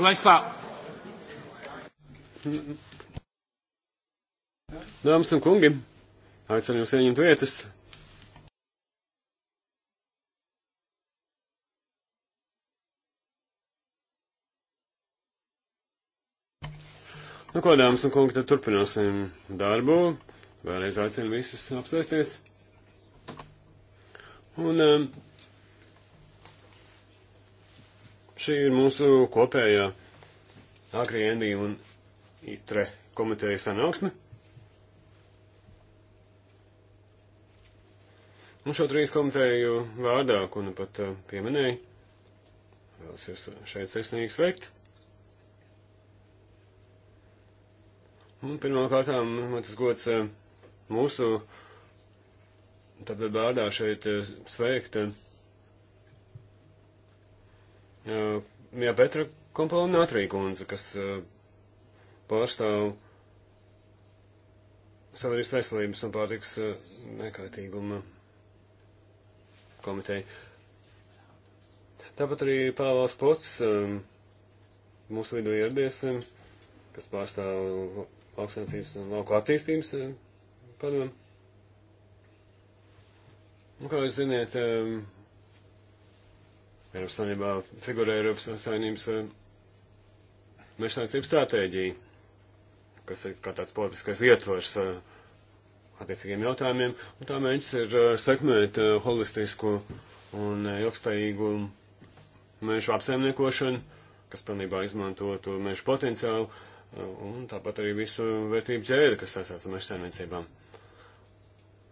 Proszę Państwa. Dāmas un kungi, aicinu jūs ieņemt vietas. Nu ko, dāmas un kungi, tad turpināsim darbu. Vēlreiz aicinu visus apsēsties. Un uh, Šī ir mūsu kopējā Agri Endī un ITRE komiteja sanāksme. Un šo trīs komiteju vārdā, ko nu pat uh, pieminēju, vēlas jūs uh, šeit sirsnīgi sveikt. Un pirmā kārtām man tas gods uh, mūsu tātad vārdā šeit sveikt. Uh, Jā, Petra Kompala Nātrija kundze, kas eh, pārstāv savarības veselības un pārtiks eh, nekaitīguma komiteju. Tāpat arī Pāvāls Pots eh, mūsu vidū ieradies, kas pārstāv lauksainicības un lauku attīstības padomu. Un, nu, kā jūs ziniet, Eiropas Savienībā figurē Eiropas Savienības eh, mežsaimniecības stratēģija, kas ir kā tāds politiskais ietvars eh, attiecīgiem jautājumiem, un tā mērķis ir eh, sekmēt holistisku un ilgspējīgu mežu apsaimniekošanu, kas pilnībā izmantotu mežu potenciālu, un tāpat arī visu vērtību ķēdi, kas saistās ar mežsaimniecībām.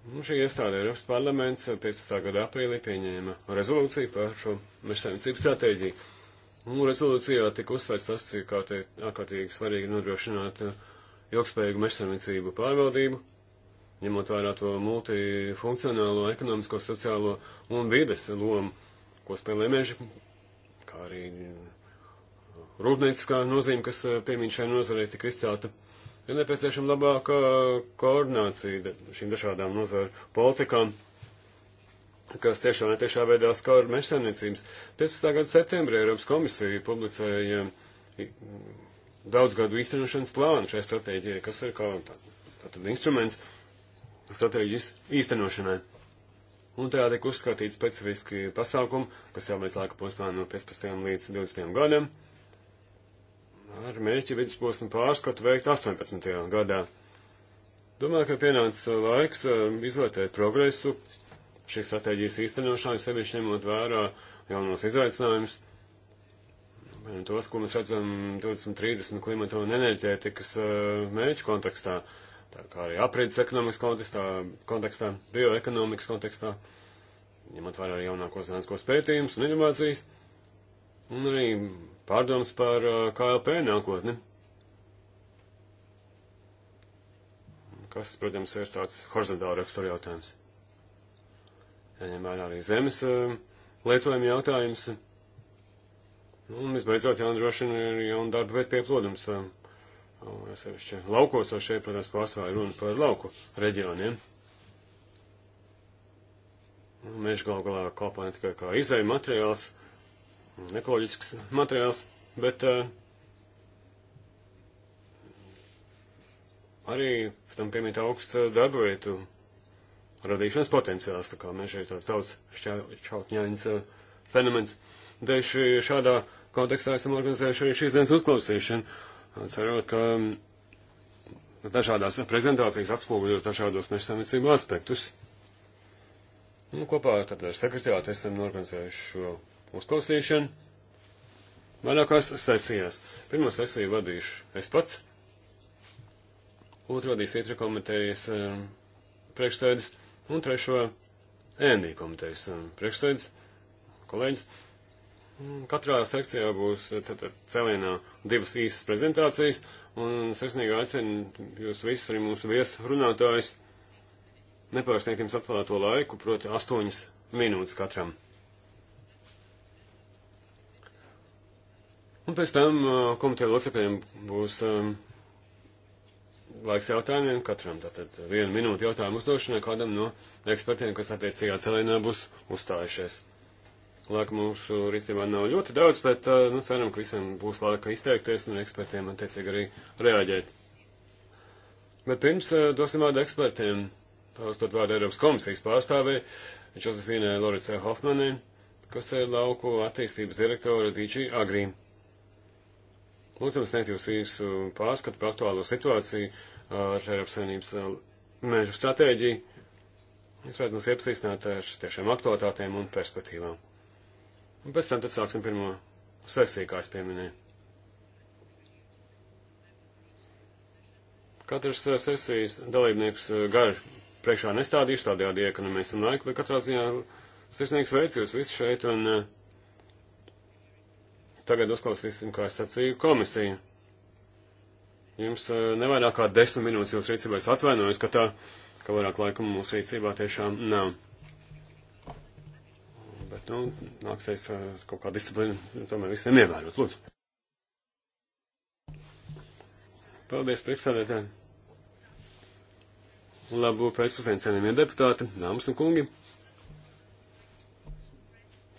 Un nu, šī iestāde Eiropas parlaments 15. Eh, gada aprīlī pieņēma rezolūciju par šo mežsaimniecības stratēģiju. Un nu, rezolūcijā tika uzsvērts tas, cik ārkārtīgi svarīgi nodrošināt eh, ilgspējīgu mežsaimniecību pārvaldību, ņemot vērā to multifunkcionālo, ekonomisko, sociālo un vides lomu, ko spēlē meži, kā arī eh, rūpnieciskā nozīme, kas piemīt šai nozarei tika izcelta ir nepieciešama labāka koordinācija šīm dažādām nozaru politikām, kas tiešā netiešā veidā skar mežsaimniecības. 15. gada septembrī Eiropas komisija publicēja daudzgadu īstenošanas plānu šai stratēģijai, kas ir kā tātad instruments stratēģijas īstenošanai. Un tajā tiek uzskatīti specifiski pasākumi, kas jāveic laika posmā no 15. līdz 20. gadam ar mērķi vidusposmu pārskatu veikt 18. gadā. Domāju, ka pienāca laiks um, izvērtēt progresu šīs stratēģijas īstenošanā, sevišķi ņemot vērā jaunos izaicinājumus, piemēram, tos, ko mēs redzam 2030 klimata un enerģētikas uh, mērķu kontekstā, tā kā arī aprīdas ekonomikas kontekstā, kontekstā bioekonomikas kontekstā, ņemot vērā jaunākos zinātniskos pētījumus un inovācijas, un arī pārdomas par uh, KLP nākotni. Kas, protams, ir tāds horizontāla rakstura jautājums. Jaņem vērā arī zemes uh, lietojuma jautājums. Nu, un, visbeidzot, jānodrošina ir jauna darba vieta pieplūdums. Es um, sevišķi laukos, jo šeit, protams, pārsvarā runa par lauku reģioniem. Nu, Mežs gal galā kalpā ne tikai kā izdeja materiāls, un ekoloģisks materiāls, bet uh, arī tam piemīt augsts darba vietu radīšanas potenciāls, tā kā mēs šeit tāds daudz šķautņains uh, fenomens. Tieši šādā kontekstā esam organizējuši arī šīs dienas uzklausīšanu, cerot, ka mm, dažādās prezentācijas atspoguļos dažādos mežsāmniecību aspektus. Un nu, kopā tad ar sekretāru esam organizējuši šo uzklausīšanu vairākās sesijās. Pirmo sesiju vadīšu es pats, otro vadīs ietra komitejas um, priekšstādis un trešo ēnī komitejas um, priekšstādis kolēģis. Mm, katrā sekcijā būs tātad, uh, celienā divas īsas prezentācijas, un sirsnīgi aicinu jūs visus, arī mūsu viesrunātājus, nepārsniegt jums atvēlēto laiku, proti astoņas minūtes katram. Un pēc tam komiteja locekļiem būs um, laiks jautājumiem, katram tātad vienu minūtu jautājumu uzdošanai kādam no ekspertiem, kas attiecīgā celēnā būs uzstājušies. Laika mūsu rīcībā nav ļoti daudz, bet nu, ceram, ka visiem būs laika izteikties un ekspertiem attiecīgi arī reaģēt. Bet pirms dosim vārdu ekspertiem, paustot vārdu Eiropas komisijas pārstāvē, Josefīnai Loricē Hofmanai, kas ir lauku attīstības direktora Dīčī Agrīna. Lūdzu, sniegt jūs īsu pārskatu par aktuālo situāciju ar Eiropas Savienības uh, mēžu stratēģiju. Jūs varat mums iepazīstināt ar tiešām aktualitātēm un perspektīvām. Un pēc tam tad sāksim pirmo sesiju, kā es pieminēju. Katrs uh, sesijas dalībnieks uh, gar priekšā nestādīšu tādējādi iekonomēsim laiku, bet katrā ziņā sirsnīgs veids jūs visi šeit un uh, Tagad uzklausīsim, kā es sacīju, komisiju. Jums eh, nevaināk kā desmit minūtes jūsu rīcībā es atvainojos, ka tā, ka vairāk laika mūsu rīcībā tiešām nav. Bet, nu, nāksies eh, kaut kā disciplīna tomēr visiem ievērot, lūdzu. Paldies, priekšsēdētāji. Labu pēcpusdienu, cienījamie deputāti, dāmas un kungi.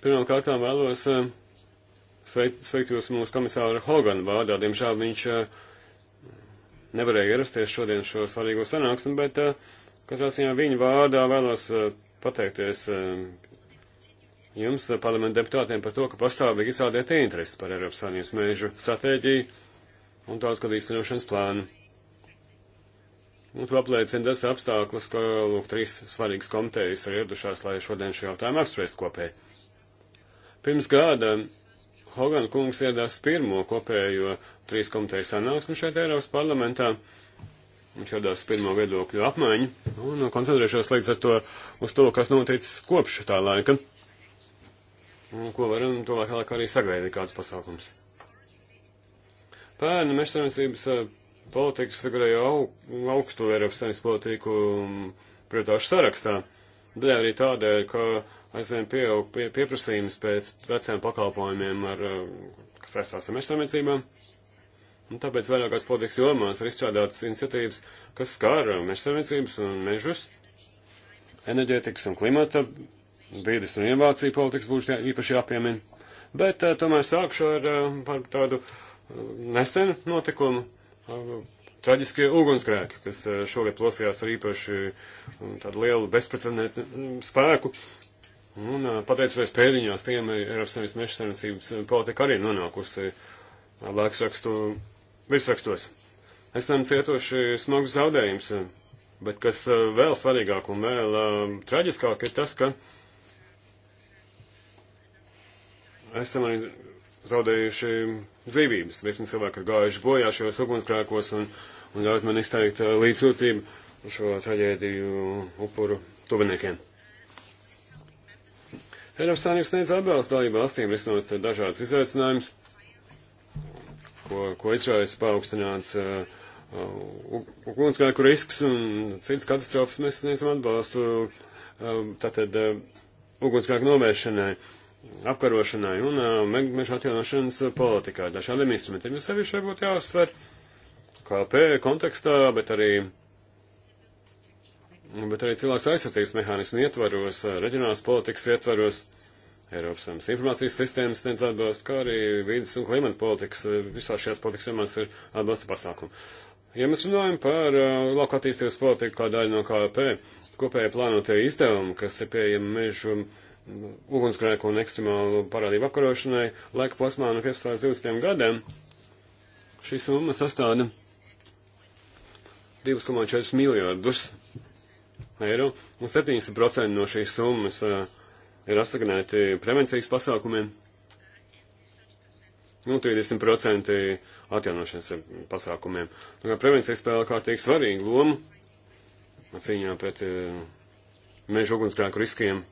Pirmkārt, vēlos uh, sveikt, sveikt jūs mūsu komisāru Hoganu vārdā. Diemžēl viņš eh, nevarēja ierasties šodien šo svarīgo sanāksmi, bet eh, katrā ziņā viņa vārdā vēlos eh, pateikties jums, parlamenta deputātiem, par to, ka pastāvīgi izrādēt interesi par Eiropas Savienības mēžu stratēģiju un daudzgad īstenošanas plānu. Un to apliecina tas apstākļus, ka lūk, trīs svarīgas komitejas ir ieradušās, lai šodien šo jautājumu apspriest kopēji. Pirms gada Hogan kungs ieradās pirmo kopējo trīs komiteju sanāksmi šeit Eiropas parlamentā. Viņš ieradās pirmo viedokļu apmaiņu un koncentrēšos līdz ar to uz to, kas noticis kopš tā laika. Un ko varam tuvāk laikā arī sagaidīt kāds pasākums. Pērnu mežsaimniecības eh, politikas figurēja au, augstu Eiropas saimnes politiku mm, prioritāšu sarakstā. Daļai arī tādēļ, ka aizvien pieaug pie, pieprasījums pēc veciem pakalpojumiem, ar, eh, kas saistās ar mežsaimniecībām. Un tāpēc vairākās politikas jomās ir izstrādātas iniciatīvas, kas skar eh, mežsaimniecības un mežus, enerģētikas un klimata, vīdes un inovāciju politikas būs jā, īpaši jāpiemin. Bet tā, eh, tomēr sākšu ar par tādu nesenu notikumu. Traģiskie ugunsgrēki, kas šogad plosījās ar īpaši mm, tādu lielu bezprecedenta mm, spēku, Un pateicoties pēdiņās tiem, Eiropas Savienības meža saimniecības politika arī nonākusi laiksrakstu virsrakstos. Esam cietuši smagus zaudējumus, bet kas vēl svarīgāk un vēl traģiskāk ir tas, ka esam arī zaudējuši dzīvības. Virkni cilvēki ir gājuši bojā šajos ugunskrēkos un, un ļaut man izteikt līdzjūtību šo traģēdiju upuru tuviniekiem. Eiropas Savienības sniedz atbalstu dalību valstīm risinot dažādas izaicinājumus, ko, ko izraisa paaugstināts uh, uh, ugunsgrēku risks un citas katastrofas. Mēs sniedzam atbalstu uh, tātad uh, ugunsgrēku novēršanai apkarošanai un uh, meža atjaunošanas politikā. Dažādiem instrumentiem jūs sevišķi būtu jāuzsver KLP kontekstā, bet arī bet arī cilvēks aizsardzības mehānismu ietvaros, reģionālās politikas ietvaros, Eiropas Savienības informācijas sistēmas sniedz atbalstu, kā arī vīdas un klimata politikas, visās šajās politikas jomās ir atbalsta pasākumi. Ja mēs runājam par uh, lauka attīstības politiku kā daļu no KLP, kopēja plānotie izdevumi, kas ir pieejami mežu ugunsgrēku un ekstremālu parādību apkarošanai, laika posmā no 15 līdz 20 gadiem, šī summa sastāda 2,4 miljardus eiro, un 70% no šīs summas uh, ir asagnēti prevencijas pasākumiem, un 30% atjaunošanas pasākumiem. Tā kā prevencija spēlē kārtīgi svarīgu lomu cīņā pret uh, meža ugunsgrēku riskiem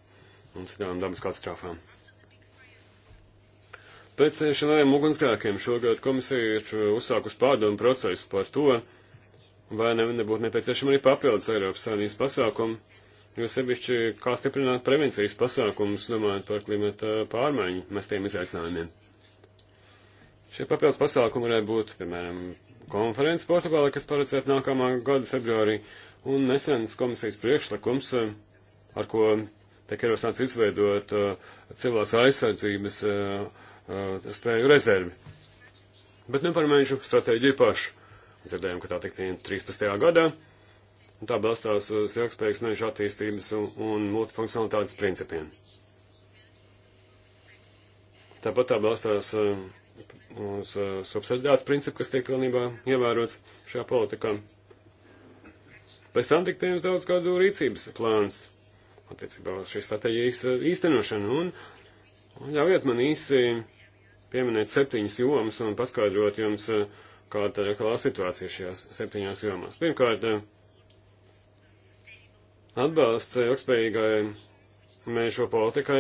un citām dabas katastrofām. Pēc šiem ugunsgrēkiem šogad komisija ir uzsākusi pārdomu procesu par to, vai ne, nebūtu nepieciešama arī papildus Eiropas Savienības pasākumu, jo sevišķi kā stiprināt prevencijas pasākumus, domājot par klimata pārmaiņu mestiem izaicinājumiem. Šie papildus pasākumi varētu būt, piemēram, konferences Portugālē, kas paredzēta nākamā gada februārī, un nesenas komisijas priekšlikums, ar ko tiek ierosināts izveidot uh, civilās aizsardzības uh, uh, spēju rezervi. Bet ne nu par mēnešu stratēģiju pašu. Dzirdējām, ka tā tika pieņemta 13. gadā. Un tā balstās uz ilgspējīgas meža attīstības un, un multifunkcionalitātes principiem. Tāpat tā balstās uh, uz uh, subsidiāts principu, kas tiek pilnībā ievērots šajā politikā. Pēc tam tika pieņems daudz kādu rīcības plāns attiecībā uz šīs strateģijas uh, īstenošanu. Un, un ļaujiet man īsi pieminēt septiņas jomas un paskaidrot jums uh, kāda ir aktuālā situācija šajās septiņās jomās. Pirmkārt, atbalsts ilgspējīgai mēžu politikai,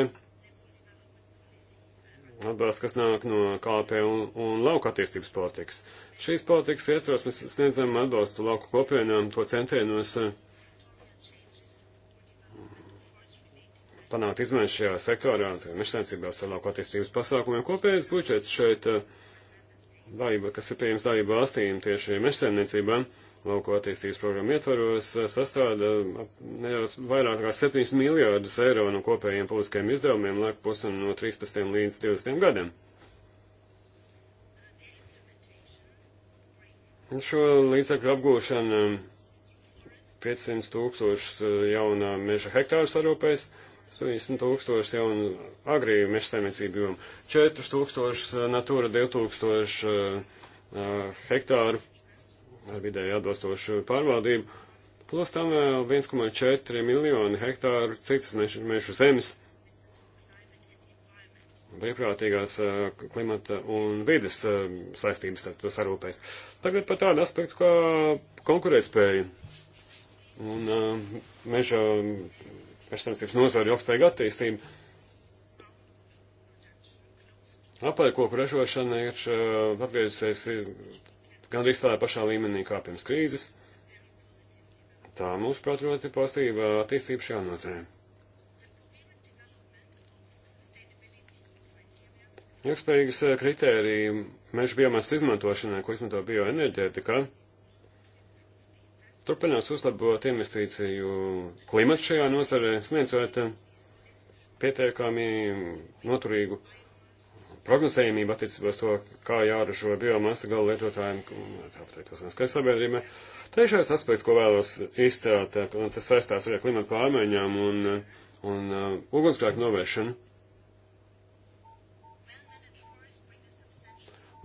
atbalsts, kas nāk no KLP un, un lauka attīstības politikas. Šīs politikas ietvaros mēs sniedzam atbalstu lauku kopienām, to centienos eh, panākt izmaiņas šajā sektorā, mežsainicībās ar lauku attīstības pasākumiem. Kopējais budžets šeit uh, dalība, kas ir pieejams dalību valstīm tieši mežsaimniecībām, lauku attīstības programmu ietvaros, eh, sastāda nedaudz vairāk kā 7 miljārdus eiro no kopējiem politiskajiem izdevumiem laika posmam no 13 līdz 20 gadiem. Šo līdzekļu apgūšana 500 tūkstošu eh, jaunā meža hektāru sarūpēs. 70 tūkstoši jaunu agrīvu mežsaimniecību jomu, 4 tūkstoši eh, Natura 2000 uh, eh, eh, hektāru ar vidēji atbilstošu pārvaldību, plus tam vēl 1,4 miljoni hektāru citas mežu zemes, brīvprātīgās uh, klimata un vides uh, saistības ar to sarūpēs. Tagad par tādu aspektu kā konkurētspēja un meža pēctamniecības nozaru ilgspējīgu attīstību. Apaļkoku ražošana ir uh, atgriezusies uh, gandrīz tādā pašā līmenī kā pirms krīzes. Tā mūsu prāt ļoti pozitīva attīstība šajā nozarē. Ilgspējīgas uh, kritērija meža biomasas izmantošanai, ko izmanto bioenerģētika, Turpinās uzlabot investīciju klimatu šajā nozarē, sniedzot eh, pietiekami noturīgu prognozējumību attiecībā uz to, kā jāražo biomasa gala lietotājiem, tāpat arī sabiedrībai. Trešais aspekts, ko vēlos izcelt, eh, tas saistās arī ar klimatu pārmaiņām un, un uh, ugunsgrēku novēršanu.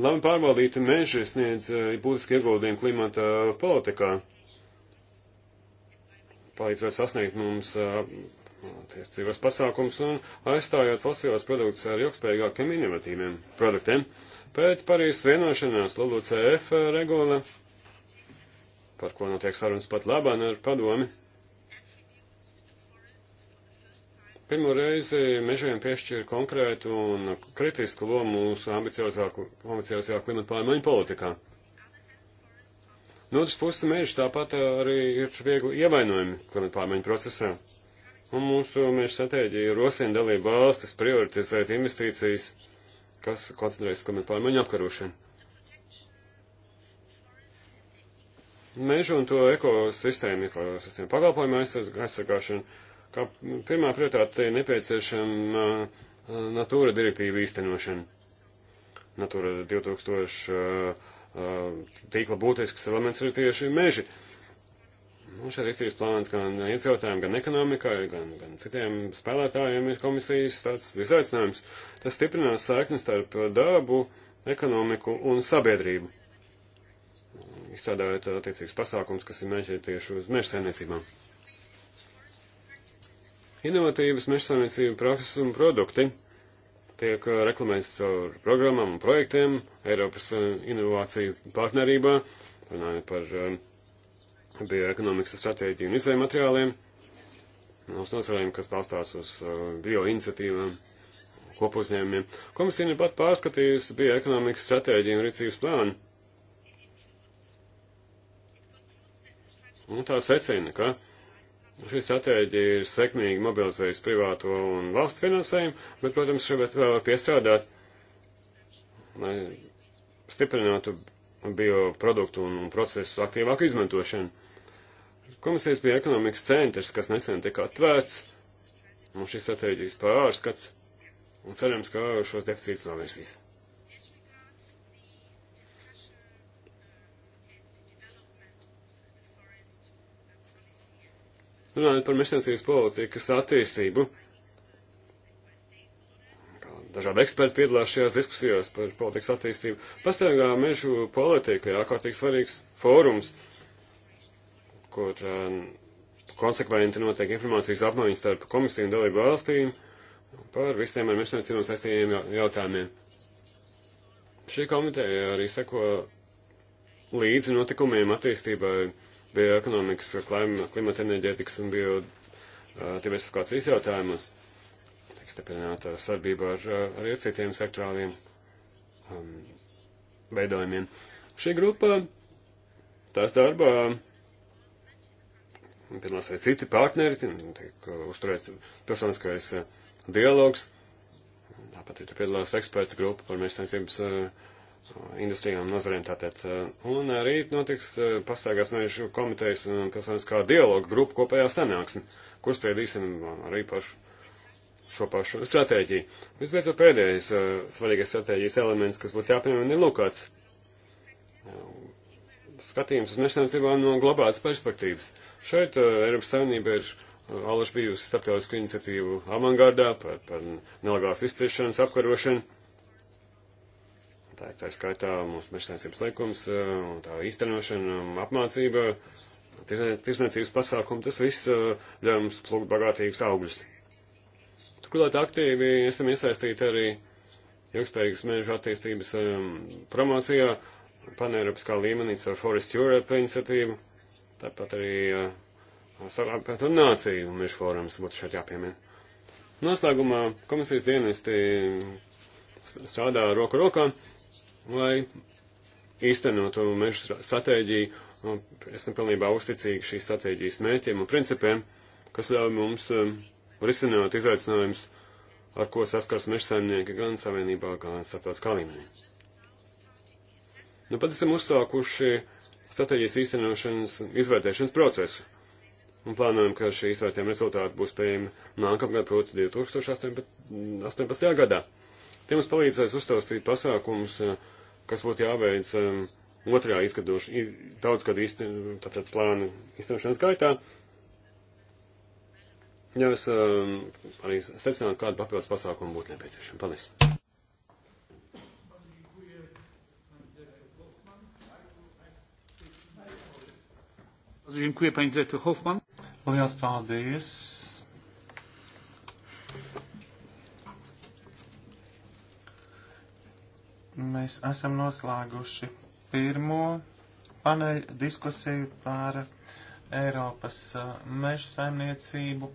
Labi pārvaldīti meži sniedz būtiski ieguldījumi klimata politikā palīdzot sasniegt mums tiesībos pasākums un aizstājot fosilos produktus ar ilgspējīgākiem inovatīviem produktiem. Pēc Parīzes vienošanās LULUCF regula, par ko notiek sarunas pat labāk ar padomi, pirmo reizi mežiem piešķir konkrētu un kritisku lomu mūsu ambiciozajā klimata pārmaiņu politikā. No otras puses, meži tāpat eh, arī ir viegli ievainojami klimata pārmaiņu procesā. Un mūsu eh, meža stratēģija rosina dalību valstis prioritizēt investīcijas, kas koncentrējas klimata pārmaiņu apkarošanu. Mežu un to ekosistēmu, ekosistēmu pakalpojumu aizsargāšanu, kā pirmā prioritāte ir nepieciešama eh, Natūra direktīva īstenošana. Natūra 2000 Uh, tīkla būtisks elements ir tieši meži. Nu, šeit rīcības plāns gan iedzīvotājiem, gan ekonomikai, gan, gan citiem spēlētājiem ir komisijas tāds izaicinājums. Tas stiprinās saikni starp dabu, ekonomiku un sabiedrību. Izstrādājot attiecīgus pasākums, kas ir mēģināti tieši uz meža saimniecībām. Inovatīvas meža saimniecību prakses un produkti tiek eh, reklamēts ar programmām un projektiem Eiropas eh, inovāciju partnerībā, runājot par eh, bioekonomikas stratēģiju un izējiem materiāliem, uz nosarēm, kas balstās uz bioiniciatīvām, kopuzņēmumiem. Komisija ir nu pat pārskatījusi bioekonomikas stratēģiju un rīcības plānu. Un tā secina, ka Šī stratēģija ir sekmīgi mobilizējusi privāto un valsts finansējumu, bet, protams, šeit vēl piestrādāt, lai stiprinātu bioproduktu un procesu aktīvāku izmantošanu. Komisijas bija ekonomikas centrs, kas nesen tika atvērts, un šis stratēģijas pārskats, un cerams, ka šos deficītus novērsīs. Runājot par mesniecības politikas attīstību, dažādi eksperti piedalās šajās diskusijās par politikas attīstību. Pastāvīgā mežu politika ir ārkārtīgi svarīgs fórums, kur um, konsekventi notiek informācijas apmaiņas starp komisiju un dalību valstīm par visiem ar mežsaimniecībām saistījumiem jautājumiem. Šī komiteja arī seko līdzi notikumiem attīstībai bioekonomikas, klima, klimata enerģētikas un bio diversifikācijas jautājumus, tiek stiprināta sadarbība ar, arī ar citiem sektorāliem um, veidojumiem. Šī grupa, tās darbā, piedalās arī citi partneri, tiek uzturēts pilsoniskais dialogs, tāpat ir piedalās eksperta grupa par mērķsainsības uh, industrijām nozarēm tātad. Un arī notiks eh, pastaigās mēžu komitejas un pilsoniskā dialoga grupa kopējā sanāksme, kur spriedīsim arī pašu šo pašu stratēģiju. Visbeidzot pēdējais eh, svarīgais stratēģijas elements, kas būtu jāpiemin, ir lūkāts. Eh, skatījums uz mežsāncībām no globālas perspektīvas. Šeit Eiropas Savienība ir alaši bijusi starptautisku iniciatīvu avangardā par, par nelegālas izciršanas apkarošanu Tā, tā skaitā mūsu mežsainiecības likums, eh, tā īstenošana, apmācība, tirsniecības pasākumi, tas viss eh, ļauj mums plūkt bagātīgus augļus. Turklāt aktīvi esam iesaistīti arī ilgspējīgas mēža attīstības ehm, promocijā, paneiropiskā līmenī ar Forest Europe iniciatīvu, tāpat arī eh, sarāpētu nāciju meža fórums būtu šeit jāpiemina. Noslēgumā komisijas dienesti strādā roku rokā lai īstenotu mežu stratēģiju. Esam pilnībā uzticīgi šīs stratēģijas mērķiem un principiem, kas ļauj mums um, risināt izaicinājumus, ar ko saskars mežsaimnieki gan savienībā, gan starptautiskā līmenī. Nu, pat esam uzsākuši stratēģijas īstenošanas izvērtēšanas procesu un plānojam, ka šī izvērtējuma rezultāti būs pieejami nākamgad, proti 2018. 18. gadā. Tie mums palīdzēs uzstāstīt pasākumus, eh, kas būtu jāveic eh, otrajā izgadošu, daudzgadu īsti, tātad plānu izdošanas gaitā. Ja es eh, arī secinātu, kādu papildus pasākumu būtu nepieciešama. Paldies! Dziękuję, pani dyrektor Hoffman. Lielas paldies Mēs esam noslēguši pirmo paneļu diskusiju par Eiropas uh, meža saimniecību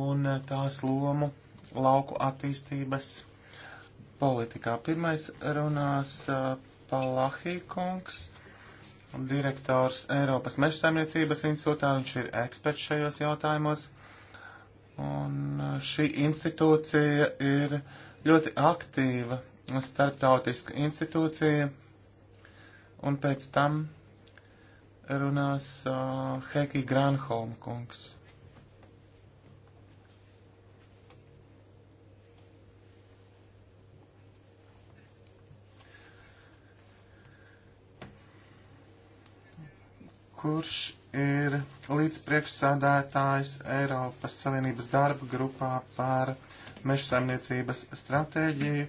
un uh, tās lomu lauku attīstības politikā. Pirmais runās uh, Palahī kungs, direktors Eiropas meža saimniecības institūtā. Viņš ir eksperts šajos jautājumos. Un šī institūcija ir ļoti aktīva starptautiska institūcija, un pēc tam runās uh, Heki Granholm kungs. kurš ir līdzpriekšsādātājs Eiropas Savienības darba grupā par mežsaimniecības stratēģiju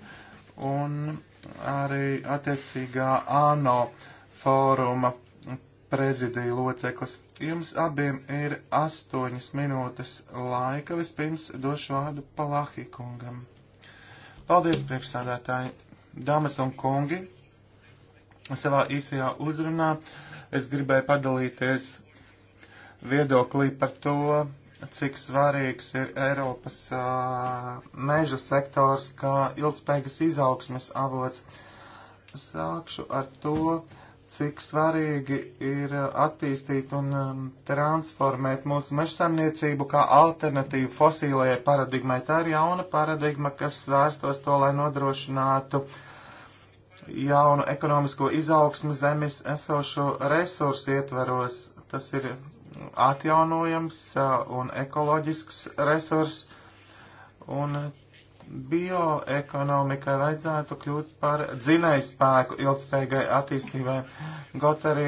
un arī attiecīgā ANO fóruma prezidija loceklis. Jums abiem ir astoņas minūtes laika. Vispirms došu vārdu Palahī kungam. Paldies, priekšsādātāji, dāmas un kungi. Savā īsajā uzrunā es gribēju padalīties viedoklī par to, cik svarīgs ir Eiropas uh, meža sektors kā ilgspējīgas izaugsmes avots. Sākšu ar to, cik svarīgi ir attīstīt un um, transformēt mūsu mežsaimniecību kā alternatīvu fosīlajai paradigmai. Tā ir jauna paradigma, kas vērstos to, lai nodrošinātu jaunu ekonomisko izaugsmu zemes esošo resursu ietveros. Tas ir atjaunojams eh, un ekoloģisks resurs, un bioekonomikai vajadzētu kļūt par dzinēju spēku ilgspējīgai attīstībai, kaut arī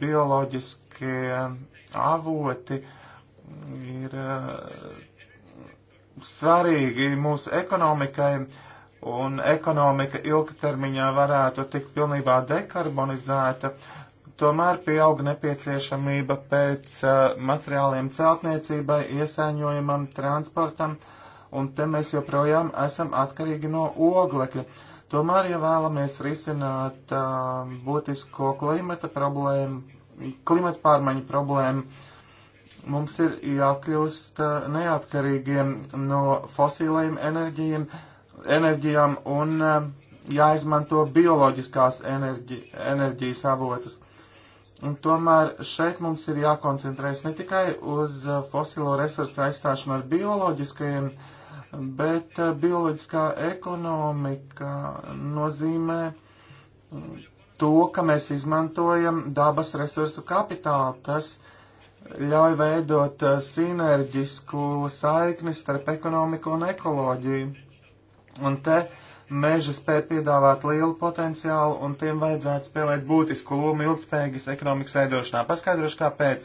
bioloģiskie avoti ir eh, svarīgi mūsu ekonomikai, un ekonomika ilgtermiņā varētu tikt pilnībā dekarbonizēta, Tomēr pieaug nepieciešamība pēc uh, materiāliem celtniecībai, iesaiņojumam, transportam, un te mēs joprojām esam atkarīgi no oglekļa. Tomēr, ja vēlamies risināt uh, būtisko klimata problēmu, klimata pārmaiņu problēmu, mums ir jākļūst uh, neatkarīgiem no fosīlajiem enerģijiem, enerģijām un uh, jāizmanto bioloģiskās enerģi, enerģijas avotas. Un tomēr šeit mums ir jākoncentrējas ne tikai uz uh, fosilo resursu aizstāšanu ar bioloģiskajiem, bet uh, bioloģiskā ekonomika nozīmē mm, to, ka mēs izmantojam dabas resursu kapitālu. Tas ļauj veidot uh, sinerģisku saikni starp ekonomiku un ekoloģiju. Un te uh, meži spēj piedāvāt lielu potenciālu un tiem vajadzētu spēlēt būtisku lomu ilgspējīgas ekonomikas veidošanā. Paskaidrošu, kāpēc.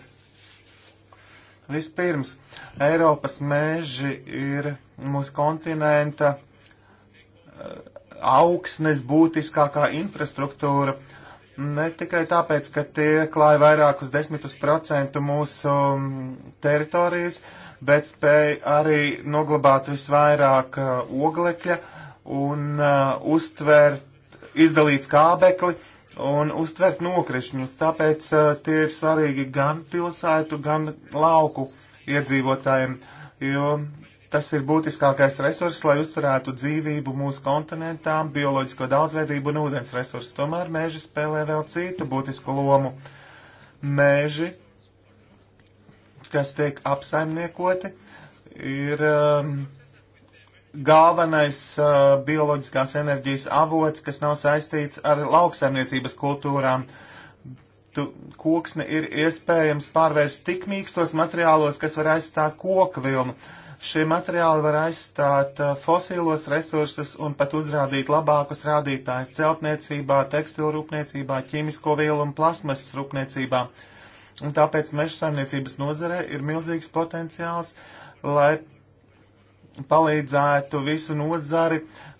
Vispirms, Eiropas meži ir mūsu kontinenta eh, augsnes būtiskākā infrastruktūra. Ne tikai tāpēc, ka tie klāja vairākus desmitus procentu mūsu mm, teritorijas, bet spēja arī noglabāt visvairāk eh, oglekļa un uh, uztvērt, izdalīt skābekli un uztvērt nokrišņus. Tāpēc uh, tie ir svarīgi gan pilsētu, gan lauku iedzīvotājiem, jo tas ir būtiskākais resurss, lai uzturētu dzīvību mūsu kontinentā, bioloģisko daudzveidību un ūdens resursus. Tomēr mēži spēlē vēl citu būtisku lomu. Mēži, kas tiek apsaimniekoti, ir. Um, uh, galvenais uh, bioloģiskās enerģijas avots, kas nav saistīts ar lauksaimniecības kultūrām. Tu, koksne ir iespējams pārvērst tik mīkstos materiālos, kas var aizstāt koku vilnu. Šie materiāli var aizstāt uh, fosīlos resursus un pat uzrādīt labākus rādītājus celtniecībā, tekstilrūpniecībā, ķīmisko vielu un plasmasas rūpniecībā. Un tāpēc meža saimniecības nozare ir milzīgs potenciāls, lai palīdzētu visu nozari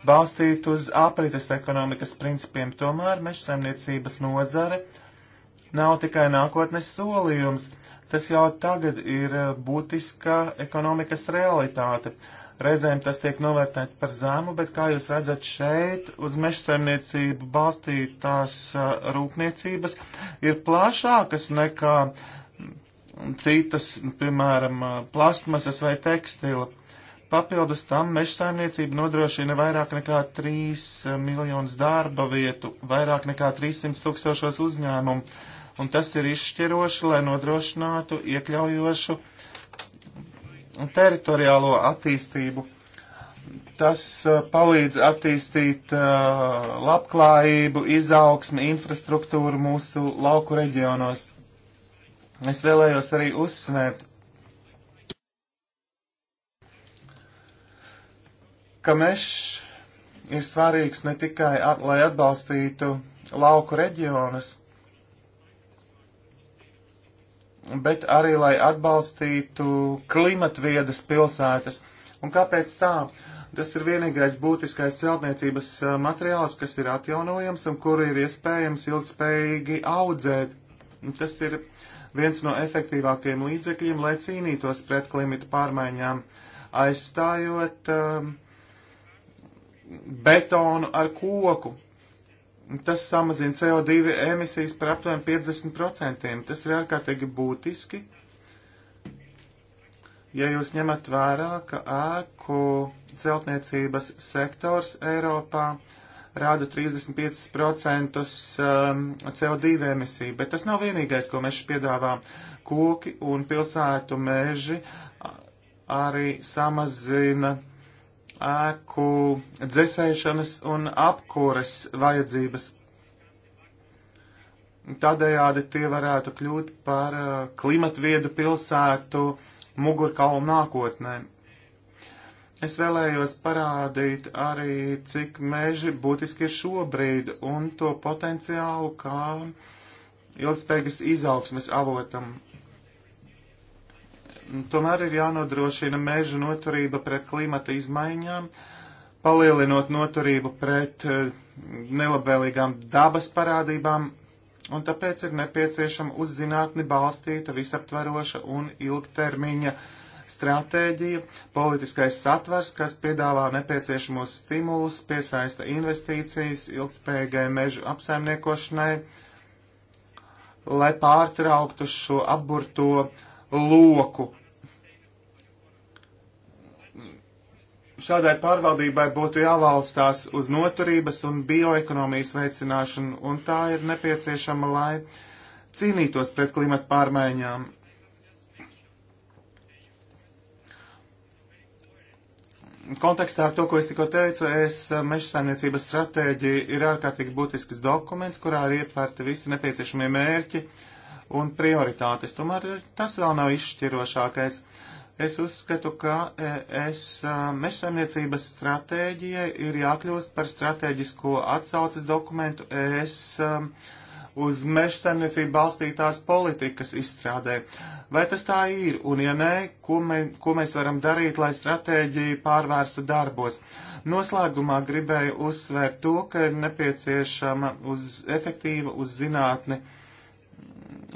balstīt uz aprites ekonomikas principiem. Tomēr mežsaimniecības nozare nav tikai nākotnes solījums, tas jau tagad ir būtiska ekonomikas realitāte. Reizēm tas tiek novērtēts par zemu, bet kā jūs redzat šeit, uz mežsaimniecību balstītās rūpniecības ir plašākas nekā citas, piemēram, plastmasas vai tekstila Papildus tam meža saimniecība nodrošina vairāk nekā 3 eh, miljonus darba vietu, vairāk nekā 300 tūkstošos uzņēmumu, un tas ir izšķiroši, lai nodrošinātu iekļaujošu teritoriālo attīstību. Tas uh, palīdz attīstīt uh, labklājību, izaugsmi, infrastruktūru mūsu lauku reģionos. Es vēlējos arī uzsvērt, ka mešs ir svarīgs ne tikai, at, lai atbalstītu lauku reģionus, bet arī, lai atbalstītu klimatviedas pilsētas. Un kāpēc tā? Tas ir vienīgais būtiskais celtniecības materiāls, kas ir atjaunojams un kuru ir iespējams ilgspējīgi audzēt. Un tas ir viens no efektīvākajiem līdzekļiem, lai cīnītos pret klimata pārmaiņām, aizstājot um, uh, betonu ar koku. Tas samazina CO2 emisijas par aptuveni 50%. Tas ir ārkārtīgi būtiski, ja jūs ņemat vērā, ka ēku celtniecības sektors Eiropā rāda 35% um, CO2 emisiju, bet tas nav vienīgais, ko mēs piedāvājam. Koki un pilsētu meži arī samazina ēku dzesēšanas un apkūres vajadzības. Tādējādi tie varētu kļūt par uh, klimatviedu pilsētu mugurkaulu nākotnē. Es vēlējos parādīt arī, cik meži būtiski ir šobrīd un to potenciālu kā ilgspējīgas izaugsmes avotam. Tomēr ir jānodrošina mežu noturība pret klimata izmaiņām, palielinot noturību pret eh, nelabvēlīgām dabas parādībām, un tāpēc ir nepieciešama uz zinātni balstīta visaptveroša un ilgtermiņa stratēģija, politiskais satvers, kas piedāvā nepieciešamos stimulus, piesaista investīcijas ilgspējīgai mežu apsaimniekošanai, lai pārtrauktu šo apburto loku, Šādai pārvaldībai būtu jāvalstās uz noturības un bioekonomijas veicināšanu, un tā ir nepieciešama, lai cīnītos pret klimatu pārmaiņām. kontekstā ar to, ko es tikko teicu, es eh, meža saimniecības stratēģija ir ārkārtīgi būtisks dokuments, kurā ir ietverti visi nepieciešamie mērķi un prioritātes. Tomēr tas vēl nav izšķirošākais. Es uzskatu, ka e, es mežsaimniecības stratēģijai ir jākļūst par strateģisko atsaucas dokumentu es uz mežsaimniecību balstītās politikas izstrādē. Vai tas tā ir? Un ja nē, ko, me, ko mēs varam darīt, lai stratēģiju pārvērstu darbos? Noslēgumā gribēju uzsvērt to, ka ir nepieciešama uz efektīva, uz zinātni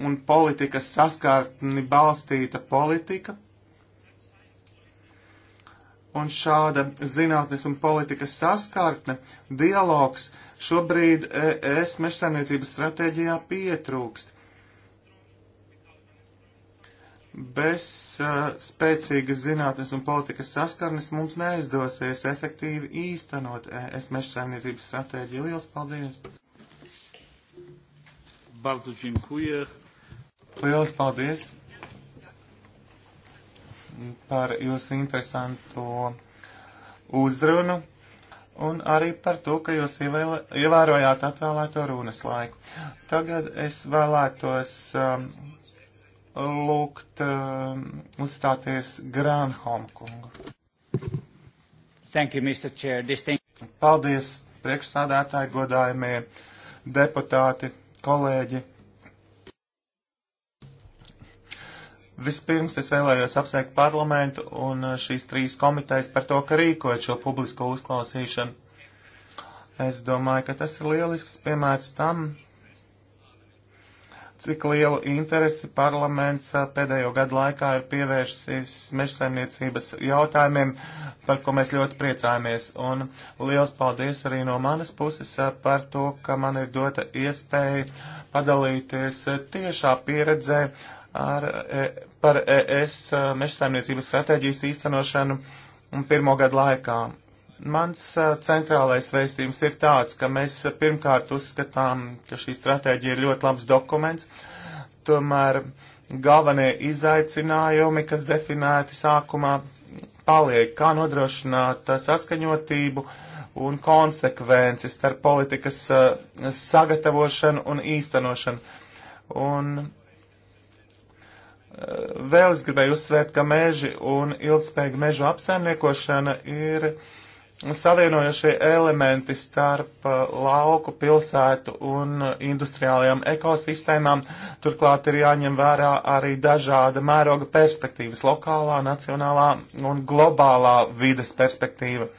un politikas saskārtni balstīta politika un šāda zinātnes un politikas saskārtne, dialogs šobrīd e, ES mežsaimniecības stratēģijā pietrūkst. Bez uh, spēcīgas zinātnes un politikas saskarnes mums neizdosies efektīvi īstenot e, ES mežsaimniecības stratēģiju. Lielas paldies! Bardzo dziękuję. Lielas paldies! par jūsu interesanto uzrunu un arī par to, ka jūs ievērojāt atvēlēto runas laiku. Tagad es vēlētos um, lūgt um, uzstāties Grānholm kungu. Thank you, Mr. Chair. Distinct... Paldies, priekšsādātāji, godājumie deputāti, kolēģi. Vispirms es vēlējos apsveikt parlamentu un eh, šīs trīs komitejas par to, ka rīkojat šo publisko uzklausīšanu. Es domāju, ka tas ir lielisks piemērs tam, cik lielu interesi parlaments eh, pēdējo gadu laikā ir pievērsis mežsaimniecības jautājumiem, par ko mēs ļoti priecājamies. Un liels paldies arī no manas puses eh, par to, ka man ir dota iespēja padalīties tiešā pieredzē ar, e, par ES e, mežsaimniecības stratēģijas īstenošanu pirmo gadu laikā. Mans e, centrālais vēstījums ir tāds, ka mēs pirmkārt uzskatām, ka šī stratēģija ir ļoti labs dokuments, tomēr galvenie izaicinājumi, kas definēti sākumā, paliek, kā nodrošināt saskaņotību un konsekvenci starp politikas sagatavošanu un īstenošanu. Un Vēl es gribēju uzsvērt, ka meži un ilgspējīga mežu apsaimniekošana ir savienojošie elementi starp uh, lauku, pilsētu un industriālajām ekosistēmām. Turklāt ir jāņem vērā arī dažāda mēroga perspektīvas - lokālā, nacionālā un globālā vides perspektīva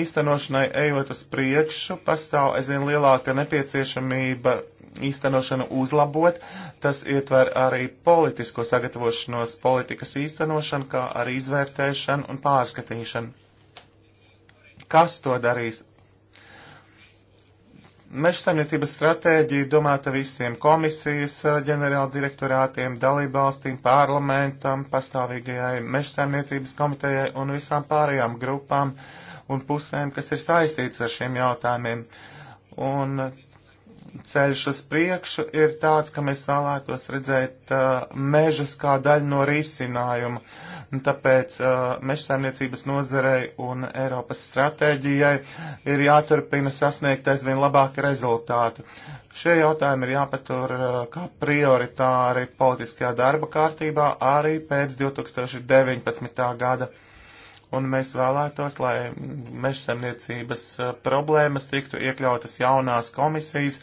īstenošanai ejot uz priekšu, pastāv aizvien lielāka nepieciešamība īstenošanu uzlabot. Tas ietver arī politisko sagatavošanos politikas īstenošanu, kā arī izvērtēšanu un pārskatīšanu. Kas to darīs? Meža saimniecības stratēģija domāta visiem komisijas eh, ģenerāla direktorātiem, dalībvalstīm, parlamentam, pastāvīgajai meža saimniecības komitejai un visām pārējām grupām un pusēm, kas ir saistīts ar šiem jautājumiem. Un ceļš uz priekšu ir tāds, ka mēs vēlētos redzēt uh, mežus kā daļu no risinājuma. Un tāpēc uh, mežsaimniecības nozarei un Eiropas stratēģijai ir jāturpina sasniegt aizvien labāki rezultāti. Šie jautājumi ir jāpatur uh, kā prioritāri politiskajā darba kārtībā arī pēc 2019. gada un mēs vēlētos, lai mežsemniecības e, problēmas tiktu iekļautas jaunās komisijas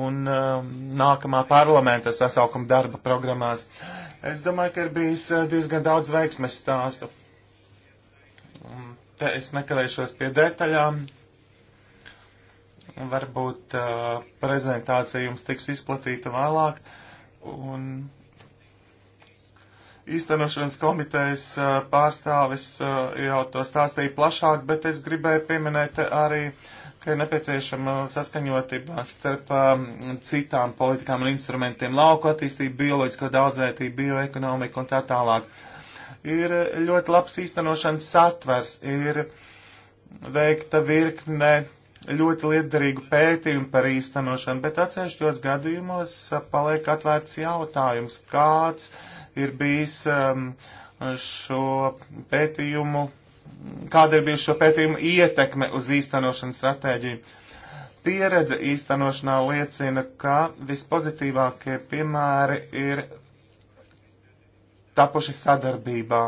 un e, nākamā parlamenta sasaukuma darba programmās. Es domāju, ka ir bijis e, diezgan daudz veiksmes stāstu. Te es nekavēšos pie detaļām. Varbūt uh, prezentācija jums tiks izplatīta vēlāk. Un īstenošanas komitejas pārstāvis jau to stāstīja plašāk, bet es gribēju pieminēt arī, ka ir nepieciešama saskaņotība starp citām politikām un instrumentiem - lauku attīstību, bioloģisko daudzvērtību, bioekonomiku un tā tālāk. Ir ļoti labs īstenošanas satvers, ir veikta virkne ļoti liederīgu pētījumu par īstenošanu, bet atsevišķos gadījumos paliek atvērts jautājums, kāds uh, ir bijis um, šo pētījumu, kāda ir bijusi šo pētījumu ietekme uz īstenošanas stratēģiju. Pieredze īstenošanā liecina, ka vispozitīvākie piemēri ir tapuši sadarbībā.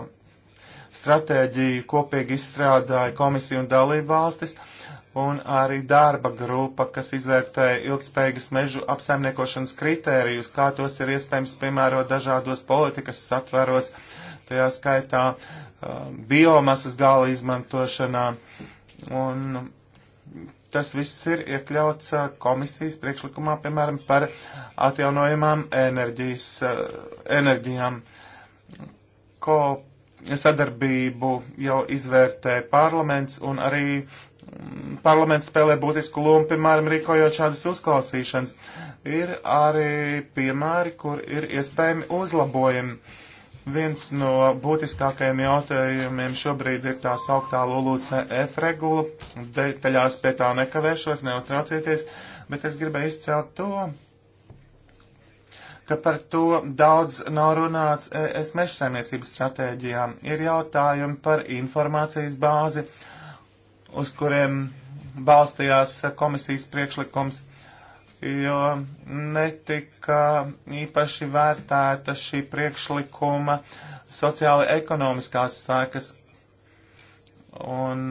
Stratēģiju kopīgi izstrādāja komisija un dalība valstis un arī darba grupa, kas izvērtē ilgspējīgas mežu apsaimniekošanas kritērijus, kā tos ir iespējams piemērot dažādos politikas satveros, tajā skaitā um, biomasas gala izmantošanā. Un tas viss ir iekļauts uh, komisijas priekšlikumā, piemēram, par atjaunojumām enerģijas, uh, enerģijām. Ko sadarbību jau izvērtē parlaments un arī uh, Parlaments spēlē būtisku lomu, piemēram, rīkojot šādas uzklausīšanas. Ir arī piemēri, kur ir iespējami uzlabojumi. Viens no būtiskākajiem jautājumiem šobrīd ir tā sauktā LULUCF regula. Detaļās pie tā nekavēšos, neuztraucieties, bet es gribēju izcelt to, ka par to daudz nav runāts es mežsaimniecības stratēģijām. Ir jautājumi par informācijas bāzi. Uh, uz kuriem balstījās komisijas priekšlikums, jo netika īpaši vērtēta šī priekšlikuma sociāli ekonomiskās sēkas. Un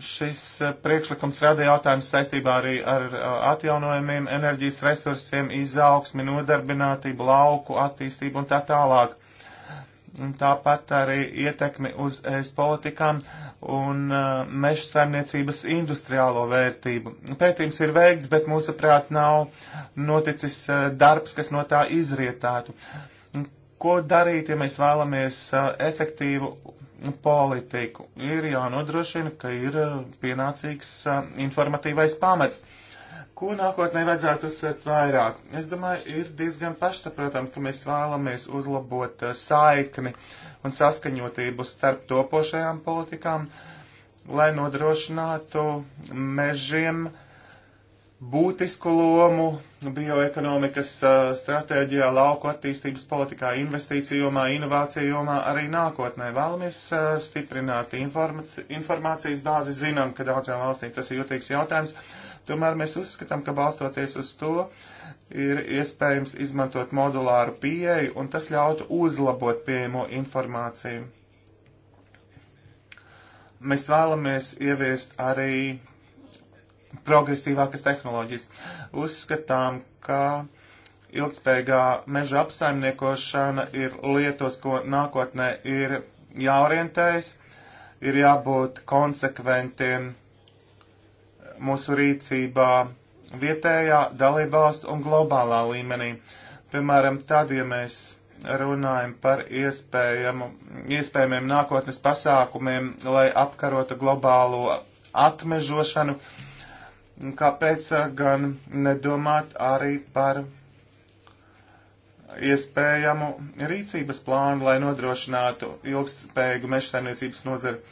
šis priekšlikums rada jautājumus saistībā arī ar atjaunojumiem, enerģijas resursiem, izaugsmi, nodarbinātību, lauku attīstību un tā tālāk tāpat arī ietekmi uz ēst politikām un uh, meža saimniecības industriālo vērtību. Pētījums ir veikts, bet mūsuprāt nav noticis uh, darbs, kas no tā izrietētu. Ko darīt, ja mēs vēlamies uh, efektīvu politiku? Ir jānodrošina, ka ir uh, pienācīgs uh, informatīvais pamats. Ko nākotnē vajadzētu uzsvērt vairāk? Es domāju, ir diezgan pašsaprotami, ka mēs vēlamies uzlabot eh, saikni un saskaņotību starp topošajām politikām, lai nodrošinātu mežiem uh, būtisku lomu bioekonomikas stratēģijā, lauku attīstības politikā, investīciju jomā, inovāciju jomā arī nākotnē. Vēlamies stiprināt informācijas bāzi, zinām, ka daudzām valstīm tas ir jūtīgs jautājums, tomēr mēs uzskatām, ka balstoties uz to ir iespējams izmantot modulāru pieeju, un tas ļautu uzlabot pieejamo informāciju. Mēs vēlamies ieviest arī progresīvākas tehnoloģijas. Uzskatām, ka ilgspējīgā meža apsaimniekošana ir lietos, ko nākotnē ir jāorientējas, ir jābūt konsekventiem mūsu rīcībā vietējā, dalībvalstu un globālā līmenī. Piemēram, tad, ja mēs runājam par iespējamiem nākotnes pasākumiem, lai apkarotu globālo atmežošanu, uh, Kāpēc eh, gan nedomāt arī par iespējamu rīcības plānu, lai nodrošinātu ilgspējīgu mežsaimniecības nozari?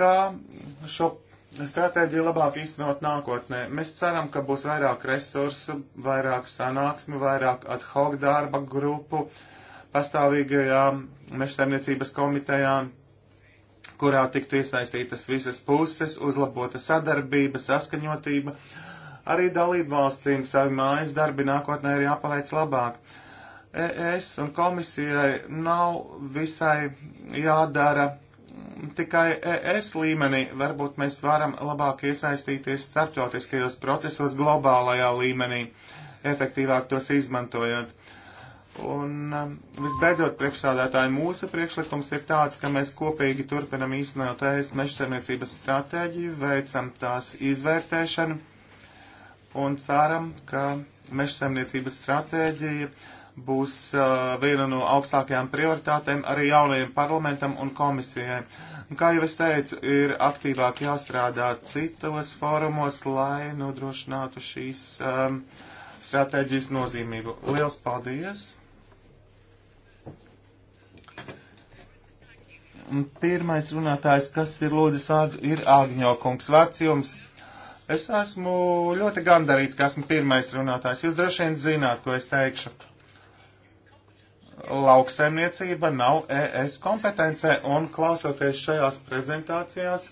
Kā šo stratēģiju labāk īstenot nākotnē? Mēs ceram, ka būs vairāk resursu, vairāk sanāksmi, vairāk ad hoc darba grupu pastāvīgajām mežsaimniecības komitejām kurā tiktu iesaistītas visas puses, uzlabota sadarbība, saskaņotība. Arī dalību valstīm savi mājas darbi nākotnē ir jāpaveic labāk. ES un komisijai nav visai jādara tikai ES līmenī. Varbūt mēs varam labāk iesaistīties starptautiskajos procesos globālajā līmenī, efektīvāk tos izmantojot. Un um, visbeidzot, priekšstādātāji, mūsu priekšlikums ir tāds, ka mēs kopīgi turpinam īstenot ēst meža saimniecības stratēģiju, veicam tās izvērtēšanu un ceram, ka meža saimniecības stratēģija būs uh, viena no augstākajām prioritātēm arī jaunajiem parlamentam un komisijai. Un, kā jau es teicu, ir aktīvāk jāstrādā citos fórumos, lai nodrošinātu šīs um, stratēģijas nozīmību. Liels paldies! Pirmais runātājs, kas ir lūdzis vārdu, ir Āgņokungs. Vārds jums. Es esmu ļoti gandarīts, ka esmu pirmais runātājs. Jūs droši vien zināt, ko es teikšu. Lauksaimniecība nav ES kompetencē un klausoties šajās prezentācijās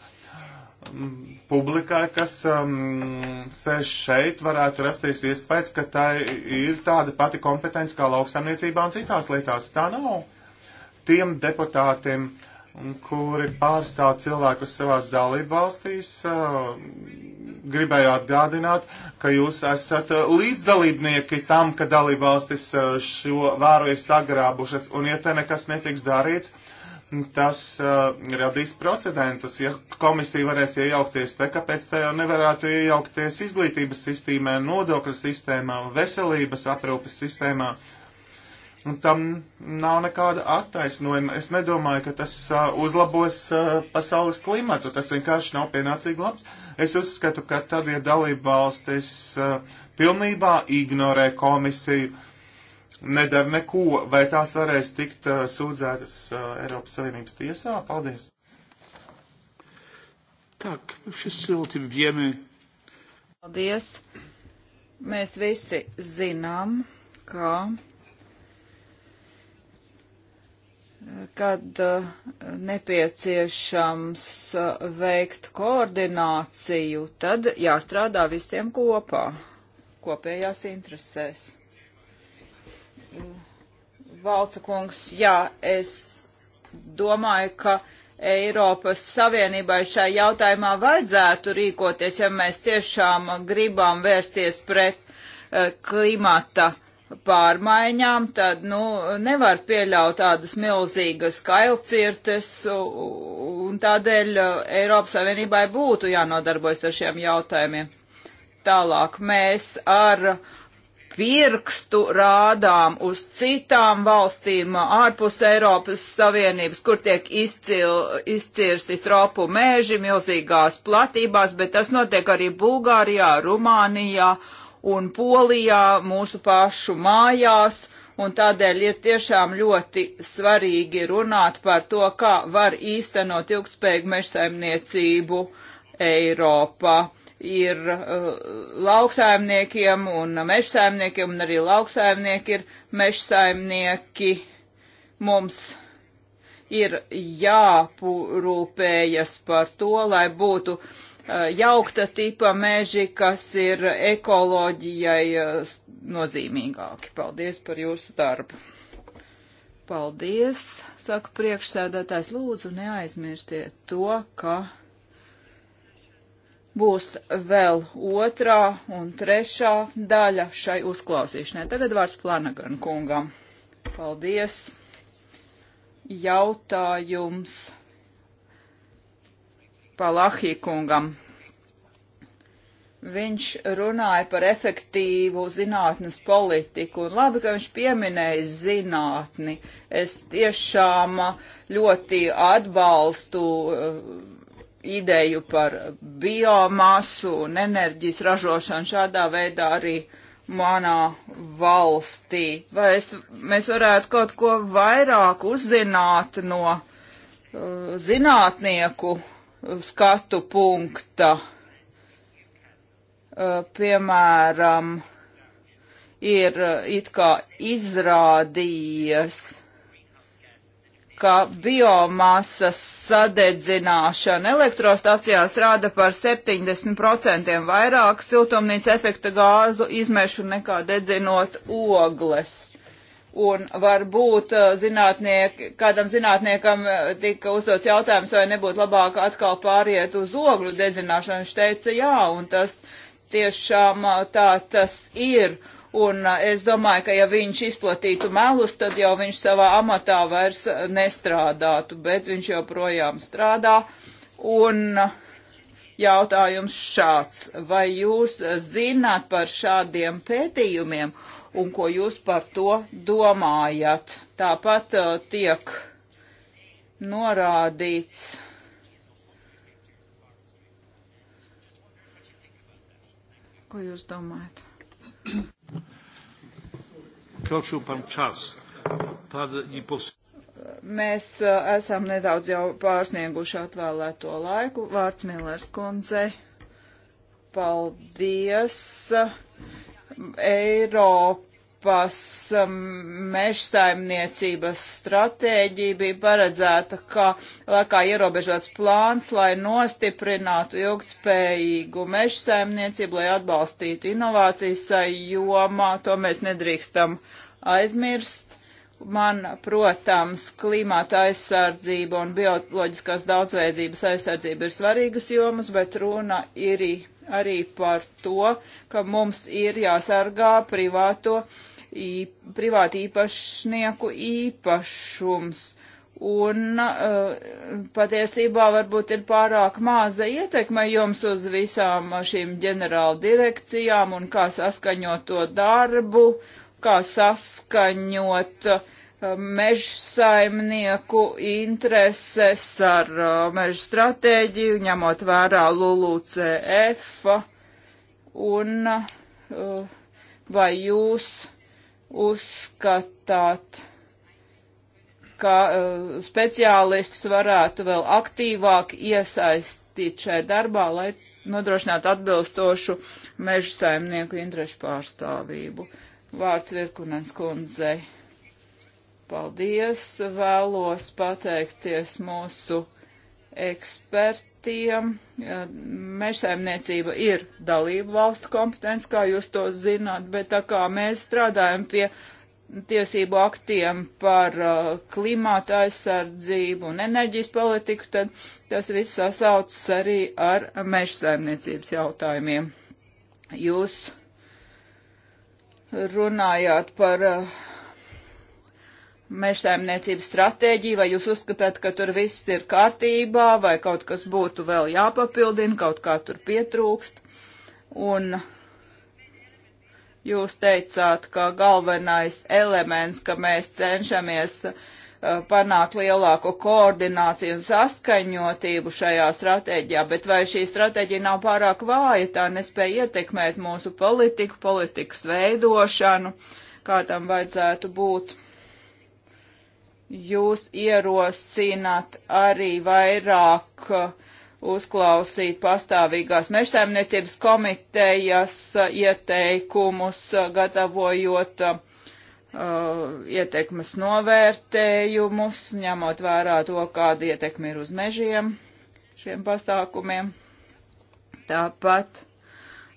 mm, publikai, kas um, sēž šeit, varētu rasties iespējas, ka tā ir tāda pati kompetence kā lauksaimniecībā un citās lietās. Tā nav. Tiem deputātiem, kuri pārstāv cilvēkus savās dalību valstīs, gribēju atgādināt, ka jūs esat līdzdalībnieki tam, ka dalību valstis šo vēru ir sagrābušas, un ja te nekas netiks darīts, tas radīs precedentus. Ja komisija varēs iejaukties te, kāpēc te jau nevarētu iejaukties izglītības sistēmā, nodokļu sistēmā, veselības aprūpes sistēmā? Uh, Un tam nav nekāda attaisnojuma. Es nedomāju, ka tas uh, uzlabos uh, pasaules klimatu. Tas vienkārši nav pienācīgi labs. Es uzskatu, ka tad, ja dalība valstis uh, pilnībā ignorē komisiju, nedara neko, vai tās varēs tikt uh, sūdzētas uh, Eiropas Savienības tiesā? Paldies! Tak, wszyscy o tym wiemy. Paldies. Mēs visi zinām, ka kad eh, nepieciešams eh, veikt koordināciju, tad jāstrādā visiem kopā, kopējās interesēs. Valca kungs, jā, es domāju, ka Eiropas Savienībai šai jautājumā vajadzētu rīkoties, ja mēs tiešām gribam vērsties pret uh, klimata uh, pārmaiņām, tad nu, nevar pieļaut tādas milzīgas kailcirtes, un tādēļ uh, Eiropas Savienībai būtu jānodarbojas ar šiem jautājumiem. Tālāk mēs ar pirkstu rādām uz citām valstīm uh, ārpus Eiropas Savienības, kur tiek izcil, izcirsti tropu mēži milzīgās platībās, bet tas notiek arī Bulgārijā, Rumānijā un Polijā, mūsu pašu mājās, un tādēļ ir tiešām ļoti svarīgi runāt par to, kā var īstenot ilgspējīgu mežsaimniecību Eiropā. Ir uh, lauksaimniekiem un mežsaimniekiem, un arī lauksaimnieki ir mežsaimnieki. Mums ir jāpurūpējas par to, lai būtu uh, Eh, jaukta tipa meži, kas ir ekoloģijai eh, nozīmīgāki. Paldies par jūsu darbu. Paldies, saka priekšsēdētājs, lūdzu neaizmirstiet to, ka būs vēl otrā un trešā daļa šai uzklausīšanai. Tagad vārds Flanagan kungam. Paldies. Jautājums Palahī kungam. Viņš runāja par efektīvu zinātnes politiku, un labi, ka viņš pieminēja zinātni. Es tiešām ļoti atbalstu uh, ideju par biomasu un enerģijas ražošanu šādā veidā arī manā valstī. Vai es, mēs varētu kaut ko vairāk uzzināt no uh, zinātnieku uh, skatu punkta. Piemēram, ir it kā izrādījies, ka biomasas sadedzināšana elektrostacijās rada par 70% vairāk siltumnīca efekta gāzu izmešu nekā dedzinot ogles. Un varbūt eh, zinātniek, kādam zinātniekam eh, tika uzdots jautājums, vai nebūtu labāk atkal pāriet uz ogļu dedzināšanu. Viņš teica, jā, un tas tiešām eh, tā tas ir. Un es domāju, ka ja viņš izplatītu melus, tad jau viņš savā amatā vairs nestrādātu, bet viņš joprojām strādā. Un jautājums šāds, vai jūs zināt par šādiem pētījumiem? un ko jūs par to domājat. Tāpat uh, tiek norādīts. Ko jūs domājat? Kroču pan čas. Tad i pos... Mēs uh, esam nedaudz jau pārsnieguši atvēlēto laiku. Vārds Milers kundzei. Paldies. Uh, Eiropas um, mežsaimniecības stratēģija bija paredzēta kā laikā ierobežots plāns, lai nostiprinātu ilgtspējīgu mežsaimniecību, lai atbalstītu inovācijas jomā. To mēs nedrīkstam aizmirst. Man, protams, klimata aizsardzība un bioloģiskās daudzveidības aizsardzība ir svarīgas jomas, bet runa ir arī par to, ka mums ir jāsargā privāto, ī, privāti īpašnieku īpašums. Un uh, patiesībā varbūt ir pārāk māza ietekme jums uz visām šīm ģenerāla direkcijām un kā saskaņot to darbu, kā saskaņot uh, mežu saimnieku intereses ar uh, mežu stratēģiju, ņemot vērā LULUCF, un uh, vai jūs uzskatāt, ka uh, speciālistus varētu vēl aktīvāk iesaistīt šajā darbā, lai nodrošinātu atbilstošu mežu saimnieku interešu pārstāvību. Vārds Virkunens kundzei. Paldies! Vēlos pateikties mūsu ekspertiem. Mežsaimniecība ir dalību valstu kompetence, kā jūs to zināt, bet tā kā mēs strādājam pie tiesību aktiem par uh, klimāta aizsardzību un enerģijas politiku, tad tas viss sasaucas arī ar mežsaimniecības jautājumiem. Jūs runājāt par uh, mežsaimniecības stratēģiju, vai jūs uzskatāt, ka tur viss ir kārtībā, vai kaut kas būtu vēl jāpapildina, kaut kā tur pietrūkst. Un jūs teicāt, ka galvenais elements, ka mēs cenšamies uh, panākt lielāku koordināciju un saskaņotību šajā stratēģijā, bet vai šī stratēģija nav pārāk vāja, tā nespēja ietekmēt mūsu politiku, politikas veidošanu, kā tam vajadzētu būt jūs ierosināt arī vairāk uh, uzklausīt pastāvīgās mežsaimniecības komitejas uh, ieteikumus, uh, gatavojot uh, ietekmes novērtējumus, ņemot vērā to, kāda ietekme ir uz mežiem šiem pasākumiem. Tāpat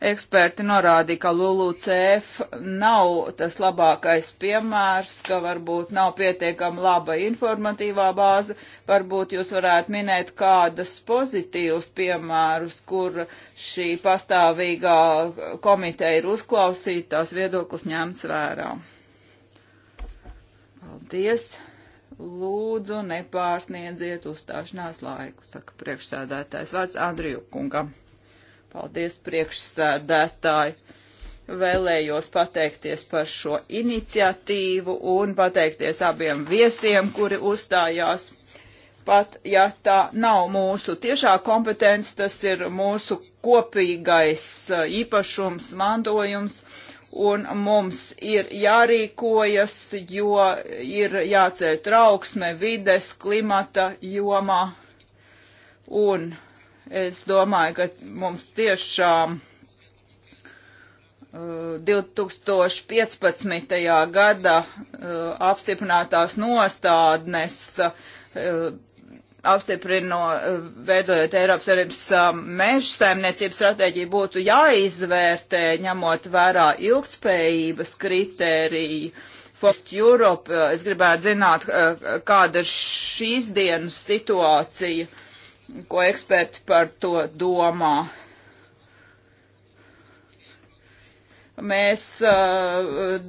Eksperti norādīja, ka LULUCF nav tas labākais piemērs, ka varbūt nav pietiekama laba informatīvā bāze. Varbūt jūs varētu minēt kādas pozitīvas piemērus, kur šī pastāvīgā komiteja ir uzklausīta, tās viedoklis ņemts vērā. Paldies! Lūdzu, nepārsniedziet uzstāšanās laiku, saka priekšsēdētājs vārds Andriju kungam. Paldies, priekšsēdētāji! Vēlējos pateikties par šo iniciatīvu un pateikties abiem viesiem, kuri uzstājās. Pat ja tā nav mūsu tiešā kompetence, tas ir mūsu kopīgais uh, īpašums, mantojums, un mums ir jārīkojas, jo ir jāceļ trauksme vides, klimata jomā un Es domāju, ka mums tiešām 2015. Uh, gada uh, apstiprinātās nostādnes uh, apstiprino, veidojot Eiropas Savienības um, meža saimniecības stratēģiju, būtu jāizvērtē, ņemot vērā ilgspējības kritēriju. Fost Europe, es gribētu zināt, kāda ir šīs dienas situācija ko eksperti par to domā. Mēs uh,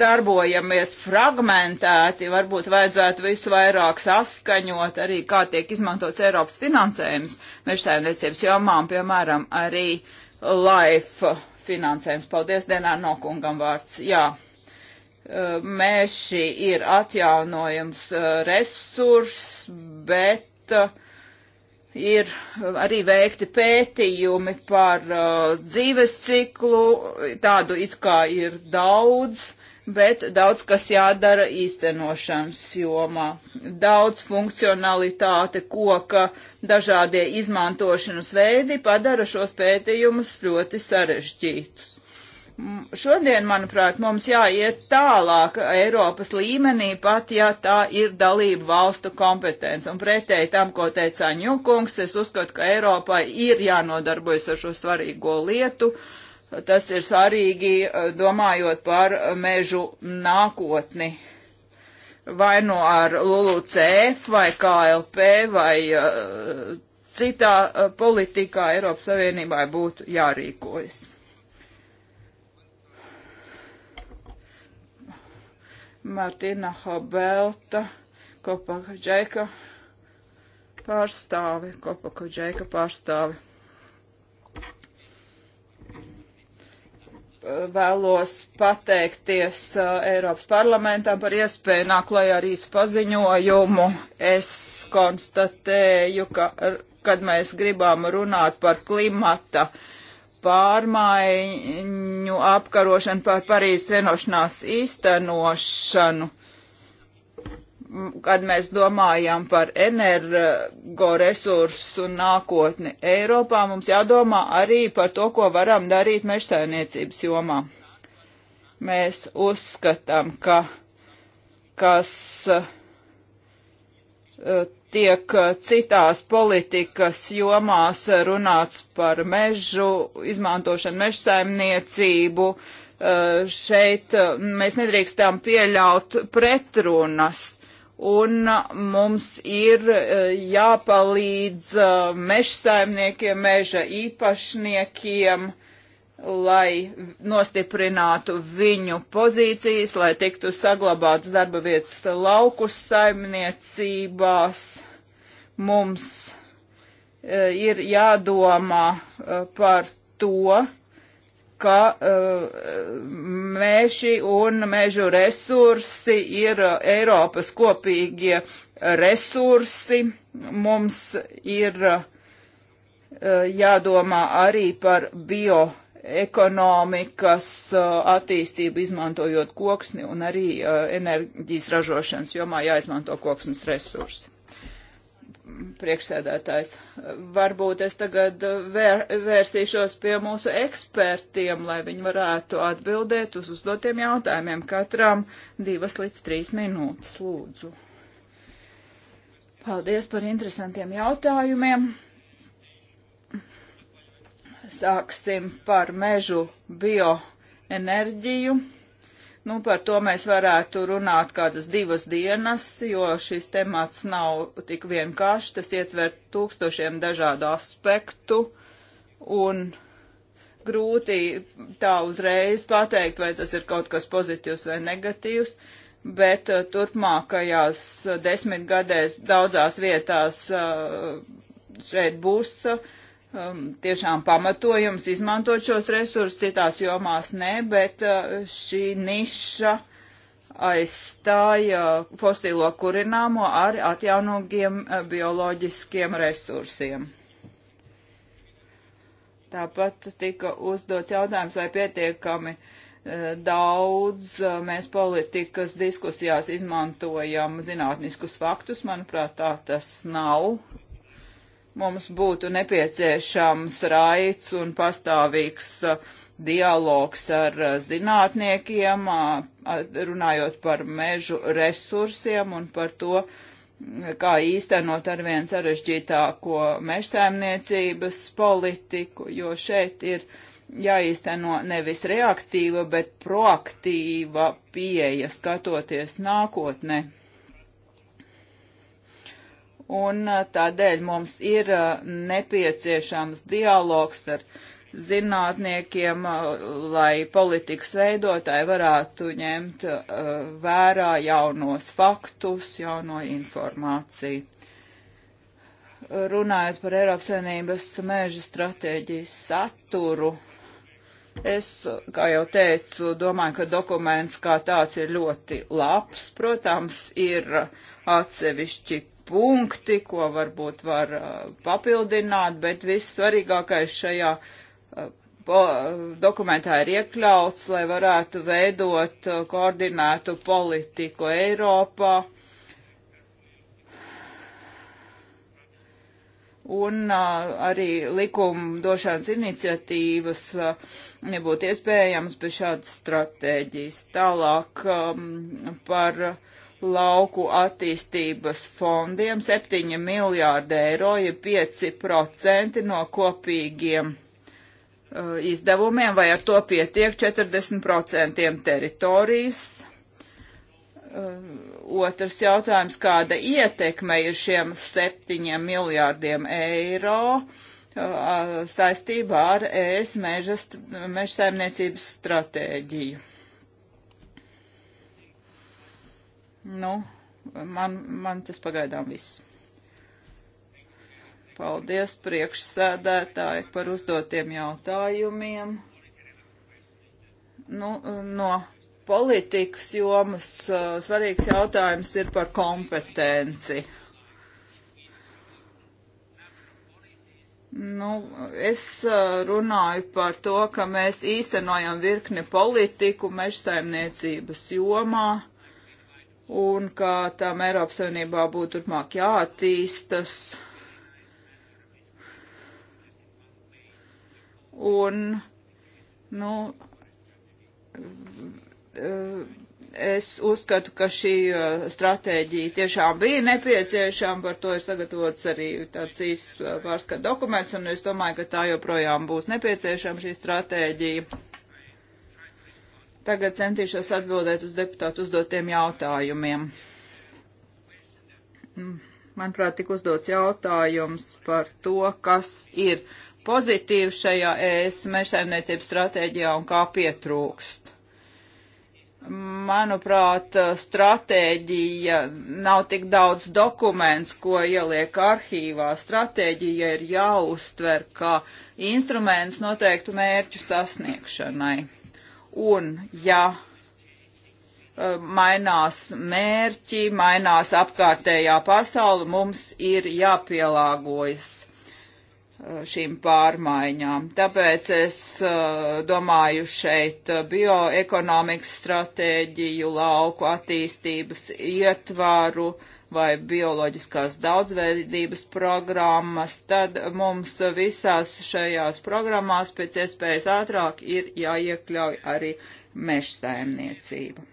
darbojamies fragmentēti, varbūt vajadzētu visu vairāk saskaņot arī, kā tiek izmantots Eiropas finansējums mežsaimniecības jomām, piemēram, arī LIFE finansējums. Paldies, Dienā Nokungam vārds. Jā, uh, meži ir atjaunojams uh, resurs, bet Uh, ir arī veikti pētījumi par uh, dzīves ciklu, tādu it kā ir daudz, bet daudz kas jādara īstenošanas jomā. Daudz funkcionalitāte, koka, dažādie izmantošanas veidi padara šos pētījumus ļoti sarežģītus. Šodien, manuprāt, mums jāiet tālāk Eiropas līmenī, pat ja tā ir dalību valstu kompetence. Un pretēji tam, ko teica Ņukungs, es uzskatu, ka Eiropai ir jānodarbojas ar šo svarīgo lietu. Tas ir svarīgi, domājot par mežu nākotni. Vai nu no ar LULUCF, vai KLP, vai uh, citā uh, politikā Eiropas Savienībai būtu jārīkojas. Martina Hobelta, Kopaka Džeka pārstāvi, Kopaka Džeka pārstāvi. Vēlos pateikties uh, Eiropas parlamentam par iespēju nāk klajā ar īsu paziņojumu. Es konstatēju, ka, kad mēs gribam runāt par klimata uh, pārmaiņu apkarošanu, par Parīzes vienošanās īstenošanu, kad mēs domājam par energoresursu nākotni Eiropā, mums jādomā arī par to, ko varam darīt mežsainiecības jomā. Mēs uzskatām, ka kas uh, tiek eh, citās politikas jomās runāts par mežu, izmantošanu mežu saimniecību. Eh, šeit eh, mēs nedrīkstam pieļaut pretrunas, un mums ir jāpalīdz meža saimniekiem, meža īpašniekiem, uh, lai nostiprinātu viņu pozīcijas, lai tiktu saglabāts darba vietas laukus saimniecībās. Mums e, ir jādomā e, par to, ka e, meži un mežu resursi ir e, Eiropas kopīgie resursi. Mums ir e, jādomā arī par bio ekonomikas uh, attīstību, izmantojot koksni un arī uh, enerģijas ražošanas jomā jāizmanto koksnes resursi. Priekšsēdētājs, varbūt es tagad uh, vēr, vērsīšos pie mūsu ekspertiem, lai viņi varētu atbildēt uz uzdotiem jautājumiem. Katram divas līdz trīs minūtes, lūdzu. Paldies par interesantiem jautājumiem sāksim par mežu bioenerģiju. Nu, par to mēs varētu runāt kādas divas dienas, jo šis temats nav tik vienkāršs. Tas ietver tūkstošiem dažādu aspektu un grūti tā uzreiz pateikt, vai tas ir kaut kas pozitīvs vai negatīvs bet uh, turpmākajās desmitgadēs daudzās vietās uh, šeit būs uh, um, tiešām pamatojums izmantot šos resursus, citās jomās nē, bet uh, šī niša aizstāja fosīlo kurināmo ar atjaunogiem uh, bioloģiskiem resursiem. Tāpat tika uzdots jautājums, vai pietiekami uh, daudz uh, mēs politikas diskusijās izmantojam zinātniskus faktus. Manuprāt, tā tas nav mums būtu nepieciešams raids un pastāvīgs uh, dialogs ar uh, zinātniekiem, uh, runājot par mežu resursiem un par to, mm, kā īstenot arvien sarežģītāko mežtēmniecības politiku, jo šeit ir jāīsteno nevis reaktīva, bet proaktīva pieeja skatoties nākotnē un tādēļ mums ir nepieciešams dialogs ar zinātniekiem, lai politikas veidotāji varētu ņemt vērā jaunos faktus, jauno informāciju. Runājot par Eiropas Savienības mēža stratēģijas saturu, es, kā jau teicu, domāju, ka dokuments kā tāds ir ļoti labs. Protams, ir atsevišķi punkti, ko varbūt var uh, papildināt, bet viss svarīgākais šajā uh, dokumentā ir iekļauts, lai varētu veidot uh, koordinētu politiku Eiropā. un uh, arī likumdošanas iniciatīvas uh, nebūtu iespējams bez šādas stratēģijas. Tālāk um, par uh, lauku attīstības fondiem 7 miljārdi eiro, ja 5% no kopīgiem uh, izdevumiem, vai ar to pietiek 40% teritorijas. Uh, otrs jautājums, kāda ietekme ir šiem 7 miljārdiem eiro uh, saistībā ar ES meža saimniecības stratēģiju? Nu, man, man tas pagaidām viss. Paldies priekšsēdētāji par uzdotiem jautājumiem. Nu, no politikas jomas uh, svarīgs jautājums ir par kompetenci. Nu, es uh, runāju par to, ka mēs īstenojam virkni politiku mežsaimniecības jomā, un kā tam Eiropas Savienībā būtu turpmāk jāattīstas. Un, nu, es uzskatu, ka šī uh, stratēģija tiešām bija nepieciešama, par to ir sagatavots arī tāds īsts uh, pārskat dokuments, un es domāju, ka tā joprojām būs nepieciešama šī stratēģija Tagad centīšos atbildēt uz deputātu uzdotiem jautājumiem. Mm, manuprāt, tik uzdots jautājums par to, kas ir pozitīvi šajā ES mežsaimniecības stratēģijā un kā pietrūkst. Manuprāt, stratēģija nav tik daudz dokuments, ko ieliek arhīvā. Stratēģija ir jāuztver kā instruments noteiktu mērķu sasniegšanai Un, ja e, mainās mērķi, mainās apkārtējā pasaule, mums ir jāpielāgojas e, šīm pārmaiņām. Tāpēc es e, domāju šeit bioekonomikas stratēģiju, lauku attīstības ietvaru, vai bioloģiskās daudzveidības programmas, tad mums visās šajās programmās pēc iespējas ātrāk ir jāiekļauj arī mežsaimniecība.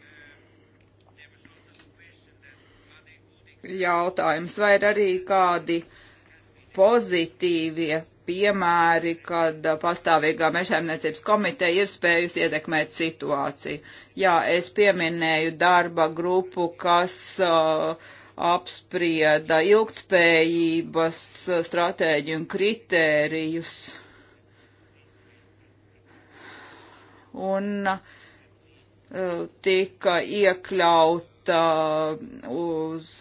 Jautājums, vai ir arī kādi pozitīvie piemēri, kad pastāvīgā mežsaimniecības komiteja ir spējusi ietekmēt situāciju. Jā, es pieminēju darba grupu, kas uh, apsprieda ilgtspējības stratēģiju un kritērijus. Un uh, tika iekļauta uh, uz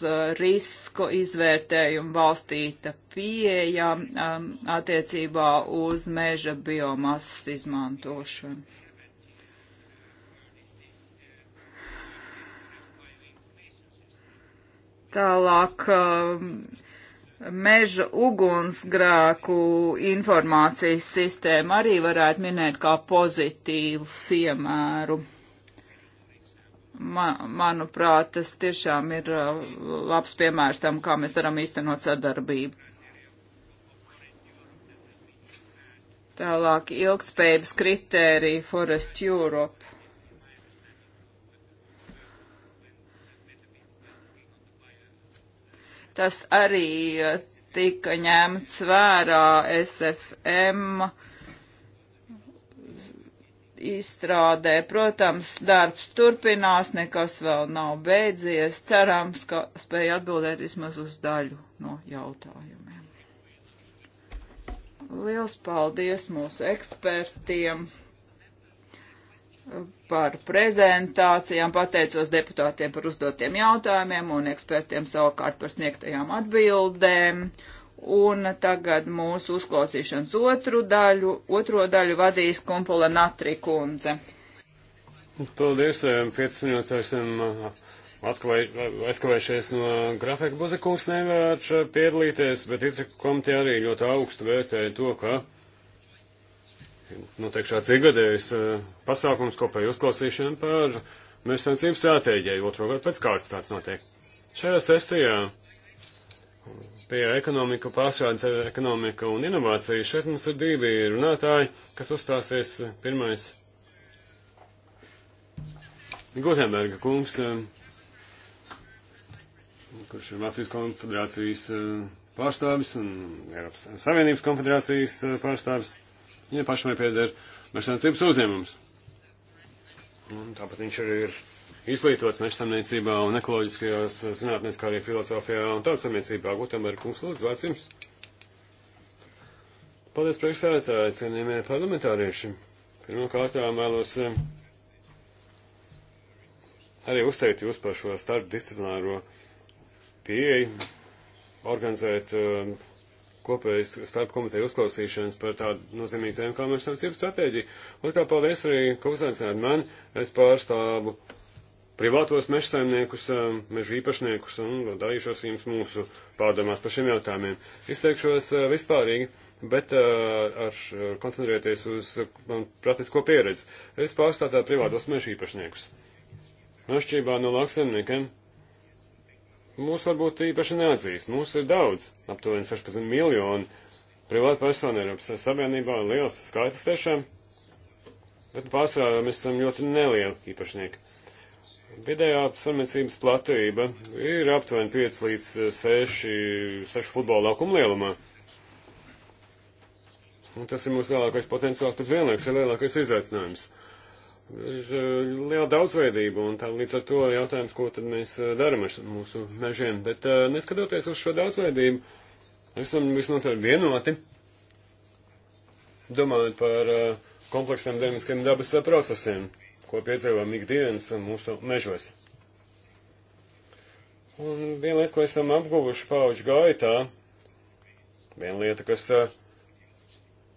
risku izvērtējumu balstīta pieeja um, attiecībā uz meža biomasas izmantošanu. Tālāk um, meža ugunsgrēku informācijas sistēma arī varētu minēt kā pozitīvu piemēru. Man, manuprāt, tas tiešām ir uh, labs piemērs tam, kā mēs varam īstenot sadarbību. Tālāk ilgspējības kritērija Forest Europe. Tas arī uh, tika ņemts vērā SFM izstrādē. Protams, darbs turpinās, nekas vēl nav beidzies. Cerams, ka spēj atbildēt vismaz uz daļu no jautājumiem. Liels paldies mūsu ekspertiem! par prezentācijām, pateicos deputātiem par uzdotiem jautājumiem un ekspertiem savukārt par sniegtajām atbildēm. Un tagad mūsu uzklausīšanas otru daļu, otro daļu vadīs Kumpula Natri kundze. Paldies, eh, pieciņot, esam eh, aizkavējušies no grafika. Buzekungs nevar eh, piedalīties, bet Itri komitē arī ļoti augstu vērtēja to, ka noteikti nu, šāds iegadējis eh, pasākums kopēju uzklausīšanu par mērsensības stratēģiju. Otro gadu pēc kārtas tāds notiek. Šajā sesijā pie ekonomika pārstrādes ar ekonomika un inovāciju šeit mums ir divi runātāji, kas uzstāsies eh, pirmais. Gutenberga kungs, eh, kurš ir Vācijas konfederācijas pārstāvis un Eiropas Savienības konfederācijas pārstāvis. Viņai pašai pieder mežsaimniecības uzņēmums. Un tāpat viņš arī ir izglītots mežsaimniecībā un ekoloģiskajās zinātnēs, kā arī filozofijā un tautsamiecībā. Gutam ir kungs lūdzu vārds jums. Paldies, priekšsēdētāji, cienījamie parlamentārieši. Pirmkārt, vēlos eh, arī uzteikt jūs par šo starpdisciplināro pieeju, organizēt uh, kopējas starp komiteju uzklausīšanas par tādu nozīmīgu tēmu, kā mēs esam sirds stratēģiju. Un kā paldies arī, ka uzaicinājāt mani, es pārstāvu privātos meža saimniekus, um, meža īpašniekus un dalīšos jums mūsu pārdomās par šiem jautājumiem. Izteikšos uh, vispārīgi, bet uh, ar uh, koncentrēties uz man praktisko pieredzi. Es pārstāvu privātos meža īpašniekus. Nošķībā no lauksaimniekiem. No mūs varbūt īpaši neatzīst. Mūs ir daudz, aptuveni 16 miljoni privātu personu Eiropas Savienībā, liels skaitlis tiešām, bet pārsvarā mēs esam ļoti nelieli īpašnieki. Vidējā samniecības platība ir aptuveni 5 līdz 6, 6 futbola laukuma lielumā. Un tas ir mūsu lielākais potenciāls, bet vienlaiks ir lielākais izaicinājums. Uh, ir eh, liela daudzveidība, un tā līdz ar to jautājums, ko tad mēs eh, darām ar mūsu mežiem. Bet eh, neskatoties uz šo daudzveidību, esam visnotaļ vienoti, domājot par kompleksiem dinamiskiem dabas procesiem, ko piedzīvojam ikdienas mūsu mežos. Un viena lieta, ko esam apguvuši pauģu gaitā, viena lieta, kas,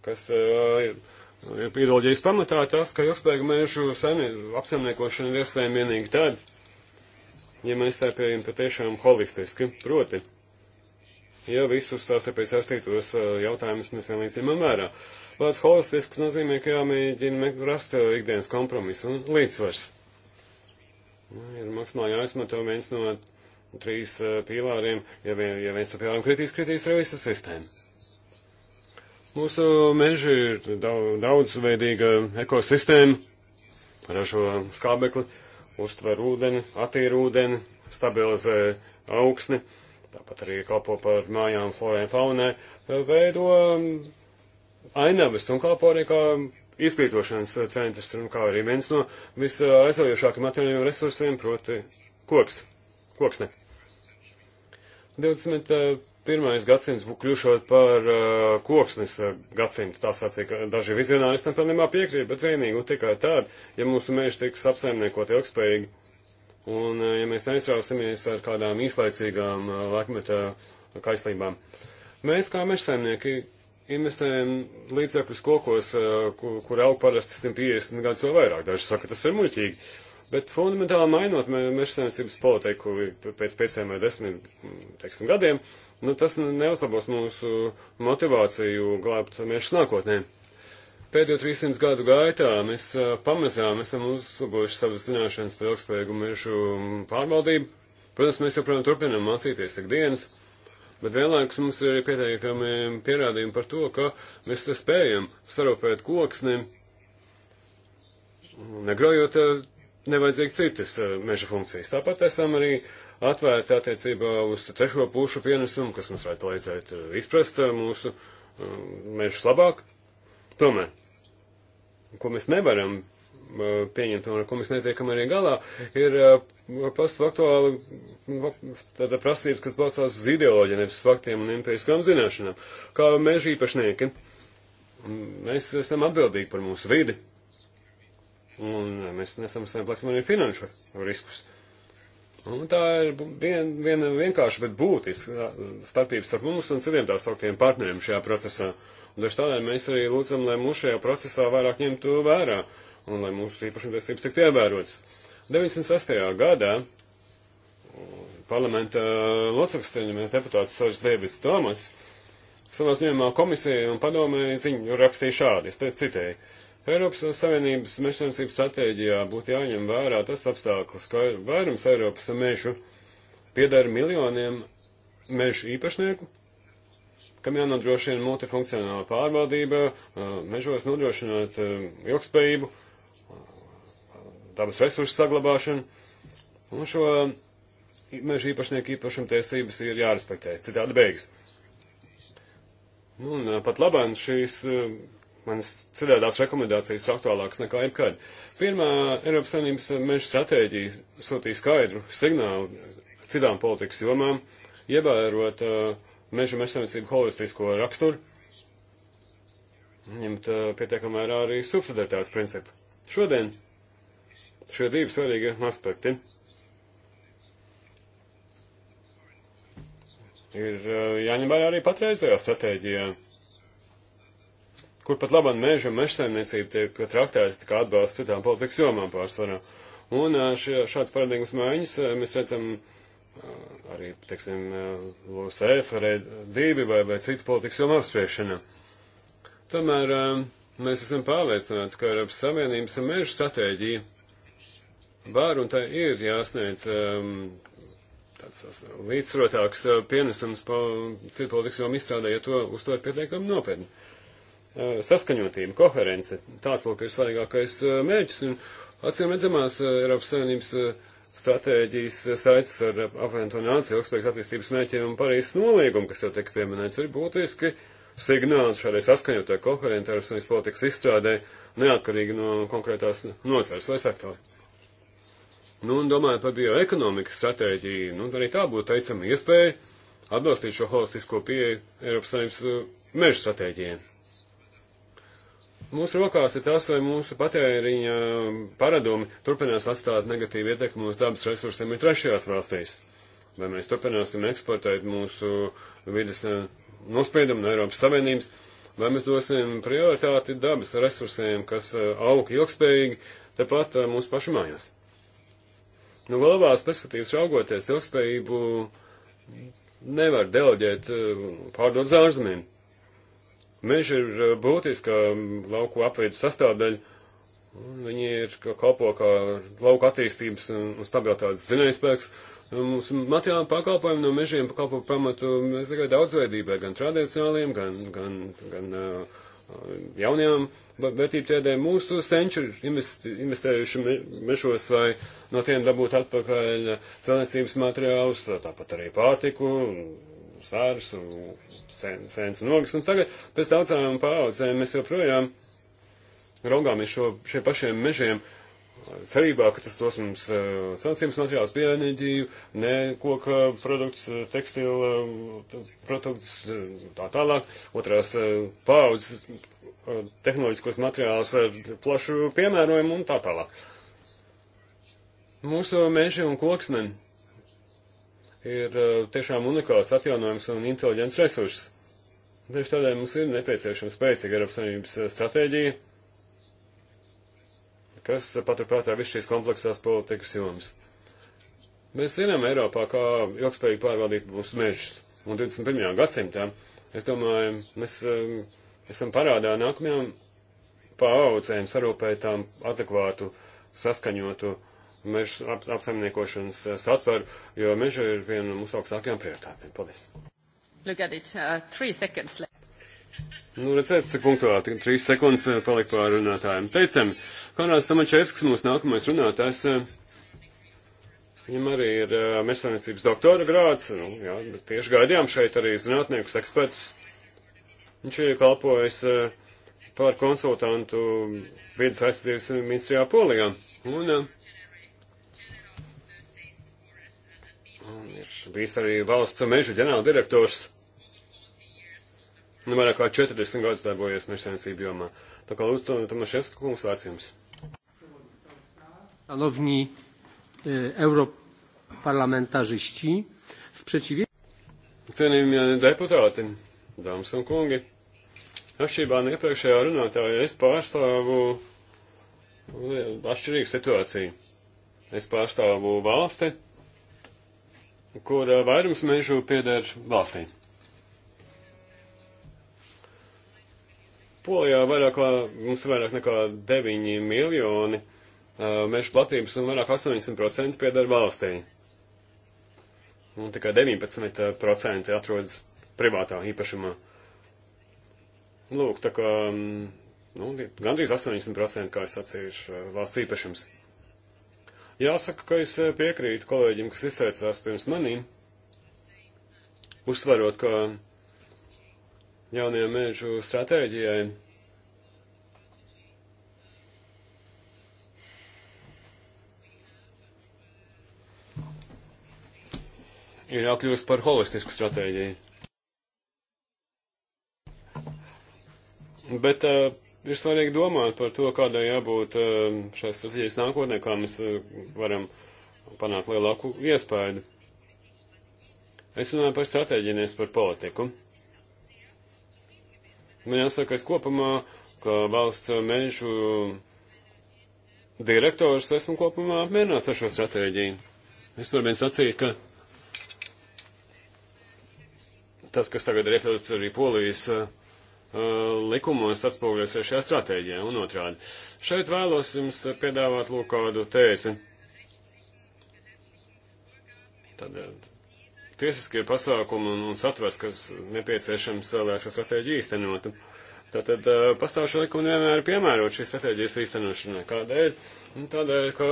kas uh, Ideoloģijas pamatā tas, ka ilgspējīgu mēžu apsaimniekošana ir iespējama vienīgi tad, ja mēs tā pieejam patiešām holistiski, proti, ja visus sasapēs saistītos eh, jautājumus mēs vienlīdz ņemam vērā. Vārds holistisks nozīmē, ka jāmēģina rast eh, ikdienas kompromisu un līdzsvars. Nu, ir maksimāli jāizmanto viens no trīs eh, pīlāriem, ja, vien, ja viens no pīlāriem kritīs, kritīs arī visa sistēma. Mūsu meži ir daudzveidīga ekosistēma, ražo skābekli, uztver ūdeni, attīra ūdeni, stabilizē augsni, tāpat arī kalpo par mājām florai un faunai, veido ainavas un kalpo arī kā izglītošanas centrs, un kā arī viens no visaizraujošākiem materiāliem resursiem, proti koks, koksne. 20. 21. gadsimts kļūšot par uh, koksnes uh, gadsimtu, tā sacīja, daži vizionāri tam pilnībā piekrīt, bet vienīgi un tikai tad, ja mūsu meži tiks apsaimniekot ilgspējīgi, un uh, ja mēs neizrausimies ar kādām īslaicīgām uh, laikmeta uh, kaislībām. Mēs kā mežsaimnieki investējam līdzekļus kokos, uh, kur, kur aug parasti 150 gadus vai vairāk, daži saka, tas ir muļķīgi. Bet fundamentāli mainot mežsaimniecības politiku pēc pieciem vai desmit, teiksim, gadiem, uh, nu, tas neuzlabos mūsu motivāciju glābt mežus nākotnē. Pēdējo 300 gadu gaitā mēs pamazām esam uzlabojuši savas zināšanas par ilgspējīgu mežu pārvaldību. Protams, mēs joprojām turpinām mācīties ikdienas, bet vienlaikus mums ir arī pieteikami pierādījumi par to, ka mēs spējam saropēt koksni, negrojot nevajadzīgi citas eh, meža funkcijas. Tāpat esam arī atvērti attiecībā uz trešo pušu pienesumu, kas mums varētu palīdzēt eh, izprast eh, mūsu mežus labāk. Tomēr, ko mēs nevaram pieņemt un ar ko mēs netiekam arī galā, ir pastu aktuāli tāda prasības, kas balstās uz ideoloģiju, nevis uz faktiem un empiriskām zināšanām. Kā meža īpašnieki, mēs esam atbildīgi par mūsu vidi, Un mēs nesam samplēsim arī finanšu riskus. Un tā ir vien, vien vienkārši, bet būtiska uh, starpība starp mums un citiem tā sauktiem partneriem šajā procesā. Un tieši tādēļ mēs arī lūdzam, lai mūs šajā procesā vairāk ņemtu vērā un lai mūsu īpašumtiesības tiktu ievērotas. 96. gadā uh, parlamenta loceklis, mēs deputāts Sārs Dēvids Tomas, savā ziņojumā komisija un padomē ziņu rakstīja šādi, es te citēju. Eiropas Savienības mežsaimniecības stratēģijā būtu jāņem vērā tas apstākļus, ka vairums Eiropas mežu piedara miljoniem mežu īpašnieku, kam jānodrošina multifunkcionāla pārvaldība, mežos nodrošināt ilgspējību, dabas resursu saglabāšanu. Un šo meža īpašnieku īpašuma tiesības ir jārespektē. Citādi beigas. Nu, un pat labāk šīs manas citādas rekomendācijas ir aktuālākas nekā jebkad. Pirmā Eiropas Savienības meža stratēģija sūtīja skaidru signālu citām politikas jomām, ievērot uh, meža mežsaimniecību holistisko raksturu, ņemt uh, pietiekamā mērā arī subsidētās principu. Šodien šie divi svarīgi aspekti ir uh, jāņem vērā arī patreizējā stratēģijā kur pat labam mēža un mežsaimniecība tiek traktēta kā atbalsts citām politikas jomām pārsvarā. Un šie, šāds paradigmas maiņas mēs redzam arī, teiksim, LUSF, arī dīvi vai, vai citu politikas jomu apspriešanā. Tomēr mēs esam pārliecināti, ka Eiropas Savienības meža stratēģija var un tai ir jāsniedz tāds līdzsvarotāks pienesums po citu politikas jomu izstrādē, ja to uztver pietiekami nopietni. Eh, saskaņotība, koherence. Tāds, lūk, ir svarīgākais eh, mērķis. Un acīm redzamās eh, Eiropas Savienības stratēģijas saites ar apvienoto nāciju ilgspējīgas attīstības mērķiem un Parīzes noliegumu, kas jau tika pieminēts, ir būtiski signāls šādai saskaņotai koherentai Eiropas Savienības politikas izstrādē, neatkarīgi no konkrētās nozars vai sektora. Nu, un domāju par bioekonomikas stratēģiju, nu, arī tā būtu teicama iespēja atbalstīt šo holistisko pieeju Eiropas Savienības meža stratēģijai. Mūsu rokās ir tas, vai mūsu patēriņa paradumi turpinās atstāt negatīvu ietekmi uz dabas resursiem ir trešajās valstīs. Vai mēs turpināsim eksportēt mūsu vidas eh, nospiedumu no Eiropas Savienības, vai mēs dosim prioritāti dabas resursiem, kas eh, aug ilgspējīgi tepat eh, mūsu pašu mājās. No nu, globālās perspektīvas raugoties, ilgspējību nevar deleģēt, pārdot zārzemēm. Meži ir eh, būtiska mm, lauku apvidu sastāvdaļa, un viņi ir kā kalpo kā lauku attīstības un stabilitātes zinājspēks. Mums materiāli pakalpojumi no mežiem pakalpo pamatu mēs tikai daudzveidībai, gan tradicionāliem, gan, gan, gan eh, jaunajām vērtību ķēdēm. Mūsu senči ir investējuši mežos, lai no tiem dabūtu atpakaļ eh, celniecības materiālus, tāpat arī pārtiku, sārus, sēnes un ogas, un tagad pēc daudzām paaudzēm mēs joprojām raugāmies šo, šie pašiem mežiem, cerībā, ka tas dos mums uh, eh, sancības materiālus, bioenerģiju, ne koka produkts, eh, tekstila eh, produkts, tā tālāk, otrās uh, paudzes uh, tehnoloģiskos materiālus ar plašu piemērojumu un tā tālāk. Mūsu meži un koksneni ir e, tiešām unikāls atjaunojums un inteliģents resurss. Tieši tādēļ mums ir nepieciešama spēcīga Eiropas Savienības e, stratēģija, kas paturprātā visu šīs kompleksās politikas jomas. Mēs zinām Eiropā, kā ilgspējīgi pārvaldīt mūsu mežus. Un 21. gadsimtā, es domāju, mēs e, esam parādā nākamajām paaudzēm sarūpētām adekvātu, saskaņotu uh, mežu ap, apsaimniekošanas eh, satvaru, jo meža ir viena no mūsu augstākajām prioritātēm. Paldies! Look at it, uh, three seconds left. Nu, redzēt, cik punktuāli trīs sekundes eh, palika pār runātājiem. Teicam, Konrāds Tomačevskis, mūsu nākamais runātājs, eh, viņam arī ir uh, mežsaimniecības doktora grāds, nu, jā, bet tieši gaidījām šeit arī zinātniekus, ekspertus. Viņš ir kalpojis uh, par konsultantu vidas aizsardzības ministrijā Polijā. Un, uh, bijis arī valsts meža ģenerāldirektors. Nu, vairāk kā 40 gadus darbojies mežsainicību jomā. Tā kā lūdzu, Tomaševska kungs, vārds jums. Szanowni e, europarlamentarzyści, w przeciwieństwie... Cienījumie deputāti, dāmas un kungi, atšķirībā no iepriekšējā runātāja es pārstāvu atšķirīgu situāciju. Es pārstāvu valsti, kur eh, vairums mežu pieder valstī. Polijā vairāk, mums vairāk nekā 9 miljoni eh, meža platības un vairāk 80% pieder valstī. Un tikai 19% atrodas privātā īpašumā. Lūk, tā kā, mm, nu, gandrīz 80%, kā es sacīju, ir eh, valsts īpašums. Jāsaka, ka es eh, piekrītu kolēģim, kas izteicās pirms manīm, uzsverot, ka jaunajai mēžu stratēģijai ir jākļūst par holistisku stratēģiju. Bet uh, ir svarīgi domāt par to, kādai jābūt eh, šai strateģijas nākotnē, kā mēs eh, varam panākt lielāku iespēju. Es runāju par stratēģiju, nevis par politiku. Man jāsaka, es kopumā, kā valsts mēžu direktors, esmu kopumā apmierināts ar šo stratēģiju. Es varu vien sacīt, ka tas, kas tagad ir iekļauts arī polijas uh, Eh, likumos atspoguļosies šajā stratēģijā un otrādi. Šeit vēlos jums piedāvāt lūk kādu tēzi. Tad eh, tiesiskie pasākumi un, un satvers, kas nepieciešams, lai šo stratēģiju īstenotu. Tātad eh, pastāvšie likumi vienmēr ir piemēroti šīs stratēģijas īstenošanai. Kādēļ? Nu, tādēļ, ka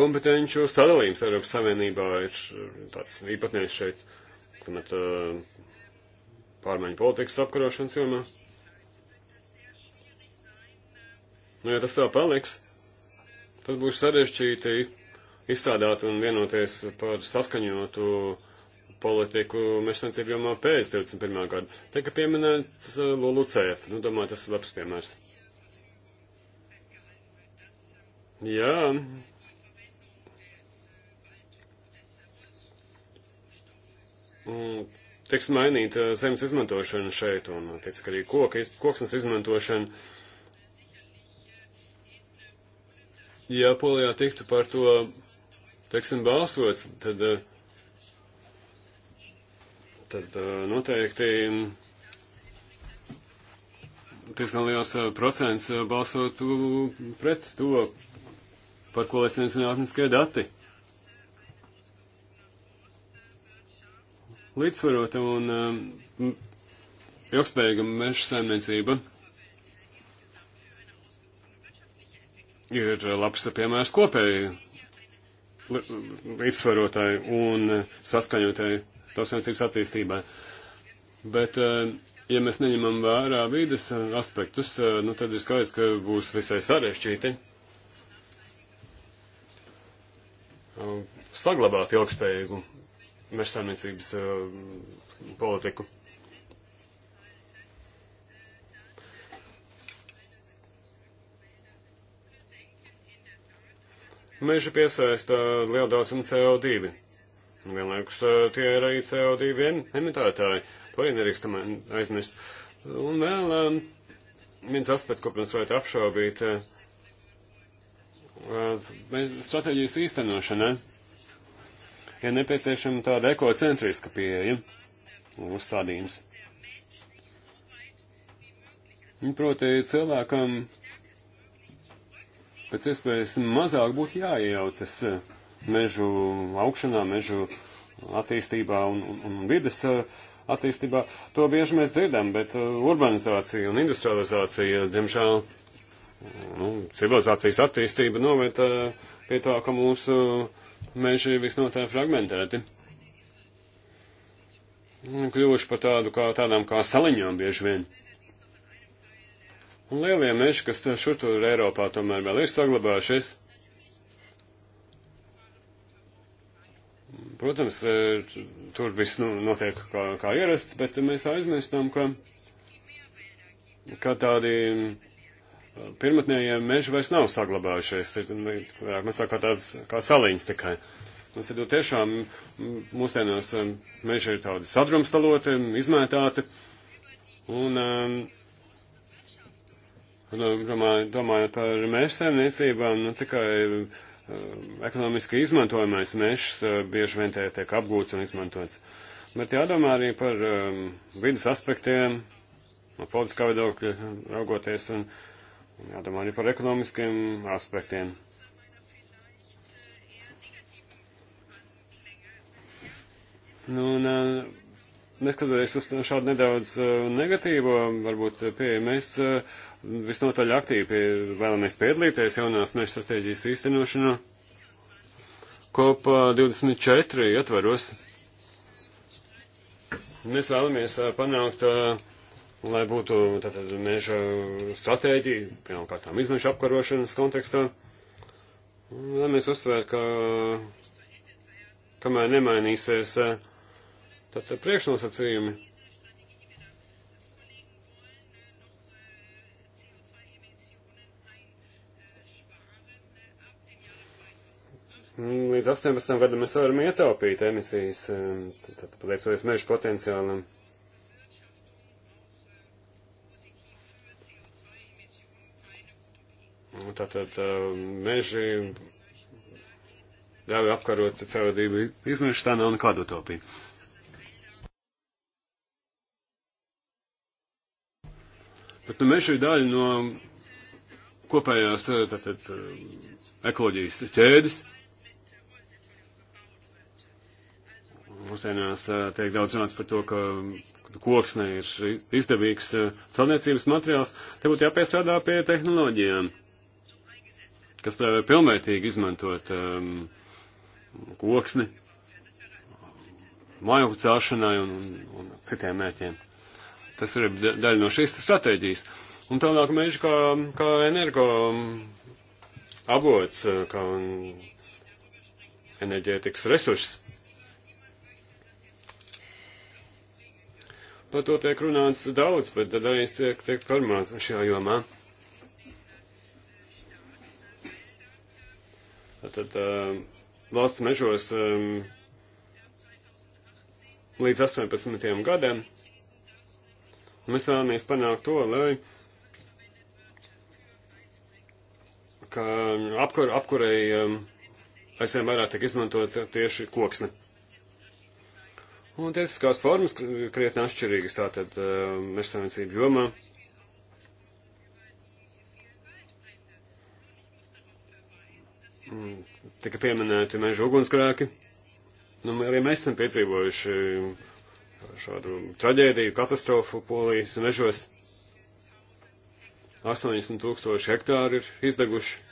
kompetenču sadalījums Eiropas Savienībā ir tāds īpatnējs šeit. Uh, klimata eh, pārmaiņu politikas apkarošanas jomā. Nu, ja tas tā paliks, tad būs sarežģīti izstrādāt un vienoties par saskaņotu politiku mežsaimniecību jomā pēc 21. gada. Tika pieminēts eh, LULUCF. Nu, domāju, tas ir labs piemērs. Jā, Mm, tiks mainīta eh, zemes izmantošana šeit, un, tiks arī koka, koksnes izmantošana. Ja Polijā tiktu par to, teiksim, balsots, tad, eh, tad eh, noteikti mm, diezgan liels procents balsotu pret to, par ko liecina zinātniskie dati. līdzsvarota un um, ilgspējīga meža saimniecība ir labs piemērs kopēji līdzsvarotai un saskaņotai tautsainicības attīstībai. Bet, uh, ja mēs neņemam vērā vīdes aspektus, uh, nu tad ir skaidrs, ka būs visai sarežģīti uh, saglabāt ilgspējīgu mežsarniecības eh, politiku. Meži piesaista lielu daudzumu CO2. Vienlaikus eh, tie ir arī CO2 emitētāji. To arī nerīkstam aizmirst. Un vēl eh, viens aspekts, ko, protams, varētu apšaubīt, stratēģijas īstenošana. Ne? ir nepieciešama tāda ekocentriska pieeja un uzstādījums. Proti, cilvēkam pēc iespējas mazāk būtu jāiejaucas mežu augšanā, mežu attīstībā un, un, un vidas uh, attīstībā. To bieži mēs dzirdam, bet uh, urbanizācija un industrializācija, diemžēl, uh, nu, civilizācijas attīstība noved pie tā, ka mūsu uh, meži ir visnotaļ fragmentēti. Kļuvuši par tādu kā tādām kā saliņām bieži vien. Un lielie meži, kas šur tur Eiropā tomēr vēl ir saglabājušies, protams, e, tur viss nu, notiek kā, kā ierasts, bet mēs aizmirstam, ka, ka tādi pirmatnējie meži vairs nav saglabājušies, ir nu, mazāk kā tāds kā saliņas tikai. Mums ir tiešām mūsdienās meži ir tādi sadrumstaloti, izmētāti, un, domājot, domājot par mežsēmniecībām, nu, tikai ekonomiski izmantojamais mežs bieži vien tiek apgūts un izmantots. Bet jādomā arī par um, vidas aspektiem, no politiskā viedokļa raugoties, un uh, Jādomā arī par ekonomiskiem aspektiem. Nu, un, eh, neskatoties uz šādu nedaudz eh, negatīvo, varbūt eh, pieeja, mēs visnotaļ aktīvi pie, vēlamies piedalīties jaunās meža stratēģijas īstenošanā. Kopā 24 ietvaros. Mēs vēlamies panākt uh, lai būtu tātad meža stratēģija, pirmkārt, tām izmešu apkarošanas kontekstā. Lai mēs uzsvērtu, ka kamēr nemainīsies tātad priekšnosacījumi, Līdz 18 gadam mēs varam ietaupīt emisijas, tātad pateicoties meža potenciālam. Tātad meži ļauj apkarot caurvadību izmiršanu un kladotopiju. Bet nu, meža ir daļa no kopējās tātad, ekoloģijas ķēdes. Mūsdienās tiek daudz runāts par to, ka koksne ir izdevīgs celtniecības materiāls. Te būtu jāpiestrādā pie tehnoloģijām kas ļauj eh, pilnvērtīgi izmantot um, koksni mājokļu celšanai un, un, un citiem mērķiem. Tas ir daļa no šīs stratēģijas. Un tālāk meži kā, kā energo mm, avots, eh, kā enerģētikas resurss. Par to tiek runāts daudz, bet darījums tiek, tiek par maz šajā jomā. Tātad uh, valsts mežos um, līdz 18. gadam mēs vēlamies panākt to, lai ka apkur, apkurei um, eh, aizvien vairāk tiek izmantot tieši koksne. Un tiesiskās formas krietni atšķirīgas tātad mežsainicību jomā. tika pieminēti meža ugunsgrēki. Nu, arī mēs esam piedzīvojuši šādu traģēdiju, katastrofu polijas mežos. 80 tūkstoši hektāri ir izdeguši.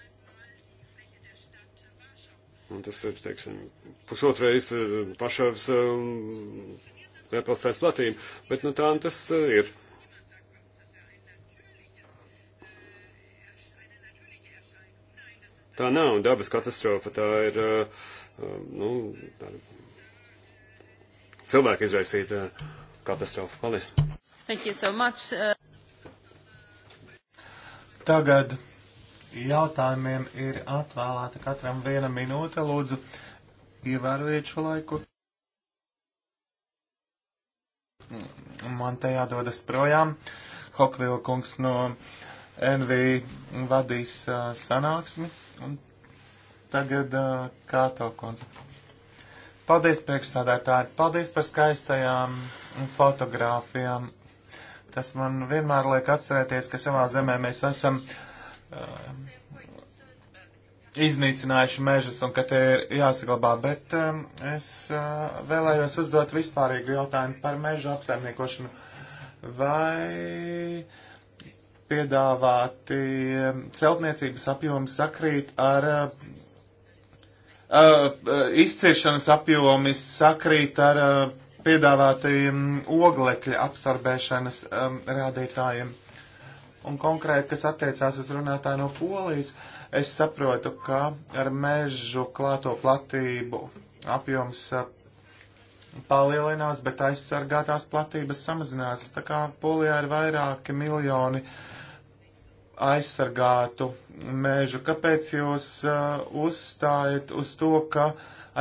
Un tas ir, teiksim, pusotrais eh, pašavs um, eh, lietpilsētas platība. Bet, nu, tā tas eh, ir. tā nav dabas katastrofa, tā ir, eh, um, nu, cilvēka izraisīta katastrofa. Paldies! Thank you so much. Uh... Tagad jautājumiem ir atvēlēta katram viena minūte. Lūdzu, ievērojiet šo laiku. Man te jādodas projām. Hokvilkungs no NV vadīs uh, sanāksmi. Un tagad uh, kā to konceptu. Paldies, priekšsādātāji! Paldies par skaistajām fotogrāfijām! Tas man vienmēr liek atcerēties, ka savā zemē mēs esam uh, iznīcinājuši mežus un ka tie ir jāsaglabā, bet um, es uh, vēlējos uzdot vispārīgu jautājumu par mežu apsaimniekošanu. Vai piedāvāti um, celtniecības apjomi sakrīt ar um, uh, uh, izciešanas apjomi sakrīt ar uh, piedāvātajiem oglekļa apsarbēšanas um, rādītājiem. Un konkrēti, kas attiecās uz runātāju no Polijas, es saprotu, ka ar mežu klāto platību apjoms uh, palielinās, bet aizsargātās platības samazinās. Tā kā polijā ir vairāki miljoni aizsargātu mēžu. Kāpēc jūs uh, uzstājat uz to, ka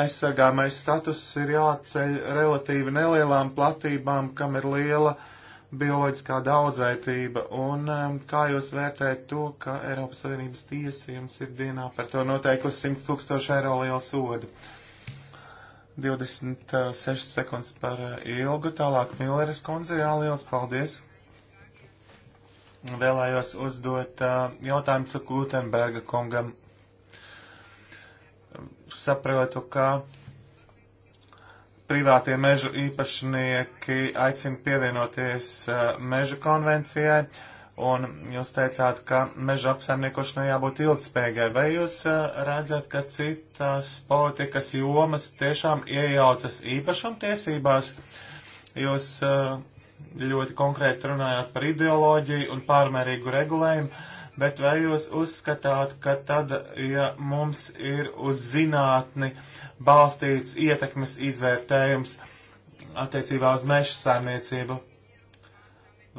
aizsargāmais status ir jāceļ relatīvi nelielām platībām, kam ir liela bioloģiskā daudzveitība? Un um, kā jūs vērtējat to, ka Eiropas Savienības tiesa jums ir dienā par to noteikusi 100 tūkstošu eiro lielu sodu? 26 eh, sekundes par eh, ilgu. Tālāk Milleris kundze, jā, liels paldies. Vēlējos uzdot uh, jautājumu Cukutenberga kungam. Saprotu, ka privātie mežu īpašnieki aicina pievienoties uh, mežu konvencijai. Uh, Un jūs teicāt, ka meža apsaimniekošanai jābūt ilgspējīgai. Vai jūs eh, redzat, ka citas politikas jomas tiešām iejaucas īpašumtiesībās? Jūs eh, ļoti konkrēti runājāt par ideoloģiju un pārmērīgu regulējumu, bet vai jūs uzskatāt, ka tad, ja mums ir uz zinātni balstīts ietekmes izvērtējums attiecībā uz meža saimniecību,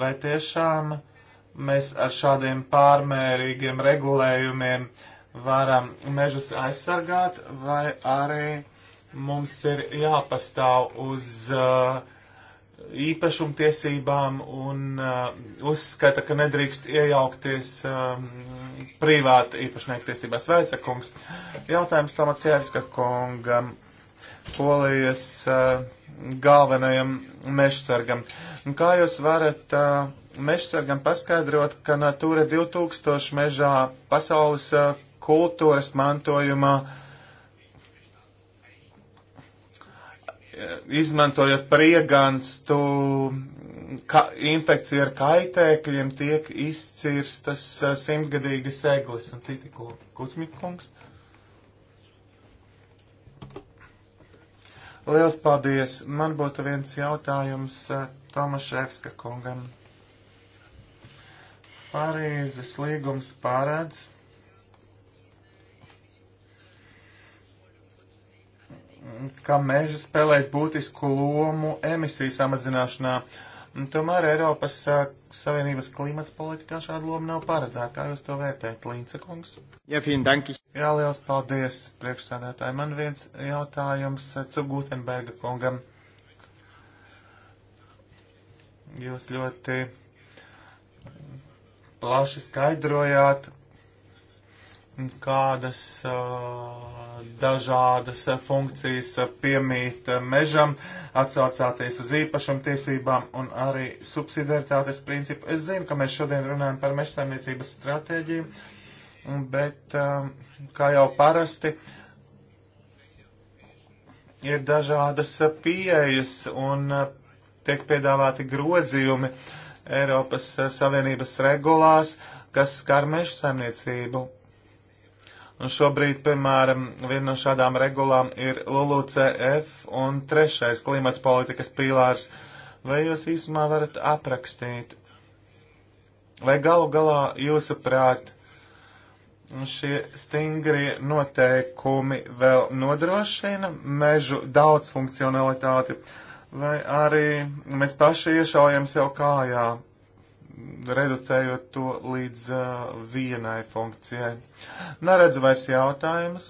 vai tiešām uh, mēs ar šādiem pārmērīgiem regulējumiem varam mežus aizsargāt, vai arī mums ir jāpastāv uz uh, īpašumtiesībām un uh, uzskata, ka nedrīkst iejaukties um, privāti īpašnieku tiesībās. Veica kungs, jautājums Toma Cierska kungam, polijas uh, galvenajam mežsargam. Uh, Un kā jūs varat uh, mežsargam paskaidrot, ka Natūra 2000 mežā pasaules uh, kultūras mantojumā izmantojot priegānstu, ka infekcija ar kaitēkļiem tiek izcirstas uh, simtgadīgas eglis un citi kucmikungs? Ko, Liels paldies! Man būtu viens jautājums eh, Tomaševska kungam. Parīzes līgums pārēdz. ka meži spēlēs būtisku lomu emisiju samazināšanā. Uh, Tomēr Eiropas Savienības klimata politikā šāda loma nav paredzēta. Kā jūs to vērtējat, Līnce kungs? Jā, fīn, danki. Jā, liels paldies, priekšsādātāji. Man viens jautājums Cugutenberga kungam. Jūs ļoti plaši skaidrojāt, kādas uh, dažādas eh, funkcijas eh, piemīt eh, mežam, atsaucāties uz īpašumu tiesībām un arī subsidiaritātes principu. Es zinu, ka mēs šodien runājam par mežsaimniecības stratēģiju, bet kā jau parasti, ir dažādas pieejas un tiek piedāvāti grozījumi Eiropas Savienības regulās, kas skar mežu saimniecību Un šobrīd, piemēram, viena no šādām regulām ir LULUCF un trešais klimata politikas pīlārs. Vai jūs īsumā varat aprakstīt? Vai galu galā jūsuprāt šie stingrie noteikumi vēl nodrošina mežu daudzfunkcionalitāti? Vai arī mēs paši iešaujam sev kājā? reducējot to līdz uh, vienai funkcijai. Neredzu vairs jautājumus,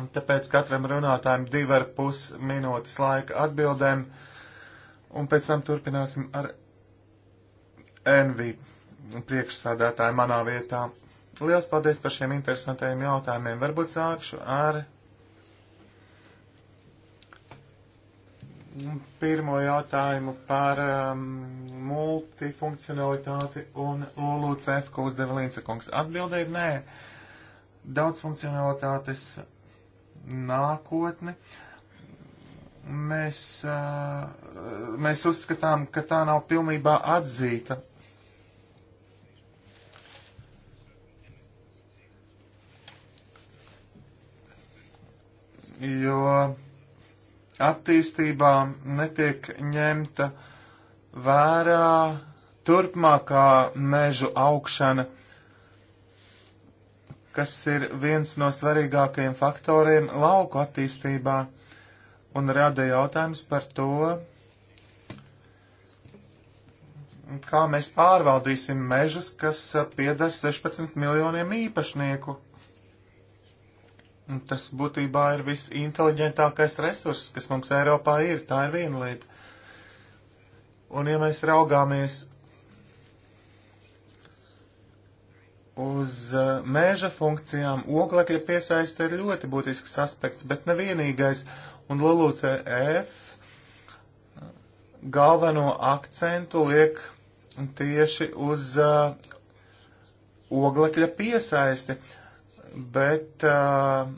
un tāpēc katram runātājam divi ar pus minūtes laika atbildēm, un pēc tam turpināsim ar Envi priekšsādātāju manā vietā. Liels paldies par šiem interesantajiem jautājumiem. Varbūt sākšu ar. pirmo jautājumu par um, multifunkcionalitāti un LULUCF, ko uzdeva Līncekungs. Atbilde ir nē. Daudz funkcionalitātes nākotne. Mēs, uh, mēs uzskatām, ka tā nav pilnībā atzīta. Jo attīstībā netiek ņemta vērā turpmākā mežu augšana, kas ir viens no svarīgākajiem faktoriem lauku attīstībā, un rada jautājums par to, kā mēs pārvaldīsim mežus, kas pieder 16 miljoniem īpašnieku. Tas būtībā ir viss inteliģentākais resurss, kas mums Eiropā ir. Tā ir viena lieta. Un ja mēs raugāmies uz eh, mēža funkcijām, oglekļa piesaiste ir ļoti būtisks aspekts, bet ne vienīgais. Un LULUCF galveno akcentu liek tieši uz uh, oglekļa piesaisti. Uh, bet uh,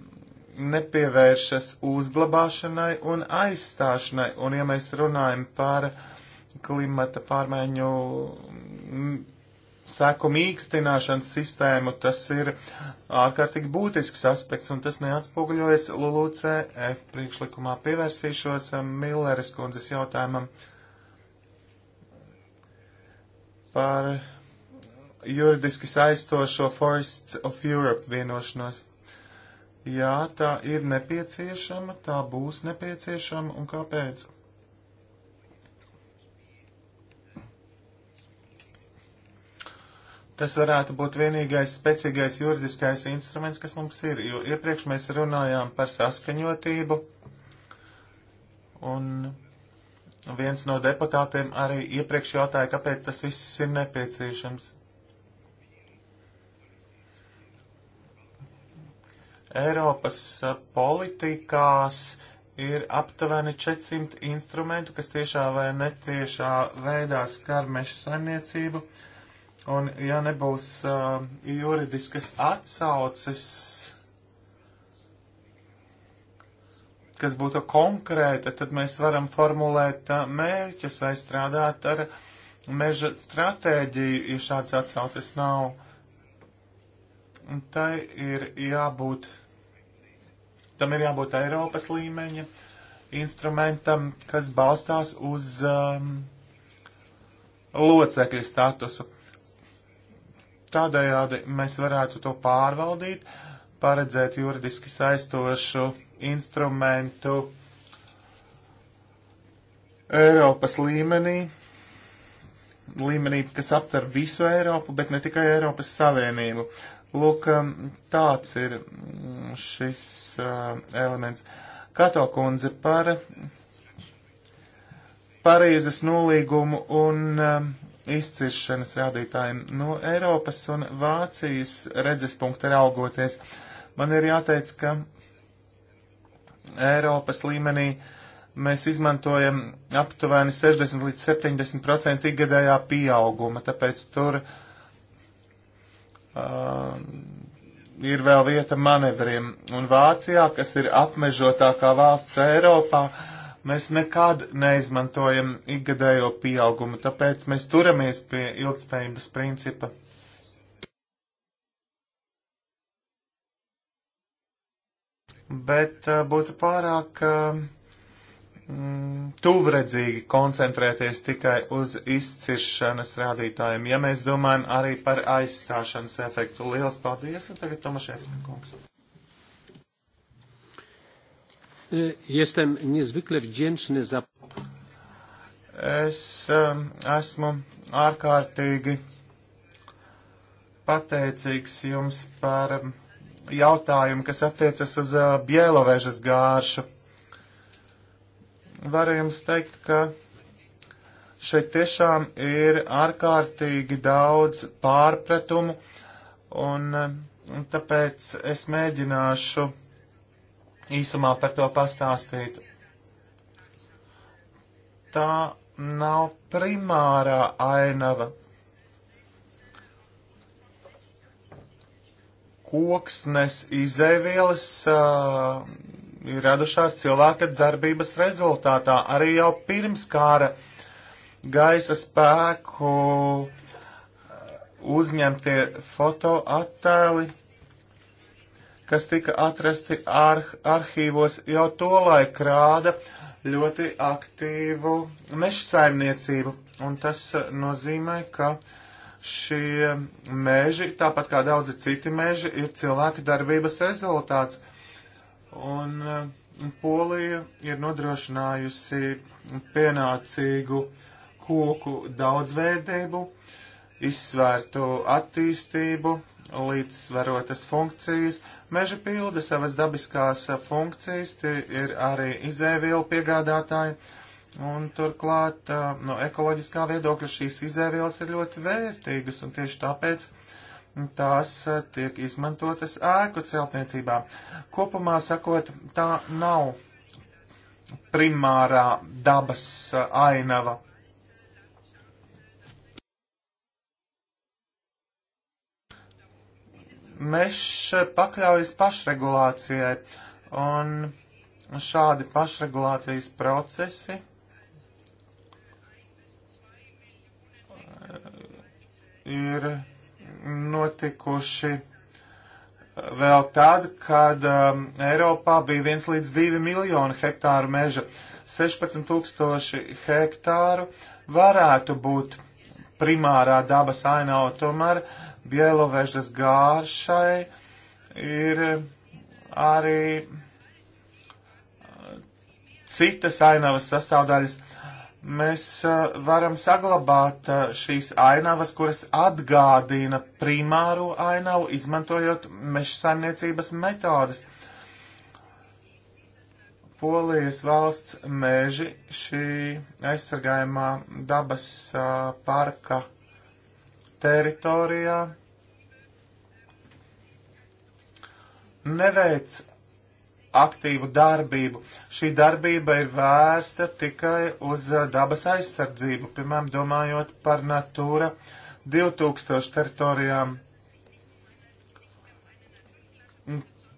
nepievēršas uzglabāšanai un aizstāšanai. Un ja mēs runājam par klimata pārmaiņu seku mīkstināšanas sistēmu, tas ir ārkārtīgi būtisks aspekts, un tas neatspoguļojas LULUCF priekšlikumā. Pievērsīšos um, Milleres kundzes jautājumam par juridiski saistošo Forests of Europe vienošanos. Jā, tā ir nepieciešama, tā būs nepieciešama un kāpēc? Tas varētu būt vienīgais spēcīgais juridiskais instruments, kas mums ir, jo iepriekš mēs runājām par saskaņotību, un viens no deputātiem arī iepriekš jautāja, kāpēc tas viss ir nepieciešams. Eiropas eh, politikās ir aptuveni 400 instrumentu, kas tiešā vai netiešā veidā skar mešu saimniecību. Un ja nebūs uh, juridiskas atsauces, kas būtu konkrēta, tad mēs varam formulēt uh, mērķus vai strādāt ar meža stratēģiju, ja šāds atsauces nav. Un tai ir jābūt Tam ir jābūt Eiropas līmeņa instrumentam, kas balstās uz um, locekļa statusu. Tādējādi mēs varētu to pārvaldīt, paredzēt juridiski saistošu instrumentu Eiropas līmenī, līmenī, kas aptver visu Eiropu, bet ne tikai Eiropas Savienību. Lūk, um, tāds ir mm, šis uh, elements. Kato kundze par Parīzes nolīgumu un uh, izciršanas rādītājiem no Eiropas un Vācijas redzes punkta raugoties. Man ir jāteic, ka Eiropas līmenī mēs izmantojam aptuveni 60 līdz 70% ikgadējā pieauguma, tāpēc tur uh, uh, ir vēl vieta manevriem. Un Vācijā, kas ir apmežotākā valsts Eiropā, mēs nekad neizmantojam ikgadējo pieaugumu, tāpēc mēs turamies pie ilgspējības principa. Bet uh, būtu pārāk uh, mm, tuvredzīgi koncentrēties tikai uz izciršanas rādītājiem, ja mēs domājam arī par aizstāšanas efektu. Lielas paldies, un tagad Tomaševska kungs. E, jestem niezwykle wdzięczny za. Es um, esmu ārkārtīgi pateicīgs jums par jautājumu, kas attiecas uz uh, Bielovežas gāršu varu jums teikt, ka šeit tiešām ir ārkārtīgi daudz pārpratumu, un, un tāpēc es mēģināšu īsumā par to pastāstīt. Tā nav primārā ainava. Koksnes izēvielas uh, radušās cilvēka darbības rezultātā. Arī jau pirms kāra gaisa spēku uh, uzņemtie fotoattēli, kas tika atrasti ar, arhīvos, jau tolaik rāda ļoti aktīvu meža saimniecību. Un tas uh, nozīmē, ka šie meži, tāpat kā daudzi citi meži, ir cilvēka darbības rezultāts un eh, Polija ir nodrošinājusi pienācīgu koku daudzveidību, izsvērtu attīstību, līdzsvarotas funkcijas. Meža pilda savas dabiskās funkcijas, tie ir arī izēvielu piegādātāji, un turklāt eh, no ekoloģiskā viedokļa šīs izēvielas ir ļoti vērtīgas, un tieši tāpēc tās eh, tiek izmantotas ēku celtniecībā. Kopumā sakot, tā nav primārā dabas eh, ainava. Mežs pakļaujas pašregulācijai, un šādi pašregulācijas procesi eh, ir notikuši vēl tad, kad um, Eiropā bija 1 līdz 2 miljonu hektāru meža. 16 tūkstoši hektāru varētu būt primārā dabas ainava, tomēr bielovežas gāršai ir arī citas ainavas sastāvdaļas. Uh, mēs varam saglabāt šīs ainavas, kuras atgādina primāro ainavu, izmantojot meža saimniecības metodas. Polijas valsts meži šī aizsargājumā dabas parka teritorijā neveic aktīvu darbību. Šī darbība ir vērsta tikai uz dabas aizsardzību, piemēram, domājot par Natūra 2000 teritorijām,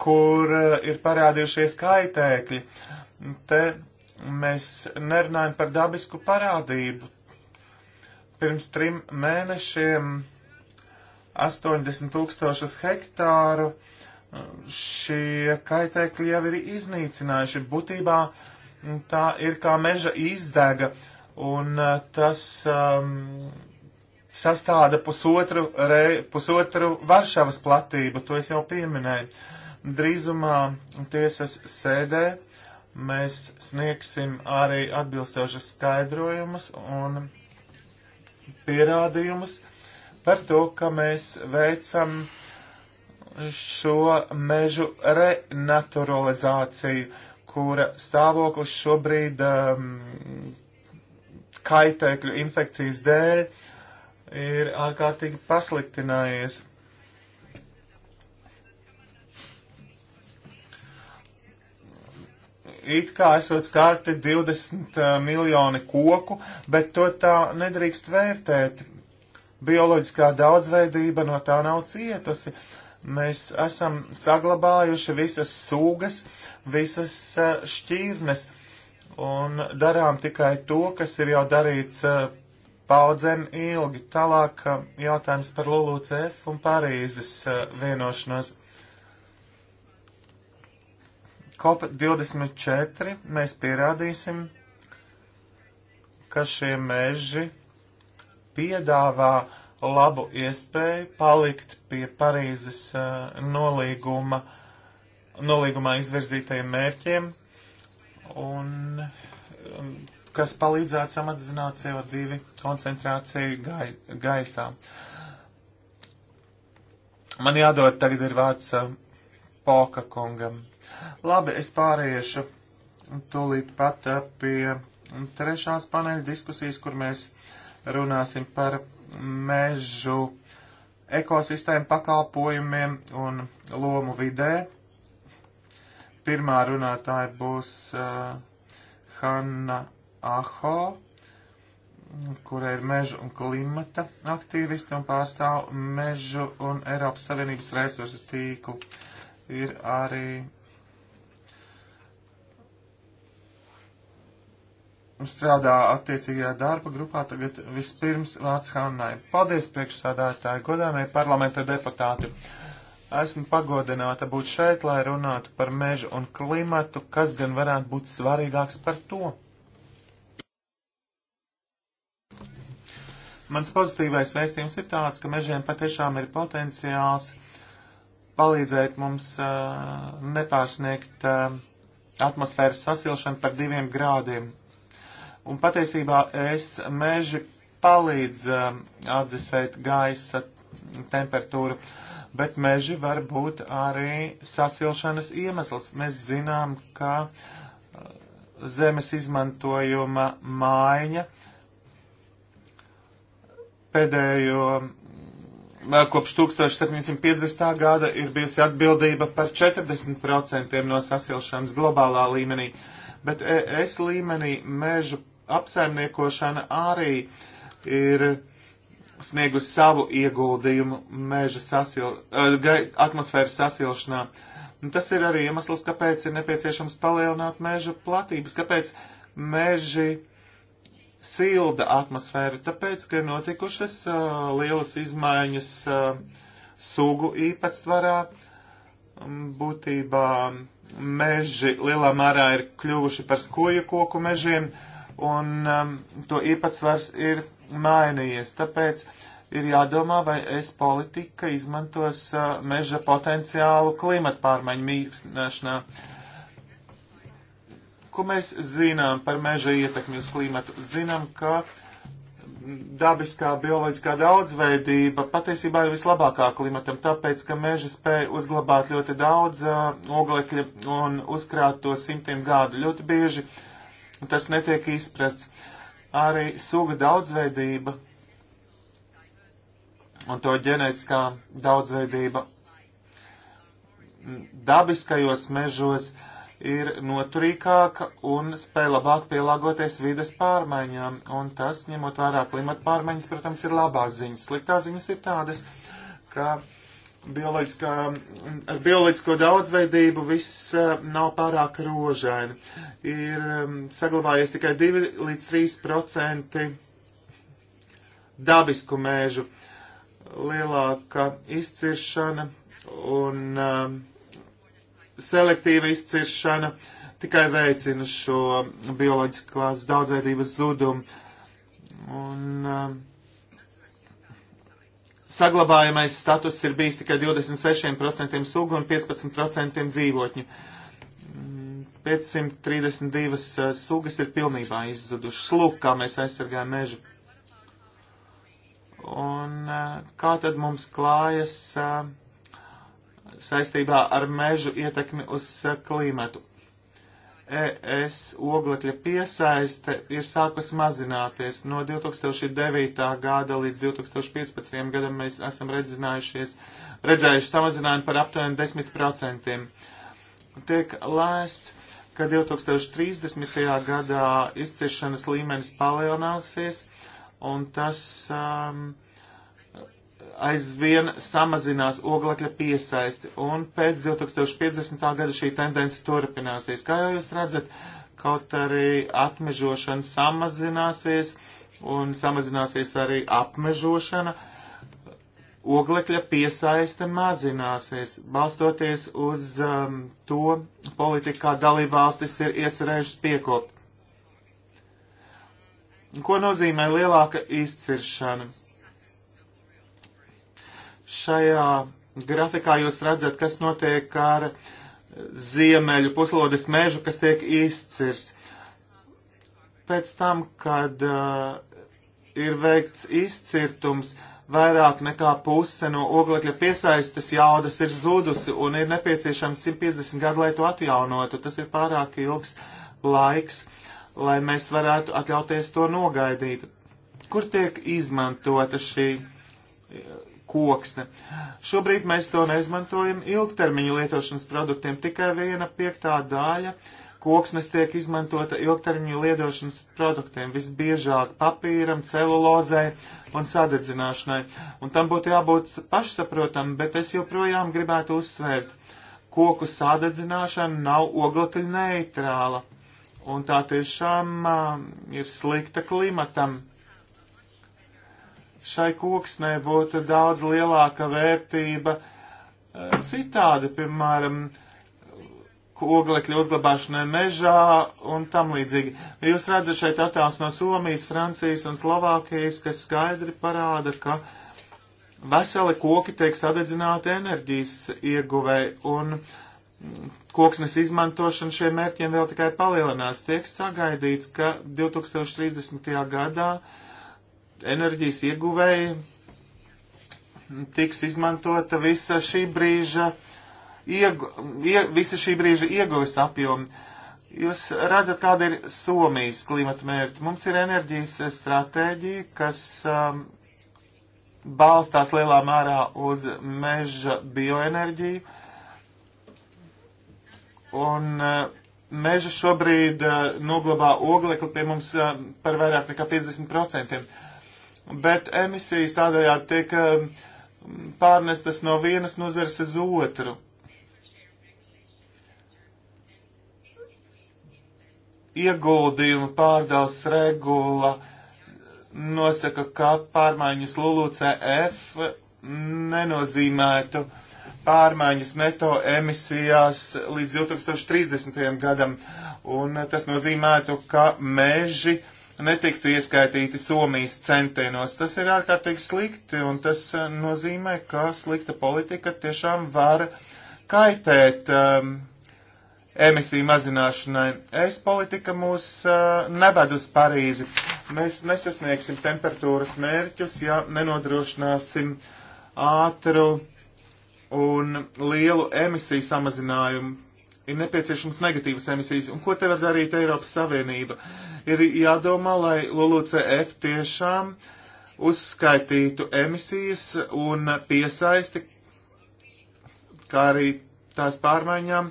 kur ir parādījušies kaitēkļi. Te mēs nerunājam par dabisku parādību. Pirms trim mēnešiem 80 tūkstošus hektāru uh, šie kaitēkļi jau ir iznīcinājuši. Būtībā tā ir kā meža izdega, un uh, tas um, sastāda pusotru, re, pusotru Varšavas platību, to es jau pieminēju. Drīzumā tiesas sēdē mēs sniegsim arī atbilstošas skaidrojumus un pierādījumus par to, ka mēs veicam uh, šo mežu renaturalizāciju, kura stāvoklis šobrīd um, kaitēkļu infekcijas dēļ ir ārkārtīgi pasliktinājies. It kā esot skārti 20 uh, miljoni koku, bet to tā nedrīkst vērtēt. Bioloģiskā daudzveidība no tā nav cietusi. Uh, Mēs esam saglabājuši visas sūgas, visas eh, šķīrnes un darām tikai to, kas ir jau darīts eh, paudzēm ilgi. Tālāk eh, jautājums par LULUCF un Parīzes vienošanos. COP24 mēs pierādīsim, ka šie meži piedāvā uh, labu iespēju palikt pie Parīzes uh, nolīguma, nolīgumā izvirzītajiem mērķiem, un, um, kas palīdzētu samazināt CO2 koncentrāciju gai, gaisā. Man jādod tagad ir vārds uh, Poka kungam. Labi, es pāriešu tūlīt pat eh, pie trešās paneļa diskusijas, kur mēs runāsim par mežu ekosistēmu pakalpojumiem un lomu vidē. Pirmā runātāja būs uh, Hanna Aho, kura ir mežu un klimata aktīviste un pārstāv mežu un Eiropas Savienības resursu tīklu. Ir arī strādā attiecīgajā darba grupā. Tagad vispirms vārds Hannai. Paldies priekšsādātāji, godāmie parlamenta deputāti. Esmu pagodināta būt šeit, lai runātu par mežu un klimatu, kas gan varētu būt svarīgāks par to. Mans pozitīvais vēstījums ir tāds, ka mežiem patiešām ir potenciāls palīdzēt mums uh, nepārsniegt uh, atmosfēras sasilšanu par diviem grādiem Un patiesībā es meži palīdz um, atdzisēt gaisa temperatūru, bet meži var būt arī sasilšanas iemesls. Mēs zinām, ka uh, zemes izmantojuma maiņa pēdējo uh, kopš 1750. gada ir bijusi atbildība par 40% no sasilšanas globālā līmenī, bet e, ES līmenī mežu apsaimniekošana arī ir sniegusi savu ieguldījumu meža sasil, eh, atmosfēras sasilšanā. Un tas ir arī iemesls, kāpēc ir nepieciešams palielināt meža platības, kāpēc meži silda atmosfēru, tāpēc, ka ir notikušas uh, lielas izmaiņas uh, sugu īpatsvarā. Būtībā meži lielā mērā ir kļuvuši par skoju koku mežiem. Uh, un um, to īpatsvars ir mainījies. Tāpēc ir jādomā, vai es politika izmantos uh, meža potenciālu klimata pārmaiņu mīkstināšanā. Ko mēs zinām par meža ietekmi uz klimatu? Zinām, ka dabiskā bioloģiskā daudzveidība patiesībā ir vislabākā klimatam, tāpēc, ka meža spēja uzglabāt ļoti daudz uh, oglekļa un uzkrāt to simtiem gadu. Ļoti bieži uh, tas netiek izprasts. Arī suga daudzveidība un to ģenētiskā daudzveidība dabiskajos mežos ir noturīgāka un spēj labāk pielāgoties vides pārmaiņām, un tas, ņemot vērā klimata pārmaiņas, protams, ir labās ziņas. Sliktās ziņas ir tādas, ka bioloģiskā, ar bioloģisko daudzveidību viss eh, nav pārāk rožaini. Ir mm, saglabājies tikai 2 līdz 3 procenti dabisku mēžu. Lielāka izciršana un eh, selektīva izciršana tikai veicina šo bioloģiskās daudzveidības zudumu. Un, uh, saglabājamais status ir bijis tikai 26% sugu un 15% dzīvotņu. 532 mm, eh, sugas ir pilnībā izzudušas. Lūk, kā mēs aizsargājam mežu. Un eh, kā tad mums klājas eh, saistībā ar mežu ietekmi uz klimatu? ES oglekļa piesaiste ir sākus mazināties. No 2009. gada līdz 2015. gadam mēs esam redzējuši samazinājumu par aptuveni 10%. Tiek lēsts, ka 2030. gadā izciešanas līmenis palielināsies, un tas um, aizvien samazinās oglekļa piesaisti, un pēc 2050. gada šī tendence turpināsies. Kā jau jūs redzat, kaut arī atmežošana samazināsies, un samazināsies arī apmežošana, oglekļa piesaiste mazināsies, balstoties uz um, to politiku, kā dalībvalstis ir iecerējušas piekopt. Ko nozīmē lielāka izciršana? Šajā grafikā jūs redzat, kas notiek ar ziemeļu puslodes mežu, kas tiek izcirsts. Pēc tam, kad uh, ir veikts izcirtums, vairāk nekā puse no oglekļa piesaistes jaudas ir zudusi un ir nepieciešams 150 gadu, lai to atjaunotu. Tas ir pārāk ilgs laiks, lai mēs varētu atļauties to nogaidīt. Kur tiek izmantota šī koksne. Šobrīd mēs to neizmantojam ilgtermiņa lietošanas produktiem. Tikai viena piektā daļa koksnes tiek izmantota ilgtermiņa lietošanas produktiem, visbiežāk papīram, celulozē un sadedzināšanai. Un tam būtu jābūt pašsaprotam, bet es joprojām gribētu uzsvērt. Koku sādedzināšana nav oglekļa neitrāla, un tā tiešām uh, ir slikta klimatam šai koksnē būtu daudz lielāka vērtība e, citādi, piemēram, oglekļa uzglabāšanai mežā un tam līdzīgi. Jūs redzat šeit attēls no Somijas, Francijas un Slovākijas, kas skaidri parāda, ka veseli koki tiek sadedzināti enerģijas ieguvēji un koksnes izmantošana šiem mērķiem vēl tikai palielinās. Tiek sagaidīts, ka 2030. gadā enerģijas ieguvēji tiks izmantota visa šī brīža, iegu, ie, visa šī brīža ieguves apjoma. Jūs redzat, kāda ir Somijas klimata mērķa. Mums ir enerģijas stratēģija, kas um, balstās lielā mērā uz meža bioenerģiju. Un uh, meža šobrīd uh, noglabā oglekli pie mums uh, par vairāk nekā 50% bet emisijas tādējādi tiek um, pārnestas no vienas nozares uz otru. Ieguldījumu pārdals regula nosaka, ka pārmaiņas LULUCF nenozīmētu pārmaiņas neto emisijās līdz 2030. gadam, un tas nozīmētu, ka meži uh, netiktu ieskaitīti Somijas centienos. Tas ir ārkārtīgi slikti, un tas eh, nozīmē, ka slikta politika tiešām var kaitēt um, emisiju mazināšanai. Es politika mūs uh, neved uz Parīzi. Mēs nesasniegsim temperatūras mērķus, ja nenodrošināsim ātru un lielu emisiju samazinājumu. Ir nepieciešams negatīvas emisijas. Un ko te var darīt Eiropas Savienība? Uh, ir jādomā, lai LULUCF tiešām uzskaitītu emisijas un piesaisti, kā arī tās pārmaiņām,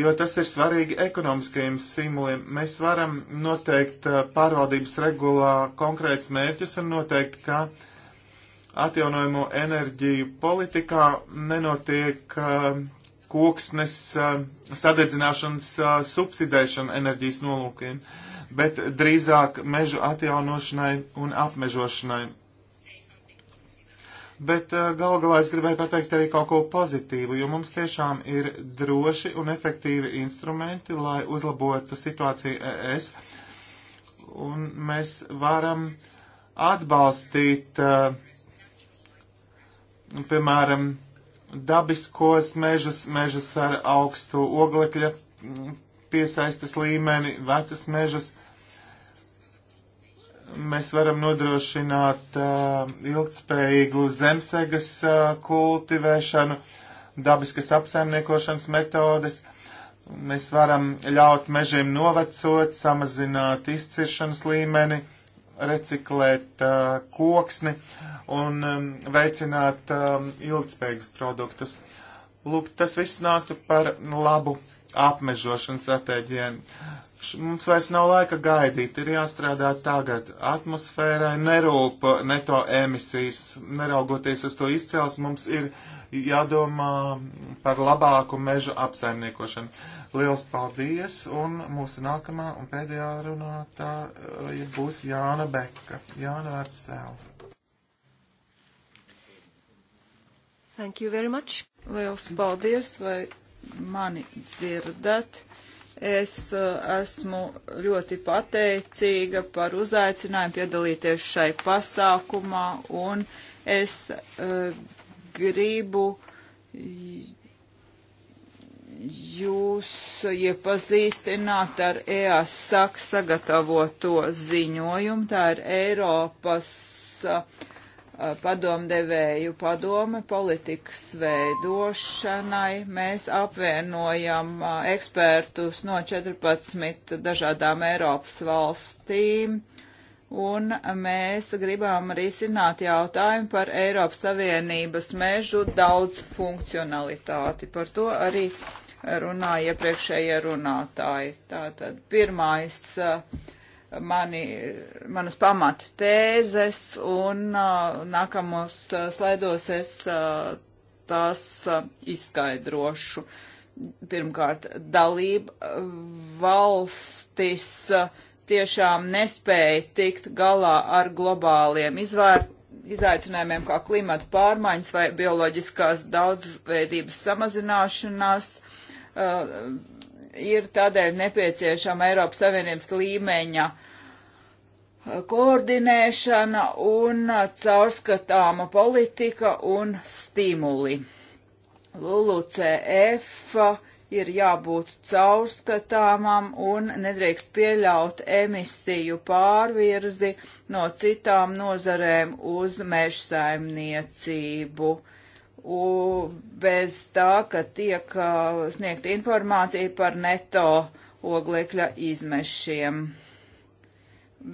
jo tas ir svarīgi ekonomiskajiem simuliem. Mēs varam noteikt uh, pārvaldības regulā konkrēts mērķus un noteikt, ka atjaunojamo enerģiju politikā nenotiek uh, koksnes uh, sadedzināšanas uh, subsidēšana enerģijas nolūkiem. Uh, bet drīzāk mežu atjaunošanai un apmežošanai. Bet eh, gal galā es gribēju pateikt arī kaut ko pozitīvu, jo mums tiešām ir droši un efektīvi instrumenti, lai uzlabotu situāciju ES. Un mēs varam atbalstīt, eh, piemēram, dabiskos mežus, mežus ar augstu oglekļa mm, piesaistes līmeni, vecas mežas. Mēs varam nodrošināt uh, ilgtspējīgu zemsegas uh, kultivēšanu, dabiskas apsaimniekošanas metodes. Mēs varam ļaut mežiem novecot, samazināt izciršanas līmeni, reciklēt uh, koksni un um, veicināt um, ilgtspējīgus produktus. Lūk, tas viss nāktu par labu apmežošana stratēģiem. Mums vairs nav laika gaidīt, ir jāstrādā tagad. Atmosfērai nerūp neto emisijas, neraugoties uz to izcels, mums ir jādomā par labāku mežu apsaimniekošanu. Liels paldies, un mūsu nākamā un pēdējā runātā būs Jāna Beka. Jāna Vērtstēla. Thank you very much. Liels paldies, vai mani dzirdat. Es uh, esmu ļoti pateicīga par uzaicinājumu piedalīties šai pasākumā un es uh, gribu jūs iepazīstināt ar EASAK sagatavoto ziņojumu. Tā ir Eiropas uh, Uh, padomdevēju padome politikas veidošanai. Mēs apvienojam uh, ekspertus no 14 dažādām Eiropas valstīm. Un mēs gribam risināt jautājumu par Eiropas Savienības mežu daudz funkcionalitāti. Par to arī runāja iepriekšējie runātāji. Tātad pirmais uh, mani, manas pamata tēzes, un uh, nākamos uh, slaidos es uh, tās uh, izskaidrošu. Pirmkārt, dalība valstis uh, tiešām nespēja tikt galā ar globāliem izvērt izaicinājumiem kā klimata pārmaiņas vai bioloģiskās daudzveidības samazināšanās, uh, ir tādēļ nepieciešama Eiropas Savienības līmeņa eh, koordinēšana un caurskatāma politika un stimuli. LULUCF ir jābūt caurskatāmam un nedrīkst pieļaut emisiju pārvirzi no citām nozarēm uz mežsaimniecību. saimniecību bez tā, ka tiek uh, sniegta informācija par neto oglekļa izmešiem.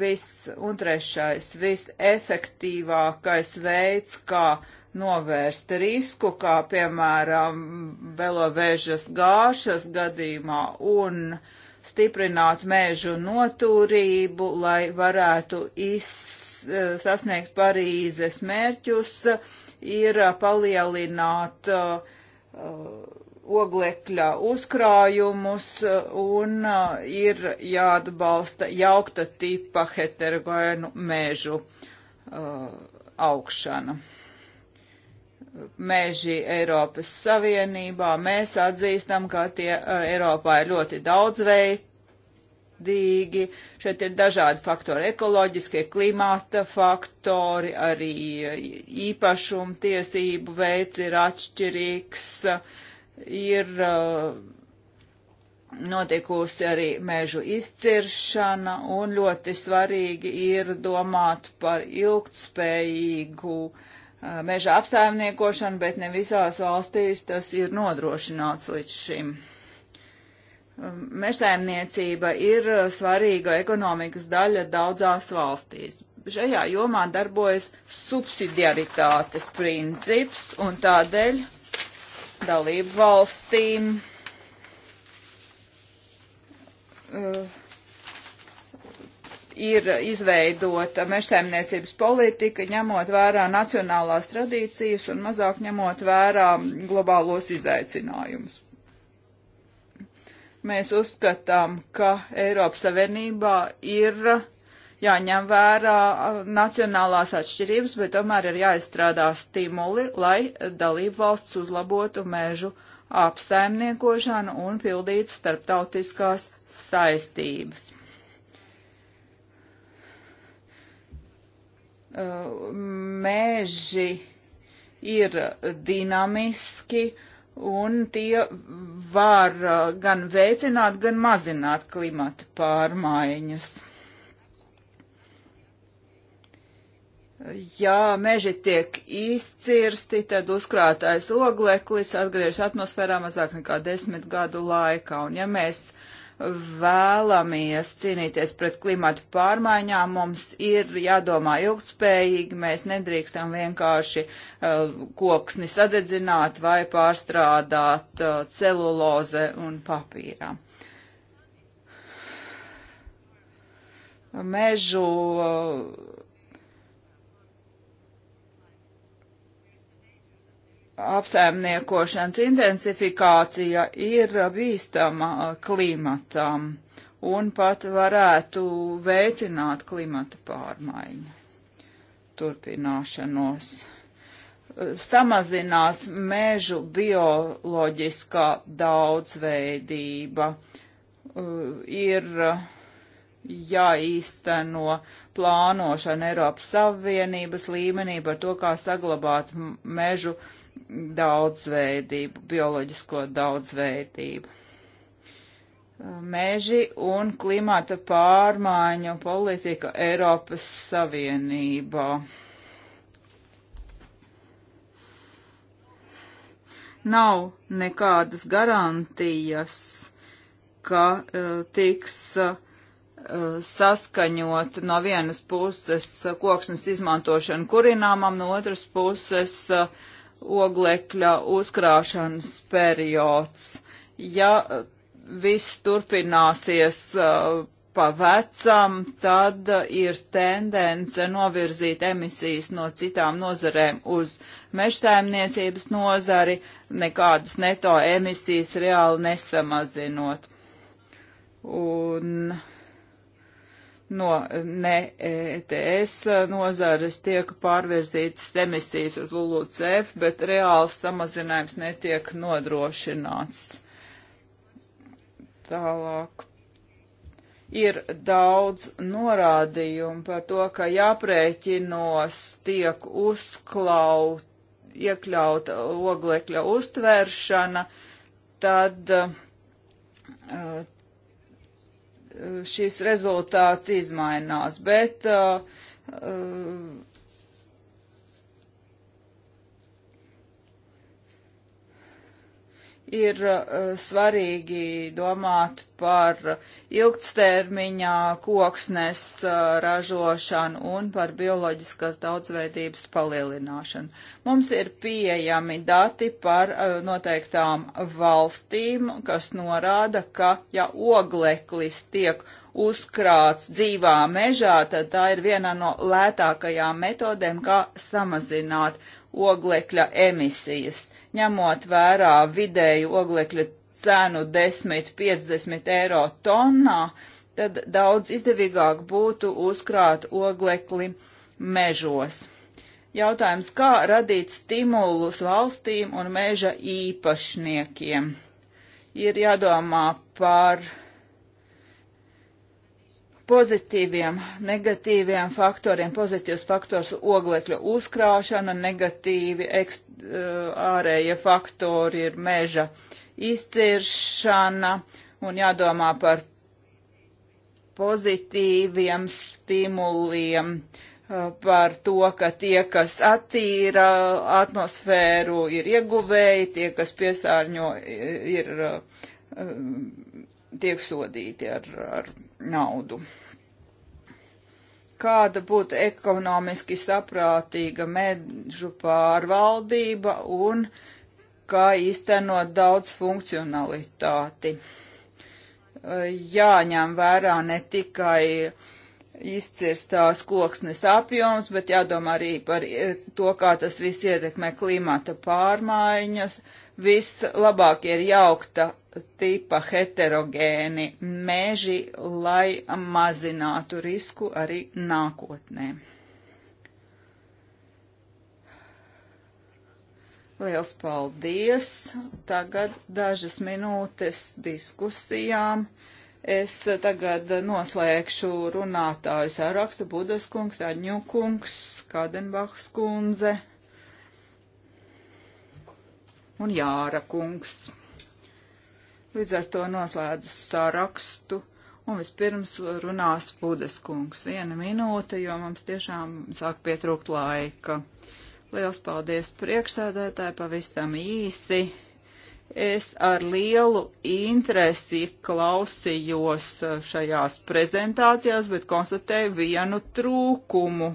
Viss, un trešais, visefektīvākais veids, kā novērst risku, kā piemēram velovēžas gāšas gadījumā un stiprināt mēžu notūrību, lai varētu iz, sasniegt Parīzes mērķus, uh, ir palielināt oglekļa uzkrājumus un ir jāatbalsta jaukta tipa heterogēnu mežu augšana meži Eiropas Savienībā. Mēs atzīstam, ka tie Eiropā ir ļoti daudzveid, atbildīgi. Šeit ir dažādi faktori - ekoloģiskie, klimata faktori, arī īpašuma tiesību veids ir atšķirīgs, ir uh, notikusi arī mežu izciršana un ļoti svarīgi ir domāt par ilgtspējīgu uh, meža apsaimniekošanu, bet ne visās valstīs tas ir nodrošināts līdz šim. Um, mežsaimniecība ir uh, svarīga ekonomikas daļa daudzās valstīs. Šajā jomā darbojas subsidiaritātes princips un tādēļ dalību valstīm uh, ir izveidota mežsaimniecības politika, ņemot vērā nacionālās tradīcijas un mazāk ņemot vērā globālos izaicinājumus. Mēs uzskatām, ka Eiropas Savienībā ir jāņem vērā nacionālās atšķirības, bet tomēr ir jāizstrādā stimuli, lai dalību valsts uzlabotu mežu apsaimniekošanu un pildītu starptautiskās saistības. Mēži ir dinamiski un tie var uh, gan veicināt, gan mazināt klimata pārmaiņas. Ja meži tiek izcirsti, tad uzkrātais ogleklis atgriežas atmosfērā mazāk nekā desmit gadu laikā, un ja mēs uh, vēlamies cīnīties pret klimatu pārmaiņām, mums ir jādomā ilgtspējīgi, mēs nedrīkstam vienkārši uh, koksni sadedzināt vai pārstrādāt uh, celuloze un papīrā. Mežu uh, apsaimniekošanas intensifikācija ir bīstama klimatam un pat varētu veicināt klimata pārmaiņu turpināšanos. Samazinās mežu bioloģiskā daudzveidība, ir jāīsteno plānošana Eiropas Savienības līmenī par to, kā saglabāt mežu bioloģiskā daudzveidību, bioloģisko daudzveidību. Meži un klimata pārmaiņu politika Eiropas Savienībā. Nav nekādas garantijas, ka uh, tiks uh, saskaņot no vienas puses koksnes izmantošanu kurināmam, no otras puses uh, oglekļa uzkrāšanas periods. Ja viss turpināsies uh, pa vecam, tad uh, ir tendence novirzīt emisijas no citām nozarēm uz mežsaimniecības nozari, nekādas neto emisijas reāli nesamazinot. Un uh, no ne ETS nozares tiek pārvirzītas emisijas uz LULUCF, bet reāls samazinājums netiek nodrošināts. Tālāk. Ir daudz norādījumu par to, ka jāprēķinos tiek uzklaut, iekļauta oglekļa uztvēršana, tad uh, šis rezultāts izmainās, bet uh, uh, ir uh, svarīgi domāt par ilgtstermiņā koksnes uh, ražošanu un par bioloģiskās daudzveidības palielināšanu. Mums ir pieejami dati par uh, noteiktām valstīm, kas norāda, ka ja ogleklis tiek uzkrāts dzīvā mežā, tad tā ir viena no lētākajām metodēm, kā samazināt oglekļa emisijas ņemot vērā vidēju oglekļa cenu 10-50 eiro tonnā, tad daudz izdevīgāk būtu uzkrāt oglekli mežos. Jautājums, kā radīt stimulus valstīm un meža īpašniekiem? Ir jādomā par uh, pozitīviem, negatīviem faktoriem. Pozitīvs faktors - oglekļa uzkrāšana, negatīvi ekst, uh, ārējie faktori ir meža izciršana un jādomā par pozitīviem stimuliem, uh, par to, ka tie, kas attīra atmosfēru, ir ieguvēji, tie, kas piesārņo, ir, uh, um, tiek sodīti ar, ar naudu. Kāda būtu ekonomiski saprātīga medžu pārvaldība un kā īstenot daudz funkcionalitāti? Jāņem vērā ne tikai izcirstās koksnes apjoms, bet jādomā arī par e, to, kā tas viss ietekmē klimata pārmaiņas. Vislabāk ir jaukta tipa heterogēni meži, lai mazinātu risku arī nākotnē. Liels paldies! Tagad dažas minūtes diskusijām. Es tagad noslēgšu runātāju sārakstu Budas kungs, Aņu kungs, Kādenbachs kundze un Jāra kungs. Līdz ar to noslēdzu sārakstu. Un vispirms runās Budas kungs. Viena minūte, jo mums tiešām sāk pietrūkt laika. Liels paldies priekšsēdētāji, pavisam īsi. Es ar lielu interesi klausījos šajās prezentācijās, bet konstatēju vienu trūkumu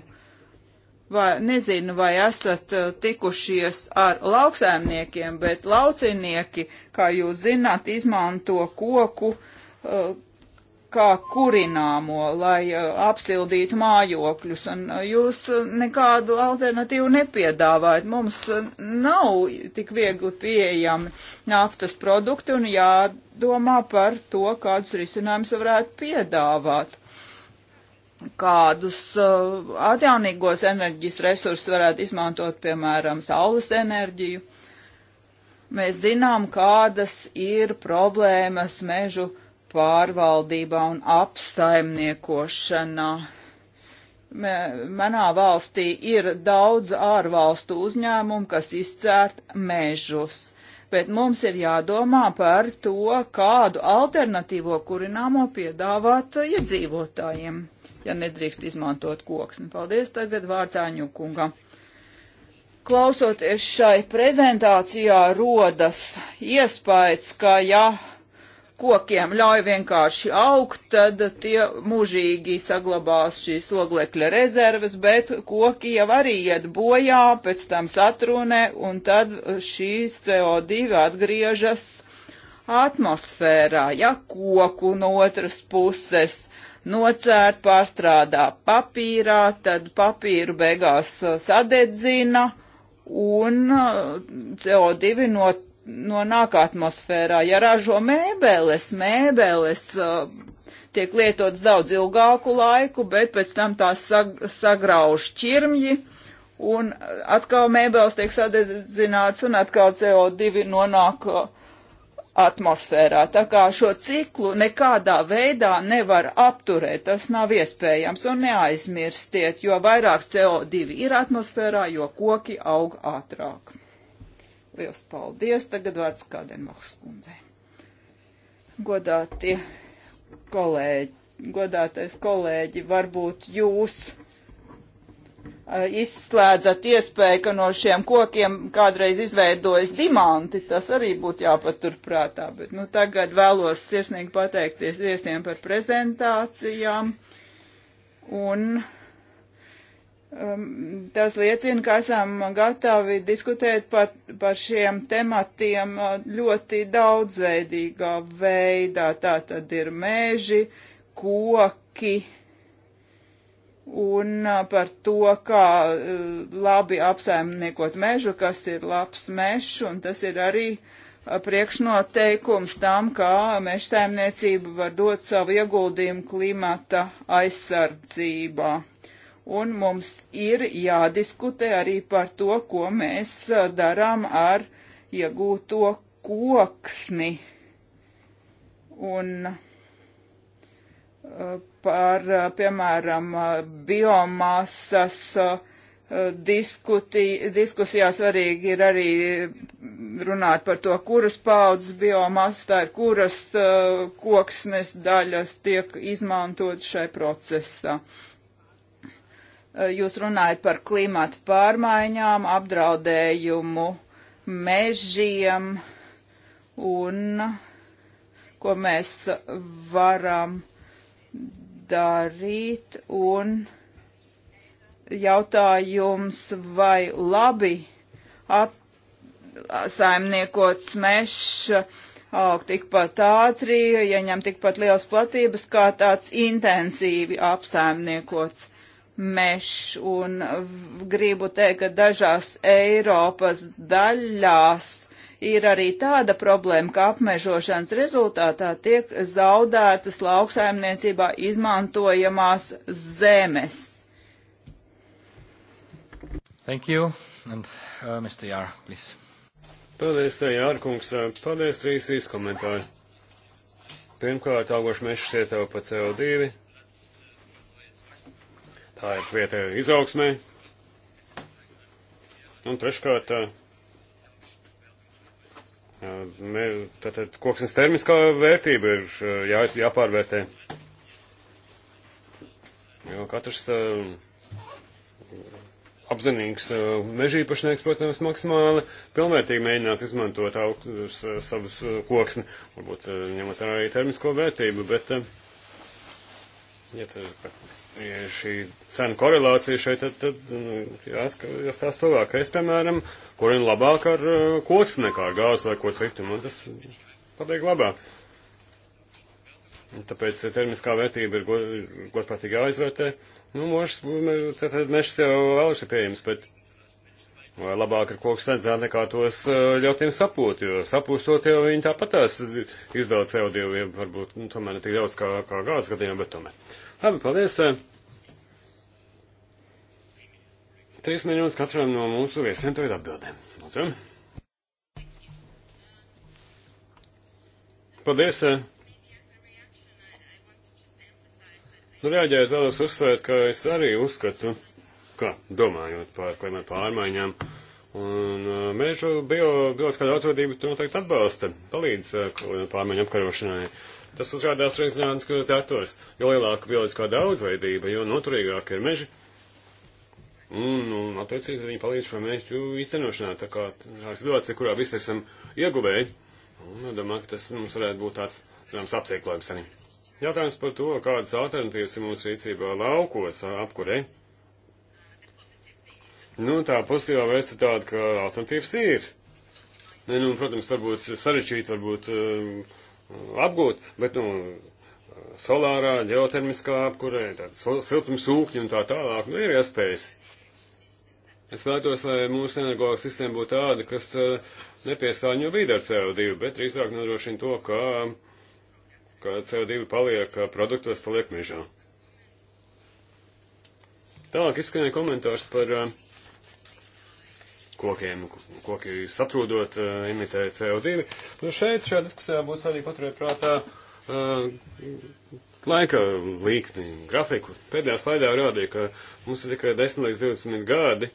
vai nezinu, vai esat uh, tikušies ar lauksēmniekiem, bet laucinieki, kā jūs zināt, izmanto koku uh, kā kurināmo, lai uh, apsildītu mājokļus, un uh, jūs uh, nekādu alternatīvu nepiedāvājat. Mums nav tik viegli pieejami naftas produkti, un jādomā par to, kādus risinājumus varētu piedāvāt kādus uh, atjaunīgos enerģijas resursus varētu izmantot, piemēram, saules enerģiju. Mēs zinām, kādas ir problēmas mežu pārvaldībā un apsaimniekošanā. Me, manā valstī ir daudz ārvalstu uzņēmumu, kas izcērt mežus, bet mums ir jādomā par to, kādu alternatīvo kurināmo piedāvāt iedzīvotājiem ja nedrīkst izmantot koksni. Paldies tagad vārcāņu kungam. Klausoties šai prezentācijā rodas iespējas, ka ja kokiem ļauj vienkārši augt, tad tie mūžīgi saglabās šīs oglekļa rezerves, bet koki jau arī iet bojā, pēc tam satrunē, un tad šīs CO2 atgriežas atmosfērā, ja koku no otras puses nocērt, pārstrādā papīrā, tad papīru beigās uh, sadedzina un uh, CO2 no, nonāk atmosfērā. Ja ražo mēbeles, mēbeles uh, tiek lietots daudz ilgāku laiku, bet pēc tam tās sag, sagrauž ķirmji. Un atkal mēbeles tiek sadedzināts un atkal CO2 nonāk uh, atmosfērā. Tā kā šo ciklu nekādā veidā nevar apturēt, tas nav iespējams. Un neaizmirstiet, jo vairāk CO2 ir atmosfērā, jo koki aug ātrāk. Liels paldies! Tagad vārds Kādenbachs kundzei. Godātie kolēģi, godātais kolēģi, varbūt jūs Uh, izslēdzat iespēju, ka no šiem kokiem kādreiz izveidojas dimanti, tas arī būtu jāpaturprātā. Bet nu, tagad vēlos sirsnīgi pateikties viesiem par prezentācijām. Un um, tas liecina, ka esam gatavi diskutēt par, par šiem tematiem uh, ļoti daudzveidīgā veidā. Tā tad ir meži, koki un uh, par to, kā uh, labi apsaimniekot mežu, kas ir labs mežs, un tas ir arī uh, priekšnoteikums tam, kā mežsaimniecība var dot savu ieguldījumu klimata aizsardzībā. Un mums ir jādiskutē arī par to, ko mēs darām ar iegūto koksni. Un par, eh, piemēram, eh, biomasas eh, diskuti, diskusijā svarīgi ir arī runāt par to, kuras paudzes biomasa tā ir, kuras koksnes daļas tiek izmantot šai procesā. Jūs runājat par klimatu pārmaiņām, apdraudējumu mežiem un ko mēs varam uh, darīt un jautājums, vai labi ap, saimniekots mežs aug tikpat ātri, ieņem ja tikpat liels platības, kā tāds intensīvi apsaimniekots mežs. Un gribu teikt, ka dažās Eiropas daļās Ir arī tāda problēma, ka apmežošanas rezultātā tiek zaudētas lauksaimniecībā izmantojamās zemes. Thank you. And, uh, Mr. Jāra, please. Paldies, Jārkungs. Uh, paldies, trīs īsi komentāri. Pirmkārt, augošs mežs ietaupa CO2. Tā ir vietēja izaugsmē. Un treškārt, uh, Tātad koksnes termiskā vērtība ir eh, jā, jāpārvērtē. Jo katrs eh, apzinīgs eh, mežīpašnieks, protams, maksimāli pilnvērtīgi mēģinās izmantot augstus savus koksni, varbūt ņemot arī termisko vērtību, bet, ja tad ja šī cenu korelācija šeit, tad, tad nu, jāskatās tuvāk. Es, piemēram, kurinu labāk ar uh, koks nekā ar gāzi vai ko citu, man tas patīk labāk. Tāpēc termiskā vērtība ir go, godprātīgi jāizvērtē. Nu, možas, tad, tad mežs jau vēl ir pieejams, bet vai labāk ar koks nedzēt nekā tos uh, ļautiem sapūt, jo sapūstot jau viņi tāpatās izdala CO2, varbūt, nu, tomēr ne tik daudz kā, kā gāzes gadījumā, bet tomēr. Labi, paldies. Trīs minūtes katram no mūsu viesiem to ir atbildēm. Lūdzu. Paldies. Nu, reaģējot vēlos uzsvērt, ka es arī uzskatu, ka domājot par klimatu pārmaiņām un uh, mēžu bio, bioloģiskā daudzveidība noteikti atbalsta, palīdz uh, pārmaiņu apkarošanai. Uh, Tas uzrādās arī zinātniskajos datos. Jo lielāka bioloģiskā daudzveidība, jo noturīgāka ir meži. Un, un attiecīgi, viņi palīdz šo mērķu īstenošanā. Tā kā tā situācija, kurā visi esam ieguvēji, un domāju, ka tas nu, mums varētu būt tāds, zināms, aptveiklojums arī. Jautājums par to, kādas alternatīvas ir mūsu rīcībā laukos apkurē. Nu, tā pozitīvā vēsta tāda, ka alternatīvas ir. Ne, nu, protams, varbūt sarežģīti, varbūt uh, apgūt, bet, nu, solārā, ģeotermiskā apkurē, tāda siltums sūkņi un tā tālāk, nu, ir iespējas. Es vēlētos, lai mūsu energoāla sistēma būtu tāda, kas eh, nepiestāņo vidi ar CO2, bet drīzāk nodrošina to, ka, ka CO2 paliek produktos, paliek mežā. Tālāk izskanēja komentārs par uh, kokiem, koki satrūdot, uh, imitē CO2. Nu, šeit šajā diskusijā būtu svarīgi paturēt prātā uh, laika līkni, grafiku. Pēdējā slaidā rādīja, ka mums ir tikai 10 līdz 20 gadi,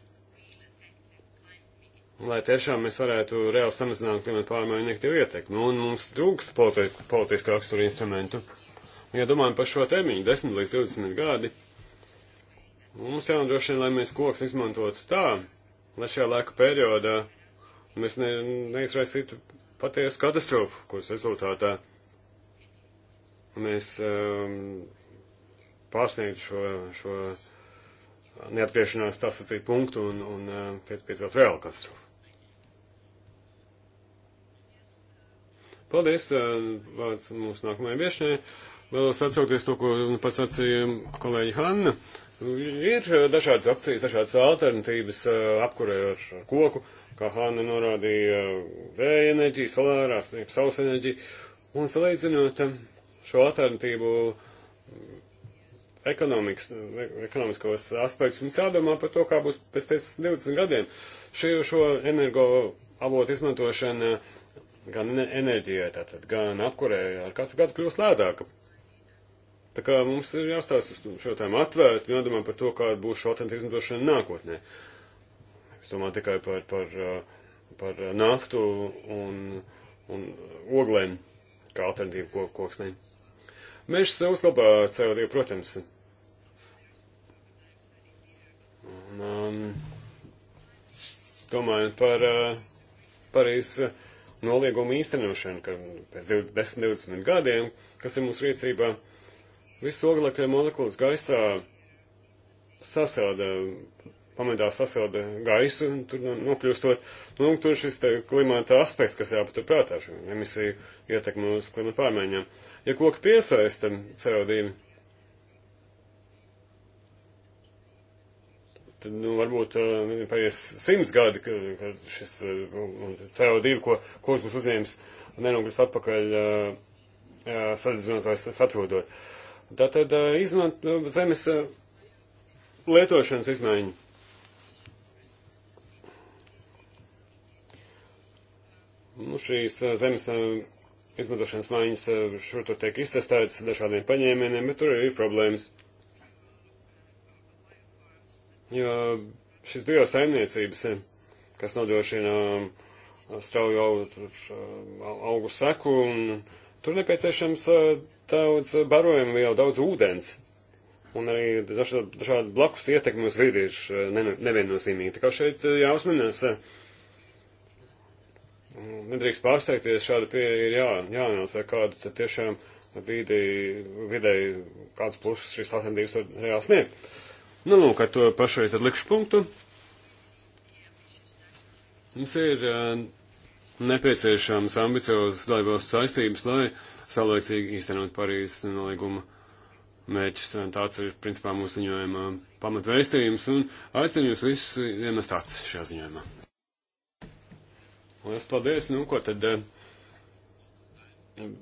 lai tiešām mēs varētu reāli samazināt klimata pārmaiņu negatīvu ietekmi. Nu, un mums trūkst politi politiskā rakstura instrumentu. Ja domājam par šo termiņu, 10 līdz 20 gadi, mums jānodrošina, lai mēs koks izmantotu tā, lai šajā laika periodā mēs ne, neizraisītu patiesu katastrofu, kuras rezultātā mēs um, pārsniegtu šo, šo neatgriešanās tā sacīt punktu un, un um, piedzīvotu reālu katastrofu. Paldies, um, vārds mūsu nākamajai viešanai. Vēlos atsaukties to, ko pats sacīja kolēģi Hanna. Uh, Ir eh, dažādas opcijas, dažādas alternatīvas eh, apkurē ar koku, kā Hāna norādīja, eh, vēja enerģija, solārās, saules enerģija. Un salīdzinot šo alternatīvu mm, ekonomiskos aspektus, mums jādomā par to, kā būs pēc 15, 20 gadiem. Šī, šo energo avotu izmantošana gan enerģijai, tātad gan apkurē ar katru gadu kļūst lētāka. Tā kā mums ir jāstāsta uz šo tēmu atvērti, jādomā par to, kāda būs šo tēmu izmantošana nākotnē. Es domāju tikai par, par, uh, par uh, naftu un, un oglēm kā alternatīvu ko, koksnē. Mežs uzlabā CO2, protams. Un, um, domājot par uh, Parīzes noliegumu īstenošanu, ka pēc 20, 20 gadiem, kas ir mūsu rīcībā, uh, Visu oglekļa molekulas gaisā sasāda, pamatā sasāda gaisu, un tur nokļūstot, nu, tur šis te klimata aspekts, kas jāpatur prātā, šo emisiju ietekmu uz klimata pārmaiņām. Ja koki piesaista CO2, tad, nu, varbūt uh, paies simts gadi, kad, kad šis uh, CO2, ko kosmos uzņēmis, nenogļas atpakaļ uh, uh, sadedzinot vai satrodot. Uh, Tātad izmant, zemes lietošanas izmaiņa. Nu, šīs zemes izmantošanas maiņas šur tur tiek iztestētas dažādiem paņēmieniem, bet tur ir problēmas. Jo šis bio saimniecības, kas nodrošina strauju augu, augu seku un Tur nepieciešams daudz barojumu vielu, daudz ūdens. Un arī dažādi, dažādi blakus ietekmi uz vidi ir neviennozīmīgi. Tā kā šeit jāuzmanās, nedrīkst pārsteigties, šāda pieeja ir jā, jāanalizē, kādu tad tiešām vidi, videi, kāds pluses šīs alternatīvas var reāli sniegt. Nu, lūk, ar to pašai tad likšu punktu. Mums ir uh, nepieciešams ambiciozas dalībās saistības, lai saulēcīgi īstenot Parīzes nolīguma mērķus. Tāds ir, principā, mūsu ziņojuma pamatvēstījums, un aicinu jūs visus iemest acis šajā ziņojumā. Lielas paldies, nu ko tad eh,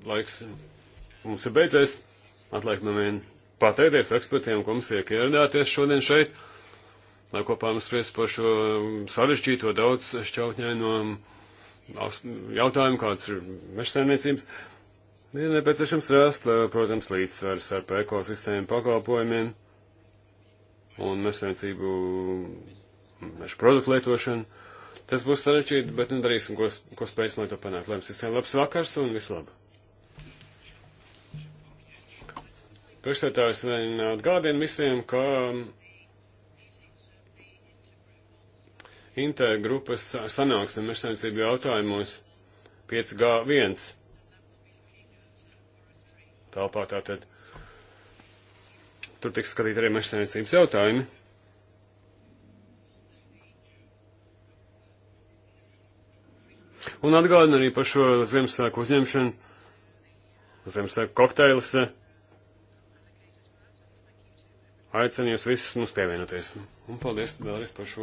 laiks mums ir beidzies. Atliek man vien pateikties ekspertiem, komisijai, ka ieradāties šodien šeit, lai kopā mums priest par šo sarežģīto daudz šķautņaino. No jautājumu, kāds ir mežsaimniecības. Ir nepieciešams rast, protams, līdzsvars ar ekosistēmu pakalpojumiem un mežsaimniecību, mežu produktu lietošanu. Tas būs sarežģīti, bet nu darīsim, ko, ko spēsim, lai to panākt. Lai jums visiem labs vakars un visu labu! Priekšsētājs vien atgādina visiem, ka Intē grupas sanāksme mežsaimniecību jautājumos 5G1 telpā tātad. Tur tiks skatīt arī mežsaimniecības jautājumi. Un atgādina arī par šo Ziemassvētku uzņemšanu, Ziemassvētku kokteilus. Eh, aicinu jūs visus mums pievienoties. Un paldies vēlreiz par šo.